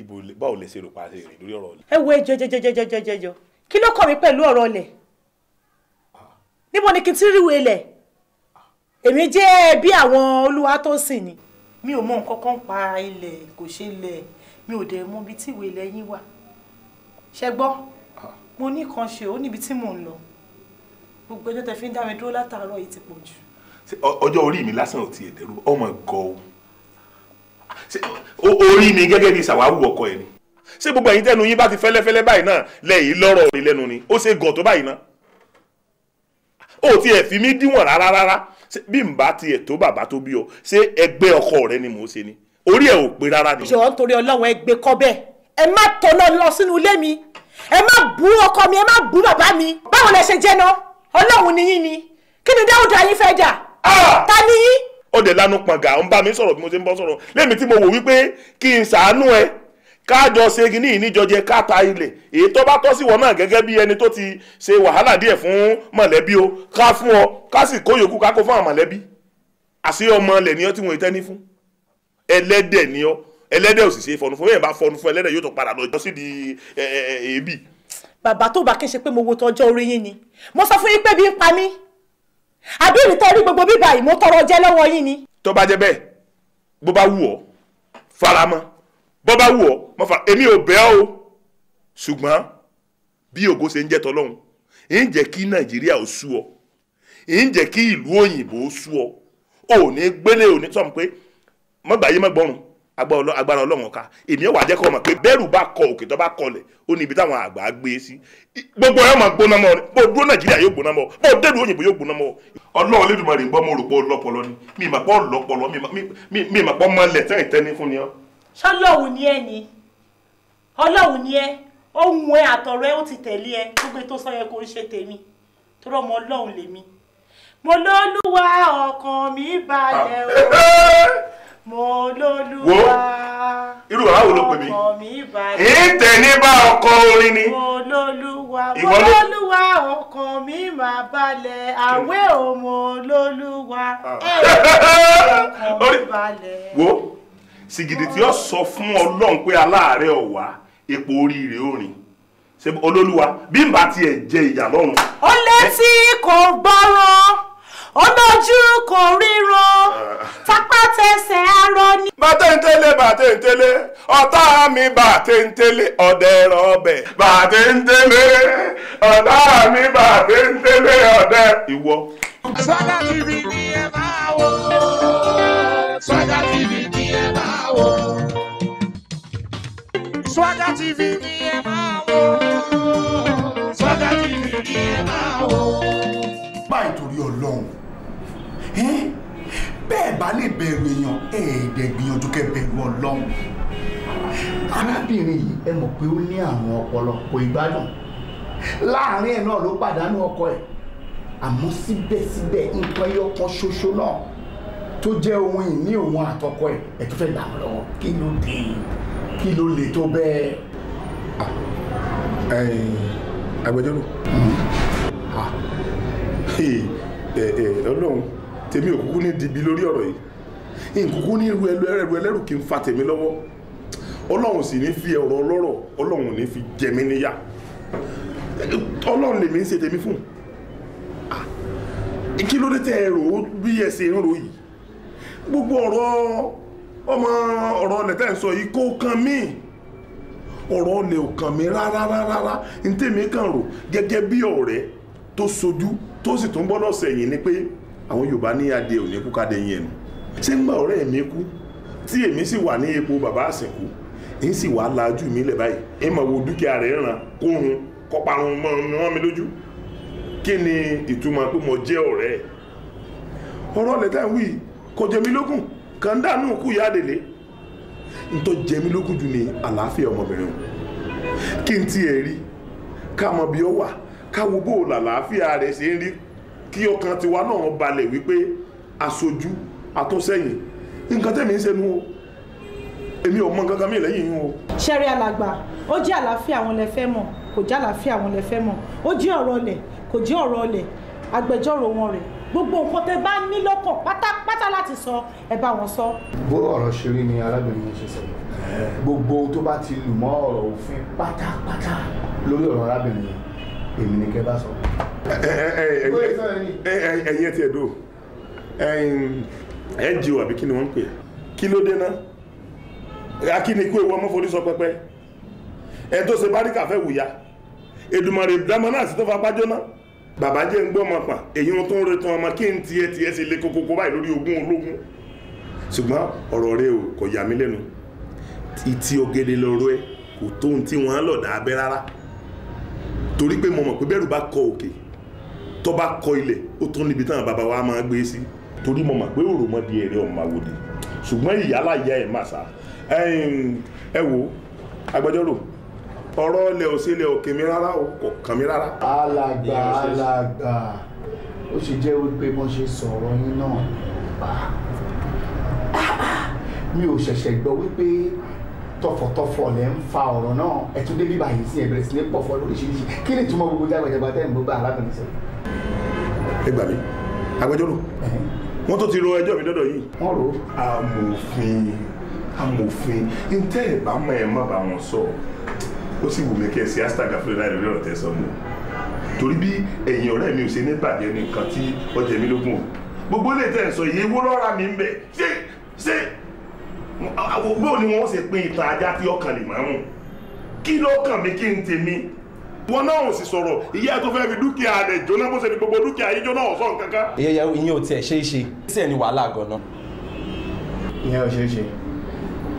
ibo báwo lẹ ṣe rò pa àti lè lórí ọ̀rọ̀ ọ̀lẹ̀. ẹ wo ẹjọ jẹjọ jẹjọ jẹjọ jẹjọ kí ló kàn mí pẹ̀lú ọ̀rọ̀ ọ̀lẹ̀ níbo ni kí n ti ríwo ilẹ̀ èmi jẹ́ bí àwọn olúwa tó sìn ni mi ò mọ nǹkan kan pa ilẹ̀ kò ṣe ilẹ̀ mi ò dẹ̀ mọ ibi tí ìwé ilẹ̀ yín wà ṣẹgbọ́n ah. mo ní kan ṣe ó níbi tí mò ń lọ gbogbo ẹjọ́ tẹ fi ń dá mi dúró látàárọ̀ yìí ti pọ̀ jù. ọjọ́ orí mi lásán ò tiẹ̀ dẹ́rù oh my O orí mi gẹ́gẹ́ bí sàwáwù ọkọ ẹ̀ ni ṣé gbogbo ẹ̀yin tẹ́nu yín bá ti fẹ́lẹ́fẹ́lẹ́ báyìí náà lẹ́yìn lọ́rọ̀ rí lẹ́nu ni ó ṣe gàn tó báyìí náà ó tiẹ̀ fi mí díwọ̀n rárá rárá bí n bá tiẹ̀ tó bàbá tó bí ọ ṣé ẹgbẹ́ ọkọ rẹ ni mò ń ṣe ni orí ẹ̀ ò pé rárá ni. jọ̀wọ́ nítorí ọlọ́run ẹ gbé kọ́ bẹ́ẹ̀ ẹ má tọ́nà lọ sínú ilé mi ẹ má bú ọkọ mi ẹ má bú bàbá mi báwo lẹ ṣe jẹ́ náà ọlọ́run ni yín ni kí ni dáúdà yín fẹ́ jà ah! ta ni yín. ó dẹ̀ lanu pọ̀ngà ń bá mi sọ̀rọ̀ bí mo ṣe ń bọ́ sọ̀rọ̀ lẹ́mi tí mo wò wípé kí n ṣàánú ẹ kájọ ṣegi ní ìníjọjẹ káta ilẹ̀ èyí tó bá tọ́ sí wọn náà gẹ́gẹ́ bí ẹni tó ti ṣe wàhálà díẹ̀ fún mọ̀lẹ́bí o ká fún ọ ká sì kó yòókù ká kó fún àwọn àṣé ọmọ ilẹ̀ ni ọ tí wọn ò tẹ́ fún ẹlẹ́dẹ̀ ni ọ ẹlẹ́dẹ̀ ò sì ṣe fọnu bẹ́ẹ̀ bá fọnu ẹlẹ́dẹ̀ yóò tún padà lọ jọ sí di èébì bàbá tó bá kí n ṣe pé mo wo tọjọ́ orí yín ni mo sọ fún yín pé bí ń pa mí àbí ìrìtẹ́ rí gbogbo bíbá yìí mo tọrọ jẹ lọ́wọ́ yín ni. tó bá jẹ bẹ́ẹ̀ bó bá wù ọ́ faramọ́ bó bá wù ọ́ mo fara èmi ò bẹ̀ ọ́ o ṣùgbọ́n bí ògo ṣe ń jẹ́ tọlọ́hun ń jẹ́ kí nàìjíríà ó sú ọ ń jẹ́ kí ìlú òyìnbó sú ọ ò gbélé òní tọ́ pé mọ́gbà yé mọ́gbọ́rùn agbára ọlọ́run ọ̀ka èmi ẹ̀ wà jẹ́ kọ́ ọmọ pé bẹ́ẹ̀rù bá kọ òkè tó bá kọlẹ̀ ó ní ibi táwọn àgbà gbé sí gbogbo ẹ̀ máa gbóná mọ́ bó dúró nàìjíríà yóò gbóná mọ́ bó dẹ́rù òyìnbó yóò gbóná mọ́. ọlọ́run lẹ́dùnmọ́ rẹ̀ ń gbọ́ mo rò pé ni mi ìmọ̀ pọ́ mi ìmọ̀ pọ́ mọ́lẹ̀ tẹ́ ìtẹ́ni fún ni. sọlọ́hùn ni ẹ ni ọkàn mi balẹ̀ o. Ah. mo lólúwa irú bàbá wo ló pè mí ìtẹ̀ ní bá ọkọ orin ni ìwọ ló lólúwa ọkàn mi máa balẹ̀ àwẹ̀ ọmọ lólúwa ah. ọkàn mi balẹ̀. wo sìgìdì tí ó sọ fún ọlọ́run pé aláàárẹ̀ ọ̀wá epo oríire orin olólùwà bí n bá tiẹ̀ jẹ ìyà lọ́run. ó létí kò gbọ́rọ̀ olójú kò ríran tápá tẹsẹ̀ arọ ni. bàtẹ́ntẹ́lẹ̀ bàtẹ́ntẹ́lẹ̀ ọ̀tá mi bàtẹ́ntẹ́lẹ̀ ọ̀dẹ̀ rọ̀bẹ̀. bàtẹ́ntẹ́lẹ̀ ọ̀tá mi bàtẹ́ntẹ́lẹ̀ ọ̀dẹ̀ ìwọ. Swaga TV ni ẹ máa wò Swaga TV ni ẹ máa wò Swaga TV ni ẹ máa wò Swaga TV ni ẹ máa wò. báyìí torí ọlọ́run bẹ́ẹ̀ bá lè bẹ̀rù èèyàn ẹ̀ẹ́dẹ̀ gbìyànjú kẹ́ bẹ̀rù ọlọ́run arábìnrin yìí ẹ mọ̀ pé ó ní àrùn ọpọlọ kò ìgbádùn láàárín ẹ̀ náà ló pàdánù ọkọ ẹ̀ àmọ́ síbẹ̀síbẹ̀ nǹkan ẹyọ kan ṣoṣo náà tó jẹ́ ohun ìní òun àtọkọ ẹ̀ ẹ̀ tó fẹ́ gbà wọ́n lọ́wọ́ kí ló dé kí ló lè tó bẹ́ẹ̀. Ah, agbẹjọ́rò hmm. ah, eh, eh, ọlọ́run tèmi ò kúkú ní dibi lórí ọ̀rọ̀ yìí nkúkú ní irú ẹlẹ́rù ẹlẹ́rù kí n fa tèmi lọ́wọ́ ọlọ́run sì ní fi ọ̀rọ̀ ọlọ́rọ̀ ọlọ́run ní fi jẹ mí níyà ọlọ́run lèmi ń ṣe tèmi fún kí ló dé tẹ ẹ rò ó bí ẹ ṣe ń rò yìí gbogbo ọ̀rọ̀ ọmọ ọ̀rọ̀ ọ̀lẹ̀ tẹ́ ń sọ yìí kó kan mí ọ̀rọ̀ ọ̀lẹ̀ ò kàn mí rárá rárá ntèmi kàn rò gẹ́gẹ́ bí ọ̀rẹ́ tó sojú tó sì tún gbọ́dọ̀ sẹ̀yìn ni pé àwọn Yorùbá ní adé òní kú káde yín ẹnu ṣé ń gba ọ̀rẹ́ mi kú tí èmi sì wà ní ipò bàbá àsìnkú ń sì wàá lajú mi lẹ̀ báyìí ń mọ̀ wo dúkìá rẹ̀ ràn kóhun kọ́parun mọ́ mi lójú kí ni ìtumọ̀ pé mo jẹ́ ọ̀rẹ́ ẹ̀ ọ̀rọ̀ lẹ́tà wí kò jẹ mí lógún kàn dànù kú ìyá àdèlé ntọ́ jẹ mí lógún jù ní àlàáfíà ọmọbìnrin kí n tiẹ̀ rí ká mọ bí ó wà ká wo bó làlàáfíà rẹ̀ ṣe ń rí kí ọkàn tiwa náà balẹ̀ wípé aṣojú atúnṣẹ́yìn nǹkan tẹ̀mí ń ṣẹnu o èmi ò mọ nǹkan kan mi lẹ́yìn o. ṣẹ́rí alàgbà ó jẹ́ àlàáfíà àwọn lẹ́fẹ́ mọ̀ kò jẹ́ àlàáfíà àwọn lẹ́fẹ́ mọ̀ ó jẹ́ ọ̀rọ̀ ọlẹ̀ kò jẹ́ ọ̀rọ̀ ọlẹ̀ agbẹjọ́rò wọn rẹ̀ gbogbo nǹkan tẹ bá ní lọ́kàn pátápátá láti sọ ẹ bá wọn sọ. bó ọ̀rọ̀ ṣe rí ni arábìnrin ṣe sọ gbogbo tó bá ti lù mọ́ ọ̀rọ̀ òfin pátápátá lórí ọ̀rọ̀ arábìnrin yẹn èmi ni kẹ́ bá sọ. ẹyin ti ẹdọ ẹ jí o àbí kí ni wọ́n ń pè é kí ló dé náà akínikú ewu ọmọ forí sọ pẹpẹ ẹ tó ṣe báríkà fẹ́ wùyà Èdùmàrè dámọ náà sí tó fa pájọ náà bàbá jẹ́ ń gbọ́ ọmọ pa èyí wọn tó ń retán ọmọ kí n tiẹ̀ tiẹ̀ sì lé kókó báyìí lórí ogún ológun ṣùgbọ́n ọ̀rọ̀ rẹ o kò yà mí lẹ́nu ìtì ògèdè lọ́rọ̀ ẹ kò tó ohun tí wọ́n á lọ̀ dá abẹ́ rárá torí pé mo mọ̀ pé bẹ́rù bá kọ òkè tó bá kọ ilẹ̀ ó tún níbi táwọn bàbá wa máa gbé sí torí mo mọ̀ pé òròmọdé ẹ̀rẹ́ ọ̀ma wò ni ṣùgbọ́n ìyálà ìyá ẹ̀ mà sá ẹ wo agbẹjọ́rò ọ̀rọ̀ ilẹ̀ ò sí ilẹ̀ òkè mi rárá o kò kàn mí rárá. alàgbà alàgbà ó sì jẹ́ wípé bọ́n ṣe sọ̀rọ̀ yín náà ah, ah, ah, mi ò ṣẹ̀ṣẹ̀ gbọ́ wípé tọ̀fọ̀tọ̀fọ̀ lẹ ń fa ọ̀rọ̀ náà ẹtún débi báyìí sí ẹbẹrẹ sí ní pọfọ lóríṣiríṣi kí ni ìtumọ̀ gbogbo jágbàjàgbà tẹ ń gbogbo arábìnrin sọ. ẹ gbà mí agbẹjọ́rò wọn tó ti ro ẹjọ́ mi dọ́dọ̀ yìí. wọn rò ó. amòfin amòfin ntẹ ẹ bá mọ ẹ má bá wọn sọ ó sì wù mí kí ẹ ṣe astaga fúnra láì lórí ọ̀rọ̀ tẹ sọ mọ torí bí ẹ̀yin ọ̀rẹ́ mi ò ṣe ní bàjẹ́ nìkan tí ọjà mi lógún o gbogbo ilé tẹ̀ ń sọ yìí wó lọ́ra mi ń bẹ̀ ṣé ṣé bóò ni wọ́n ṣe pín ìtàn ajá tí ọkàn lè máa mú kí ló kàn mí kí n tèmi wọn náà ò sì sọ̀rọ̀ ìyá tó fẹ́ fi dúkìá rẹ̀ jóná bó ṣe ni gbogbo dúkìá yíjọ náà sọ̀ nǹkankan. ìyẹn ìyẹn ò tiẹ̀ ṣeé ṣe sí ẹni wàhálà gan-an. ìyẹn ò ṣeé ṣe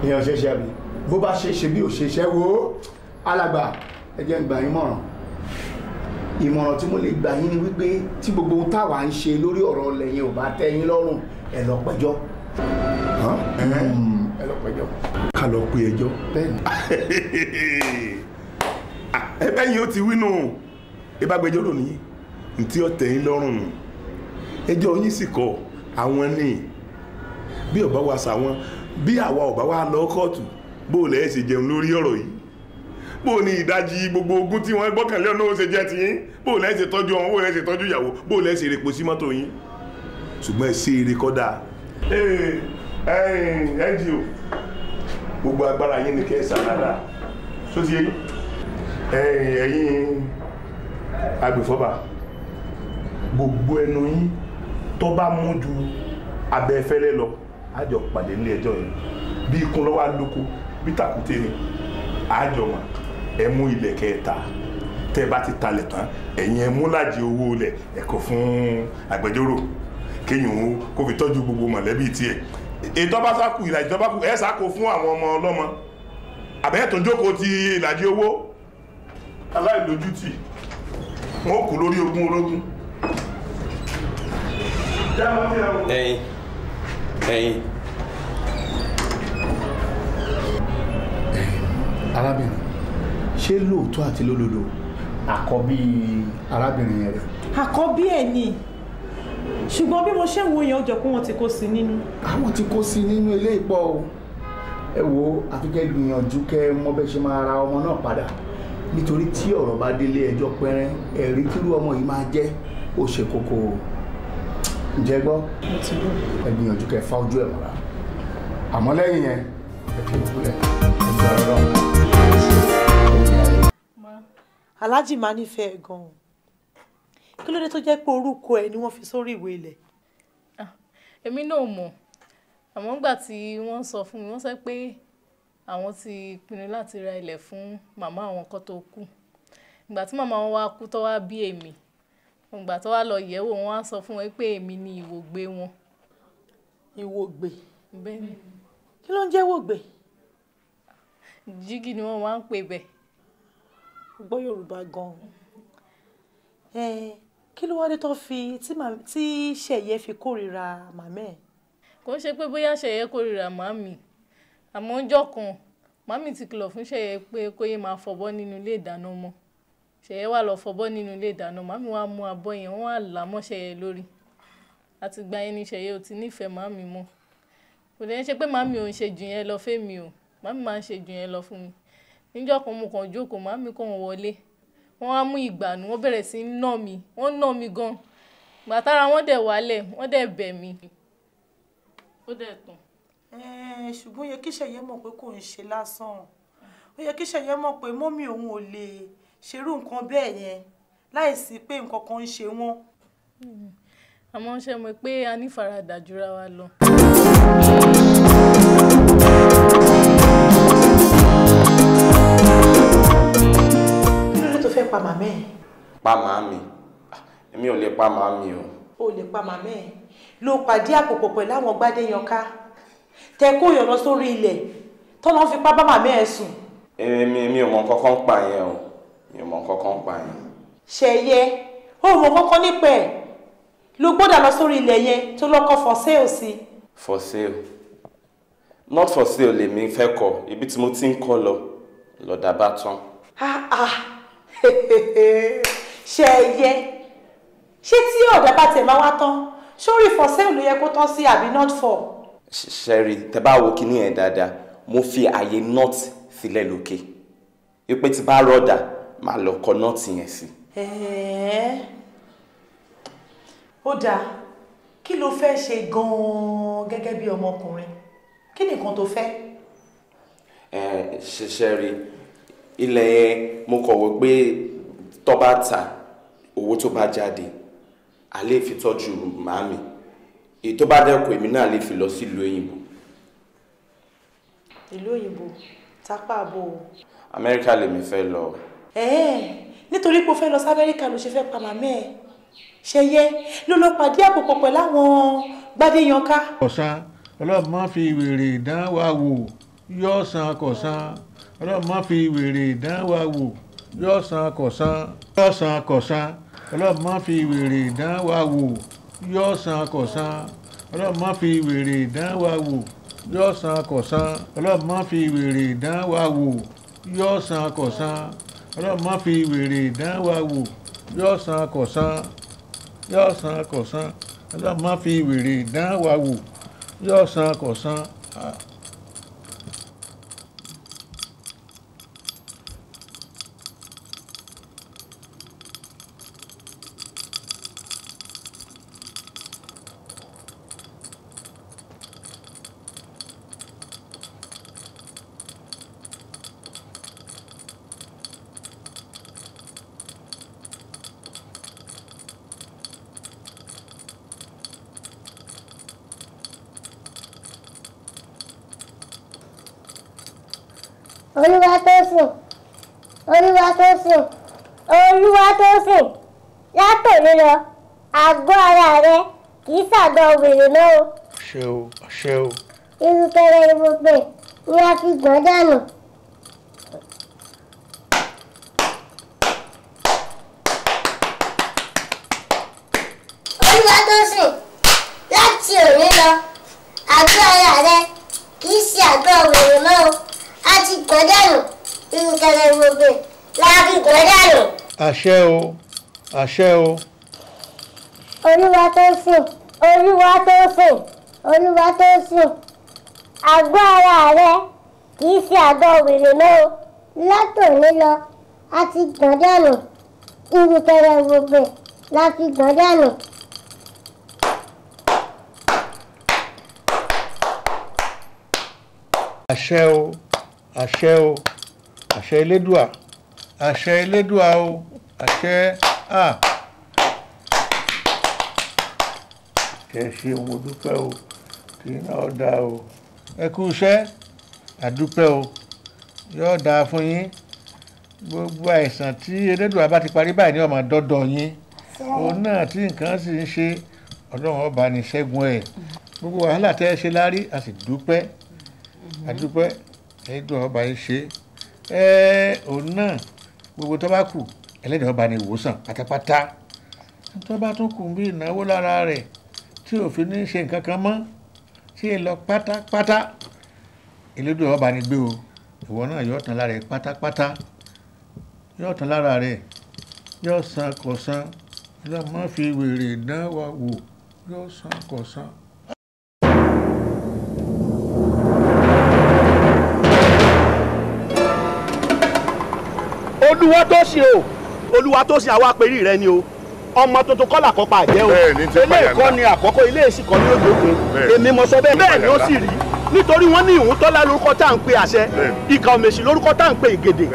ìyẹn ò ṣeé ṣe àbí bó bá ṣe ṣe bí ò ṣe ṣe wo alàgbà ẹ jẹ́ n gbà yín mọ̀ràn ìmọ̀ràn tí mo lè gbà yín ni wípé tí gbogbo ohun táwa ń ṣe lórí ọ̀rọ̀ lẹ́yìn ò bá tẹ́ yín lọ́rùn ẹ̀ lọ pẹjọ́ ẹ lọ pẹjọ́ ká lọ pe ẹjọ́ bẹ́ẹ̀ni ah, ẹbẹ yìí ó ti wínú ìbágbẹjọ́ ló nìyí ntí ọtẹ yín lọ́rùn ẹjọ́ yín sì kọ àwọn ni bí ọba wa sàwọn bí àwa ọba wa lọ kóòtù bó o lẹ́yìn ṣe jẹun lórí ọ̀rọ̀ yìí bó o ní ìdajì gbogbo ogún tí wọ́n gbọ́kànlé ọ̀nà òun ṣe jẹ́ tiyín bó o lẹ́yìn ṣe tọ́jú ọ̀hún bó o lẹ́yìn ṣe ìyàwó bó o lẹ́yìn èrè pò sí yín ṣùgbọ́n ẹ ṣe èrè ngo gbogbo agbára yín ni kẹ́ ẹ sàlàdà sóti eyín ẹ̀yin agbèfọ́ba gbogbo ẹnu yín tó bá mú ju abẹ́fẹ́lẹ́ lọ àjọ pàdé nílé ẹjọ́ yẹn bí ikun lọ́wọ́ alóko bí tàkúté ni àjọ mà ẹ mú ilẹ̀ kẹta tẹ́ bá ti talẹ̀ tán ẹ̀yin ẹ mú lájì owó ilẹ̀ ẹ̀kọ́ fún agbẹjọ́rò kéèyàn kó fi tọ́jú gbogbo mọ̀lẹ́bí tiẹ̀ ètò bá sákù ìlàjì tó bá kù ẹ sákò fún àwọn ọmọ ọlọ́mọ àbẹ́ tó jókòó ti ìlàjì owó aláìlójútì wọn kù lórí ogún ológun. ẹyin ẹyin. arábìnrin ṣé lóòótọ́ àti lólòlò àkọ́bí arábìnrin yẹn rẹ̀. àkọ́bí ẹ̀ ni ṣùgbọ́n bí mo ṣe ń wo yẹn jọ pé wọ́n ti kó sí nínú. àwọn ah, ti kó sí nínú ilé ìpọ o ẹ wo àfi kẹ́ gbìyànjú kẹ́ mọ bẹ ṣe máa ra ọmọ náà padà nítorí tí ọ̀rọ̀ bá délé ẹjọ́ pẹ́rẹ́ ẹ̀rí kírú ọmọ yìí máa jẹ́ ó ṣe kókó o ǹjẹ́ gbọ́ ẹ gbìyànjú kẹ́ fa ojú ẹ̀ mọ́ra àmọ́ lẹ́yìn yẹn ẹ fi ìkúlẹ̀ ẹ gbà rọrọ. aláàjì máa nífẹ̀ẹ́ gan-an kí ló dé tó jẹ́ pé orúkọ ẹ ni wọ́n fi sórí ìwé ilẹ̀. Ah, èmi náà mọ̀ àmọ́ nígbà tí wọ́n sọ fún mi wọ́n sọ pé àwọn ti pinnu láti ra ilẹ̀ fún màmá àwọn kó tó kú ìgbà tí màmá wọn wá kú tó wá bí èmi ìgbà tó wá lọ yẹ̀wò wọn á sọ fún wọn pé èmi ni ìwògbé wọn. ìwògbé. bẹ́ẹ̀ni. kí ló ń jẹ́ wògbé. jígì ni wọ́n máa ń pè bẹ́ẹ̀. gbọ́ yorùbá gan-an kí ló wá dé tó fi tí ṣẹ̀yẹ fi kórìíra màmá ẹ̀. kò ń ṣe pé bóyá ṣẹ̀yẹ kórìíra màmí àmọ́ ọjọ́ kan màmí ti kìlọ̀ fún ṣẹ̀yẹ pé kó yé máa fọbọ́ nínú ilé ìdáná mọ́ ṣẹ̀yẹ wà lọ fọbọ́ nínú ilé ìdáná màmí wàá mú abọ́ yẹn wọ́n á là mọ́ ṣẹ̀yẹ lórí àtìgbà yẹn ni ṣẹ̀yẹ ò ti nífẹ̀ẹ́ màmí mọ́ kò dẹ̀ ṣe pé màmí ò ń ṣe jù yẹn lọ fẹ́mi o màmí máa ń ṣe jù yẹn lọ fún mi níjọ́ kan mo kàn jókòó màmí kàn wọlé wọ́n á mú ìgbànú wọ́n bẹ̀rẹ̀ sí í nà mí wọ́n nà mí gan ìgbà tára wọ́n dẹ̀ wálẹ̀ wọ́n dẹ̀ bẹ̀ mí ó dẹ̀ tán. ṣùgbọ́n ó yẹ kí ṣẹ̀yẹ́ mọ̀ pé kò ń ṣe lásán ó yẹ kí ṣẹ̀yẹ́ mọ̀ pé mọ́mì òun ò lè ṣerú nǹkan bẹ́ẹ̀ yẹn láìsí pé nǹkan kan ń ṣe wọ́n. Hmm. àmọ́ ṣe mọ̀ pé a ní faradà jura wa lọ. fẹ́ pa màmá ẹ̀. pa màmí ah, èmi ò lè pa màmí o. o lè pa màmá ẹ̀ ló pàdé àpòpọ̀ pẹ̀lú àwọn gbádẹ́yanká tẹ kó yọ̀rọ̀ sórí ilẹ̀ tọ́lọ́ fi pa bá màmá ẹ̀ sùn. èmi èmi ò mọ kankan pa yẹn o mi ò mọ kankan pa yẹn. ṣẹyẹ ó mọ kankan nípa ẹ ló gbọ́dọ̀ lọ sórí ilẹ̀ yẹn tó lọkọ for sale sí. for sale not for sale lèmi fẹ́ kọ ibi tí mo ti ń kọ́ lọ lọ́dà bá tán. ah ah ṣe ẹ yẹ ṣé tí ọ̀dà bá tẹ̀ máa wá tán sórí for sale ló yẹ kó tán sí àbí not for. ṣẹ́rí tẹ bá wo kinní yẹn dáadáa mo fi àyè not sílẹ̀ lókè wípé tí bá rọ́ọ̀dà máa lọ kọ not yẹn sí. ó dáa kí ló fẹ́ ṣe gan-an gẹ́gẹ́ bí ọmọkùnrin kí nìkan tó fẹ́. ẹ ṣe ilẹ̀ yẹn mo kàn wọ́n pé tó bá ta owó tó bá jáde a lè fi tọ́jú màámi èyí tó bá dẹ́kun èmi náà lè fi lọ sí ìlú òyìnbó. ìlú òyìnbó tápá àbò. amẹ́ríkà lèmi fẹ́ lọ. ẹ̀ẹ́ nítorí pé o fẹ́ lọ sí amẹ́ríkà ló ṣe fẹ́ pa màmá ẹ̀ ṣẹyẹ ló lọ pàdé àpòpọ̀ pẹ̀lú àwọn gbadéyanká. ọ̀sán ọlọ́run máa fi wèrè ìdánwò yọ̀ ọ̀sán kọ̀sán ọlọ́run má fi wèrè ìdánwà wò yóò san kọ̀sán yóò san kọ̀sán ọlọ́run má fi wèrè ìdánwà wò yóò san kọ̀sán ọlọ́run má fi wèrè ìdánwà wò yóò san kọ̀sán ọlọ́run má fi wèrè ìdánwà wò yóò san kọ̀sán ọlọ́run má fi wèrè ìdánwà wò yóò san kọ̀sán yóò san kọ̀sán ọlọ́run má fi wèrè ìdánwà wò yóò san kọ̀sán. lọ àgọ́ ara rẹ kì í ṣàdọ̀ obìnrin náà o. ṣé o ṣé o. irú kẹrẹ irú pé ni a fi gbọ́n dànù. olùwàtòsìn láti òní lọ àgọ́ ara rẹ kì í ṣe àgọ́ obìnrin náà o a ti gbọ́n dànù irú kẹrẹ irú pé ni a fi gbọ́n dànù. àṣẹ o àṣẹ o olúwa tó sùn olúwa tó sùn olúwa tó sùn àgọ́ ara rẹ kì í ṣe àgọ́ wèrè mọ́ o látòní lọ a ti gbọ̀n dànù irúkẹrẹ gbogbo la fi gbọ̀n dànù. àṣẹ o àṣẹ o àṣẹ elédùà àṣẹ elédùà o àṣẹ a. Ah. ẹ ṣe mo dúpẹ́ o kì í náà dá o ẹ kú iṣẹ́ àdúpẹ́ o yóò dáa fún yín gbogbo àìsàn tí elédùn bá ti parí báyìí ní ọmọ dọ́dọ̀ yín òun náà tí nǹkan sì ń ṣe ọlọ́run ọba ní ṣẹ́gun ẹ̀ gbogbo wàhálà tẹ́ ẹ ṣe lárí a sì dúpẹ́ àdúpẹ́ elédùn ọba yìí ṣe ẹ òun náà gbogbo tó bá kù elédùn ọba ní ìwòsàn pátápátá tó bá tún kù bí ìnáwó lára rẹ̀ tí òfin ní ṣe nǹkan kan mọ́ tí èè lọ pátápátá elédò ọba ni gbé o ìwọ náà yóò tán lára rẹ pátápátá yóò tán lára rẹ yóò san kò san yóò má fi wèrè dán wa wò yóò san kò san. olúwa tó ṣe o olúwa tó ṣe àwa pèrí rẹ ni o ọmọ tuntun kọ́là kọ́ pa àjẹ́ o eléyìí kọ́ ni àkọ́kọ́ eléyìí sì kọ́ ní ògbógun èmi mo sọ bẹ́ẹ̀ bẹ́ẹ̀ ni ó sì rí nítorí wọ́n ní ìwúntọ́lá lórúkọ tá à ń pe àṣẹ ìkà òmèsì lórúkọ tá à ń pe ìgèdè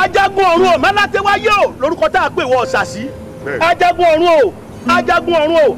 ajagun ọ̀run o mẹ́lá tẹ́wáyé o lórúkọ tá à ń pe ìwọ ọ̀sàsí ajagun ọ̀run o ajagun ọ̀run o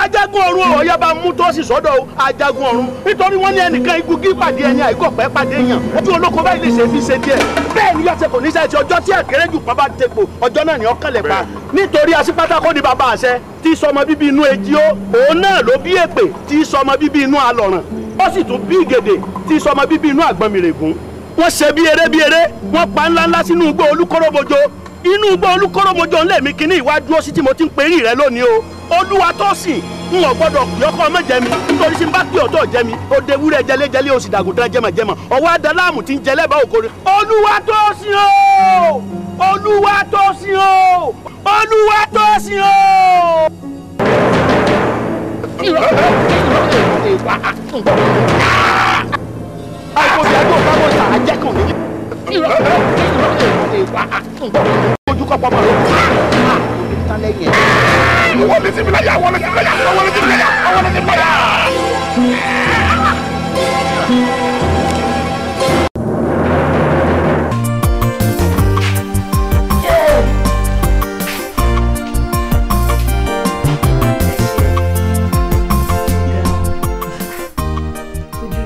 ajagun ọ̀run ọ̀yá bá mú tó sì sọ́dọ̀ ajagun ọ̀run nítorí wọ́n ní ẹnìkan igun kí pàdé ẹni àìkọ̀pẹ́ pàdé èèyàn ojú olóko báyìí lè ṣe fi ṣe díẹ̀ bẹ́ẹ̀ ni yọ̀sẹ̀ kò ní sẹ́yìn tí ọjọ́ tí àkéré jù pa bá tepo ọjọ́ náà ni ọkànlẹ̀ pa nítorí asípátákó ni bàbá àṣẹ tí sọmọ bíbí inú ejì ó òun náà ló bí èpè tí sọmọ bíbí inú alọ̀ràn ó sì tún bí ìgèdè tí sọmọ bíbí inú àgbọnmìrègún wọ́n ṣe bí eré bí eré wọ́n pa ńláńlá sínú igbó olúkọ́rọ́bọjọ́ inú igbó olúkọ́rọ́mọjọ ńlẹ̀ kínní ìwájú ọsí tí mo ti ń perí rẹ lónìí o olúwa tó sìn n ò gbọdọ̀ ọkọ ọmọ jẹ mi nítorí tí n bá pè ọ̀tọ̀ jẹ mi ó wúrẹ́ jẹlẹ́jẹlẹ́ o dàgùdàn jẹmọ̀jẹmọ̀ ọwọ́ adaláàmù ti ń jẹlẹ́ bá òkòrè olúwa tó o olúwa tó o olúwa tó o. àìkò ìyá bá bọ̀ sàájẹ́ kàn mí ojú kọ́pọ̀ máa lọ tán lẹ́yìn ẹ̀. wọ́n lè ti láyà wọ́n lè ti láyà wọ́n lè ti láyà ojú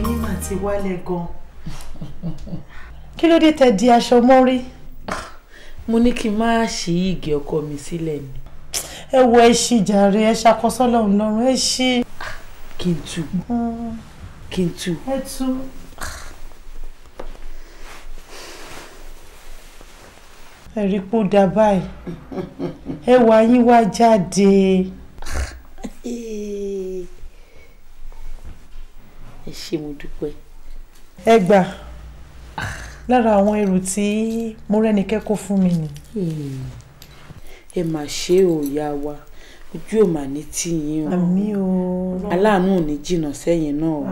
yín mà ti wálẹ̀ gan kí ló dé tẹ di aṣọ mọ́rí. mo ní kí n má ṣí ìgè ọkọ mi sílẹ̀ ni. ẹ wo ẹ ṣí jàre ẹ ṣàkọsọ́lọ́run lọ́rùn ẹ ṣí. kí n tú mm. kí n tú. ẹ tú. ẹ̀rí pò dà báyìí ẹwà yín wá jáde. ẹ ṣé mo dúpẹ́. ẹ gbà. Ah lára àwọn ẹrù tí mọ́rẹ́nikẹ́ kó fún mi ni. Hmm. ẹ mà ṣe o ìyá wa ojú ò mà ní tìyín o àmín o aláàánú ò ní jìnnà sẹ́yìn náà o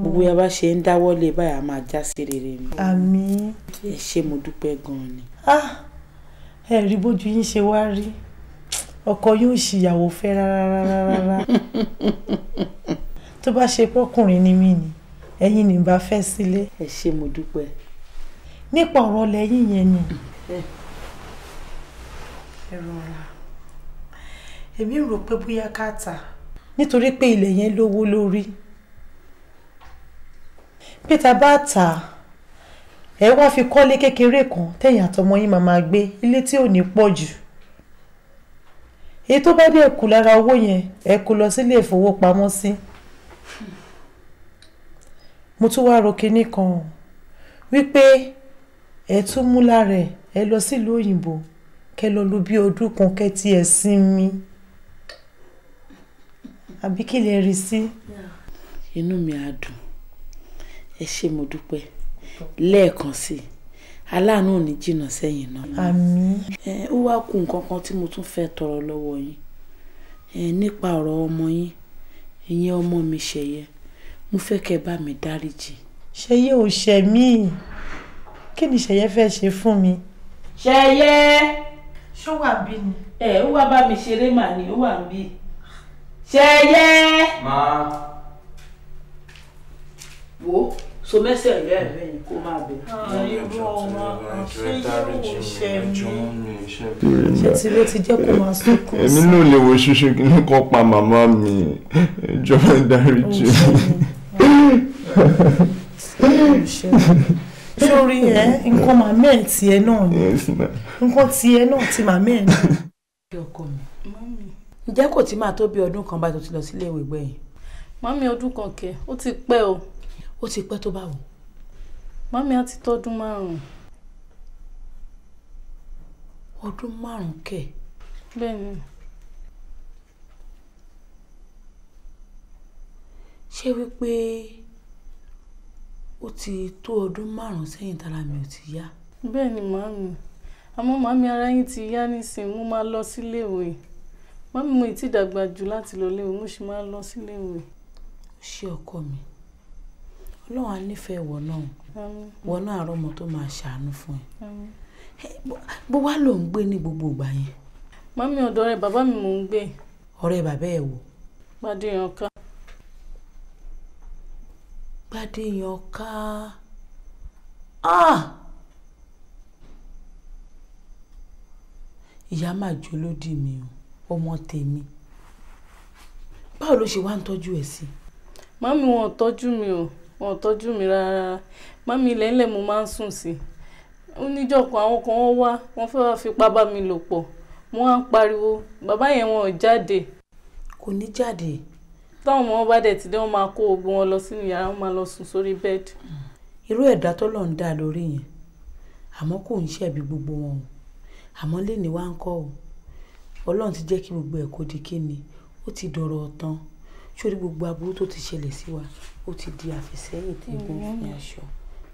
gbogbo yà bá ṣe ń dáwọ́lé báyà máa já sí rere ni. àmín. ẹ ṣé mo dúpẹ́ gan-an ni. Ah! ẹ rí bójú yín ṣe wá rí ọkọ yóò ṣìyàwó fẹ́ rárá tó bá ṣe pọkùnrin ni mí ni ẹ̀yin ni bá fẹ́ sílé. ẹ ṣé mo dúpẹ́ nípa ọ̀rọ̀ lẹ́yìn yẹn ni. ẹ rọra èmi rò pé bóyá ká tà. nítorí pé ilẹ̀ yẹn lówó lórí peter bá tà á ẹ wá fi kọ́lé kékeré kan tẹ̀yìn àtọmọ yín máa gbé ilé tí ò ní pọ̀ jù èyí tó bá dé ẹ̀kú lára owó yẹn ẹ lọ sílé ìfowópamọ́sí mo tún wá ro kinní kan wípé ẹ tún mú lára ẹ ẹ lọ sílùú òyìnbó kẹ lọ lu bí ọdún kan kẹ tí ẹ sinmi àbí kí lè rí sí. inú mi á dùn ẹ ṣé mo dúpẹ́ lẹ́ẹ̀kan sí i aláàánú ò ní jìnnà sẹ́yìn náà. àmín. ẹ ó wá kù nǹkan kan tí mo tún fẹ́ tọrọ lọ́wọ́ yín ẹ nípa ọ̀rọ̀ ọmọ yín ìyẹn ọmọ mi ṣẹ̀yẹ mo fẹ́ kẹ́ bá mi dáríjì. ṣẹ̀yẹ ò ṣẹ̀ mí kí ni ṣẹyẹ fẹ́ ṣe fún mi. ṣẹyẹ. ṣó wà bí ni. ẹ ó wá bá mi ṣeré mà ní ó wà ń bí. ṣẹyẹ. máa. wo so mẹsẹ ìyá ẹ bẹyìn kó máa bẹ. Ah, irú ọmọ ṣé yóò ṣe mí. ṣé tí ló ti jẹ́ kó máa sunkún sí. èmi náà lè wo ṣíṣe kí n kọ́ pa màmá mi ìjọba ìdáríjì. ṣe mí sórí ẹ nǹkan màmí ẹ tiẹ̀ náà ni nǹkan tiẹ̀ náà ti màmí ẹ náà. ǹjẹ́ kò tí máa tó bí ọdún kan báyìí tó ti lọ sílé ìwé gbẹ̀yìn. màmí ọdún kan kẹ ó ti pẹ́ o. ó ti pẹ́ tó bá wò. màmí á ti tọ́dún márùn-ún. ọdún márùn-ún kẹ. bẹ́ẹ̀ni. ṣé wípé ó ti tó ọdún márùn-ún sẹ́yìn tára mi ò ti yá. bẹ́ẹ̀ ni màámi àmọ́ màámi ara yín ti yá nísìnyí mo máa lọ síléèwé màámi mo ti dàgbà jù láti lọ léwu mo sì máa lọ síléèwé. ṣé ọkọ mi ọlọ́run á nífẹ̀ẹ́ wọ náà wọ náà àárọ̀ ọmọ tó máa ṣàánú fún ẹ bó wá ló ń gbé ní gbogbo ìgbà yẹn. màámi ọ̀dọ̀ rẹ̀ bàbá mi mò ń gbé. ọ̀rẹ́ bàbá ẹ̀ wò. pàdé ìrànká. Gbádéyàn ká ah! ìyá mà jólódì mi o ọmọ tèmi báwo ló ṣe wá ń tọ́jú ẹ̀ sí. mami wọn ò tọ́jú mi o wọn ò tọ́jú mi rárá mami ilẹ̀ ńlẹ̀ mo máa ń sùn sí ó níjọ̀kan àwọn kan wọ́n wá wọ́n fẹ́ wá fipá bá mi lò pọ̀ wọ́n á pariwo bàbá yẹn wọn ò jáde. kò ní jáde táwọn ọmọ bá dẹ̀ ti dé wọ́n máa kó gbogbo wọn lọ sínú yàrá wọ́n máa lọ sùn sórí bẹ́ẹ̀dì. irú ẹ̀dá tọ́lọ̀ ń dá lórí yẹn àmọ́ kò ń ṣẹ̀bi gbogbo wọn o àmọ́ lẹ́ni wá ń kọ́ o ọlọ́run ti jẹ́ kí gbogbo ẹ̀ kó di kíni ó ti dọ̀rọ̀ ọ̀tán sórí gbogbo aburú tó ti ṣẹlẹ̀ sí wa ó ti di àfẹsẹ́yìn tí egun fi aṣọ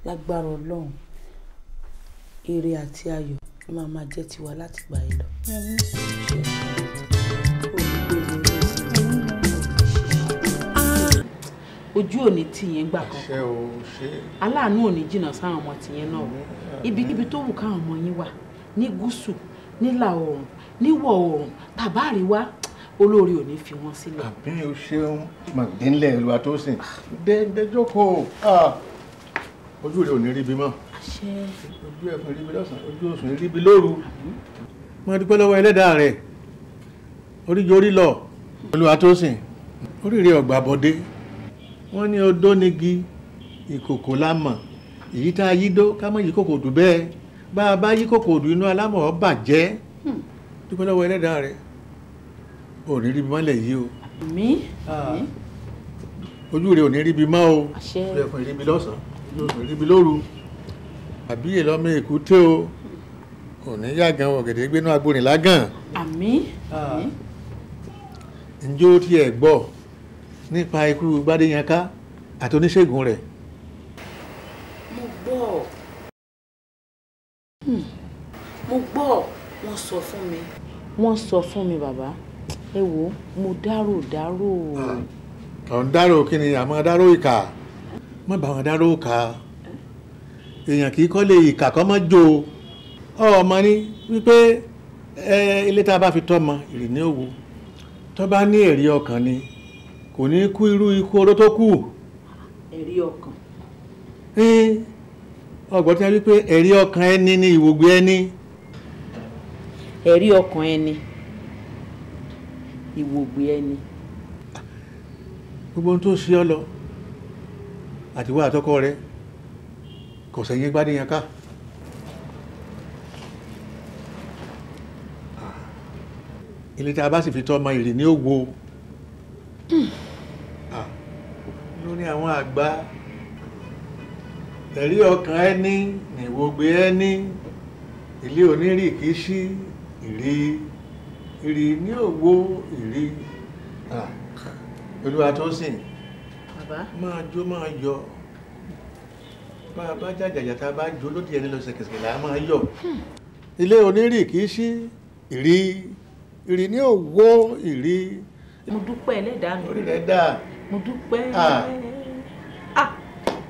lágbára ọlọ́run ire àti ayọ̀ máa máa jẹ́ tiwa látìgbà yìí lọ. ojú òní tìyẹn gbà kan aláàánú òní jìnnà sáwọn ọmọ tìyẹn náà ibikíbi tó wù káwọn ọmọ yín wà ní gúúsù nílà oòrùn níwọ̀ oòrùn tàbá àríwá olórí ò ní fi wọn sílẹ̀. àbí o ṣeun màgbínlẹ̀ ìlú àtọ́sìn ah. dẹ́jọ́ kó ah. ojú rẹ̀ ò ní ríbi mọ́ ojú ẹ̀fọn ríbi lọ́sàn-án ojú òsùn ríbi lóru. mo dúpẹ́ lọ́wọ́ ẹlẹ́dàá rẹ̀ oríjì orí lọ olú àtọ́sìn oríire ọ̀gbà bọ́dé wọ́n ní odó nigi ìkòkò lámọ̀ èyí tá a yí dó ká mọ̀ yí kòkò dùn bẹ́ẹ̀ bá a bá yí kòkò dùn inú alámọ̀ ọ́ bàjẹ́ hmm. dúpẹ́ lọ́wọ́ ẹlẹ́dàá rẹ̀ ò ní rí mọ́lẹ̀ yìí o. mi ah. mi. ojú rẹ ò ní ríbi mọ́ o ẹ̀fọn ìríbi lọ́sàn-án ẹ̀fọn ìríbi lóru àbí èlọ́mọ èkúté o ò ní yàgàn ọ̀gẹ̀dẹ̀ gbénú agbórin lágàn. àmín. Ah. ǹjẹ́ ó tiẹ̀ gbọ́ nípa ikú Gbádéyànká àti oníṣègùn rẹ̀. mo gbọ́ hmm. mo gbọ́ wọ́n sọ fún mi. wọ́n sọ fún mi bàbá ẹ wo mo dárò dárò. ọ̀n dárò kí ni àmọ́ dárò ìkà má bá wọn dárò ìkà èèyàn kì í kọ́ lè ìkà kọ́ mọ́ jò ọmọ ní wípé ilé tá a bá fi tọ́ ọmọ ìrìn òwò tó bá ní èrè ọkàn ni kò ní kú irú ikú oró tó kù. ẹ̀rí ọkàn. ọgbọ́n tí a rí pé ẹ̀rí ọkàn ẹni ni ìwògbé ẹni. ẹ̀rí ọkàn ẹni ìwògbé ẹni. gbogbo ohun tó ṣe ọ lọ àtiwá àtọkọ rẹ kò sẹ́yìn gbádùn yẹn ká. ilé tí a bá sì fi tọ́ ọmọ ìrì ní òwò lórí ah, àwọn àgbà ẹ̀rí ọkàn ẹni nìwògbé ẹni ilé onírì kìí sí ìrì ìrì ní òwò ìrì ah, olúwa tó sìn máa jó máa yọ bá a bá jàjàjà tá a bá jó lóde ẹni lọ ṣẹ̀kẹ̀ṣẹ̀kẹ̀ là á máa yọ ilé onírì kìí sí ìrì ìrì ní òwò ìrì mo dúpẹ́ ẹlẹ́dàá mi. orí rẹ̀ dà. mo dúpẹ́.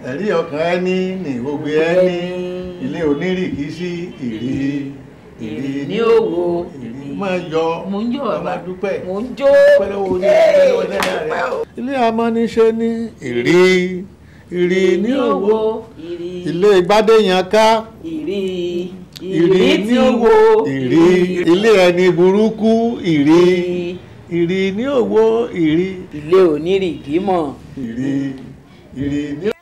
ẹ̀rí ọkàn ẹni ní gbogbo ẹni ilé onírì kì í sí ìrì ìrì ní òwò ìrì máa yọ mo ń yọ ọba dúpẹ́ mo ń jó ilé amọ́niṣe ní ìrì ìrì ní òwò ilé ìgbádẹ́yàn ká ìrì ìrì ní òwò ìrì ilé ẹni burúkú ìrì ìrì ní òwò ìrì. ilé onírìgì mọ̀. ìrì ìrì ní.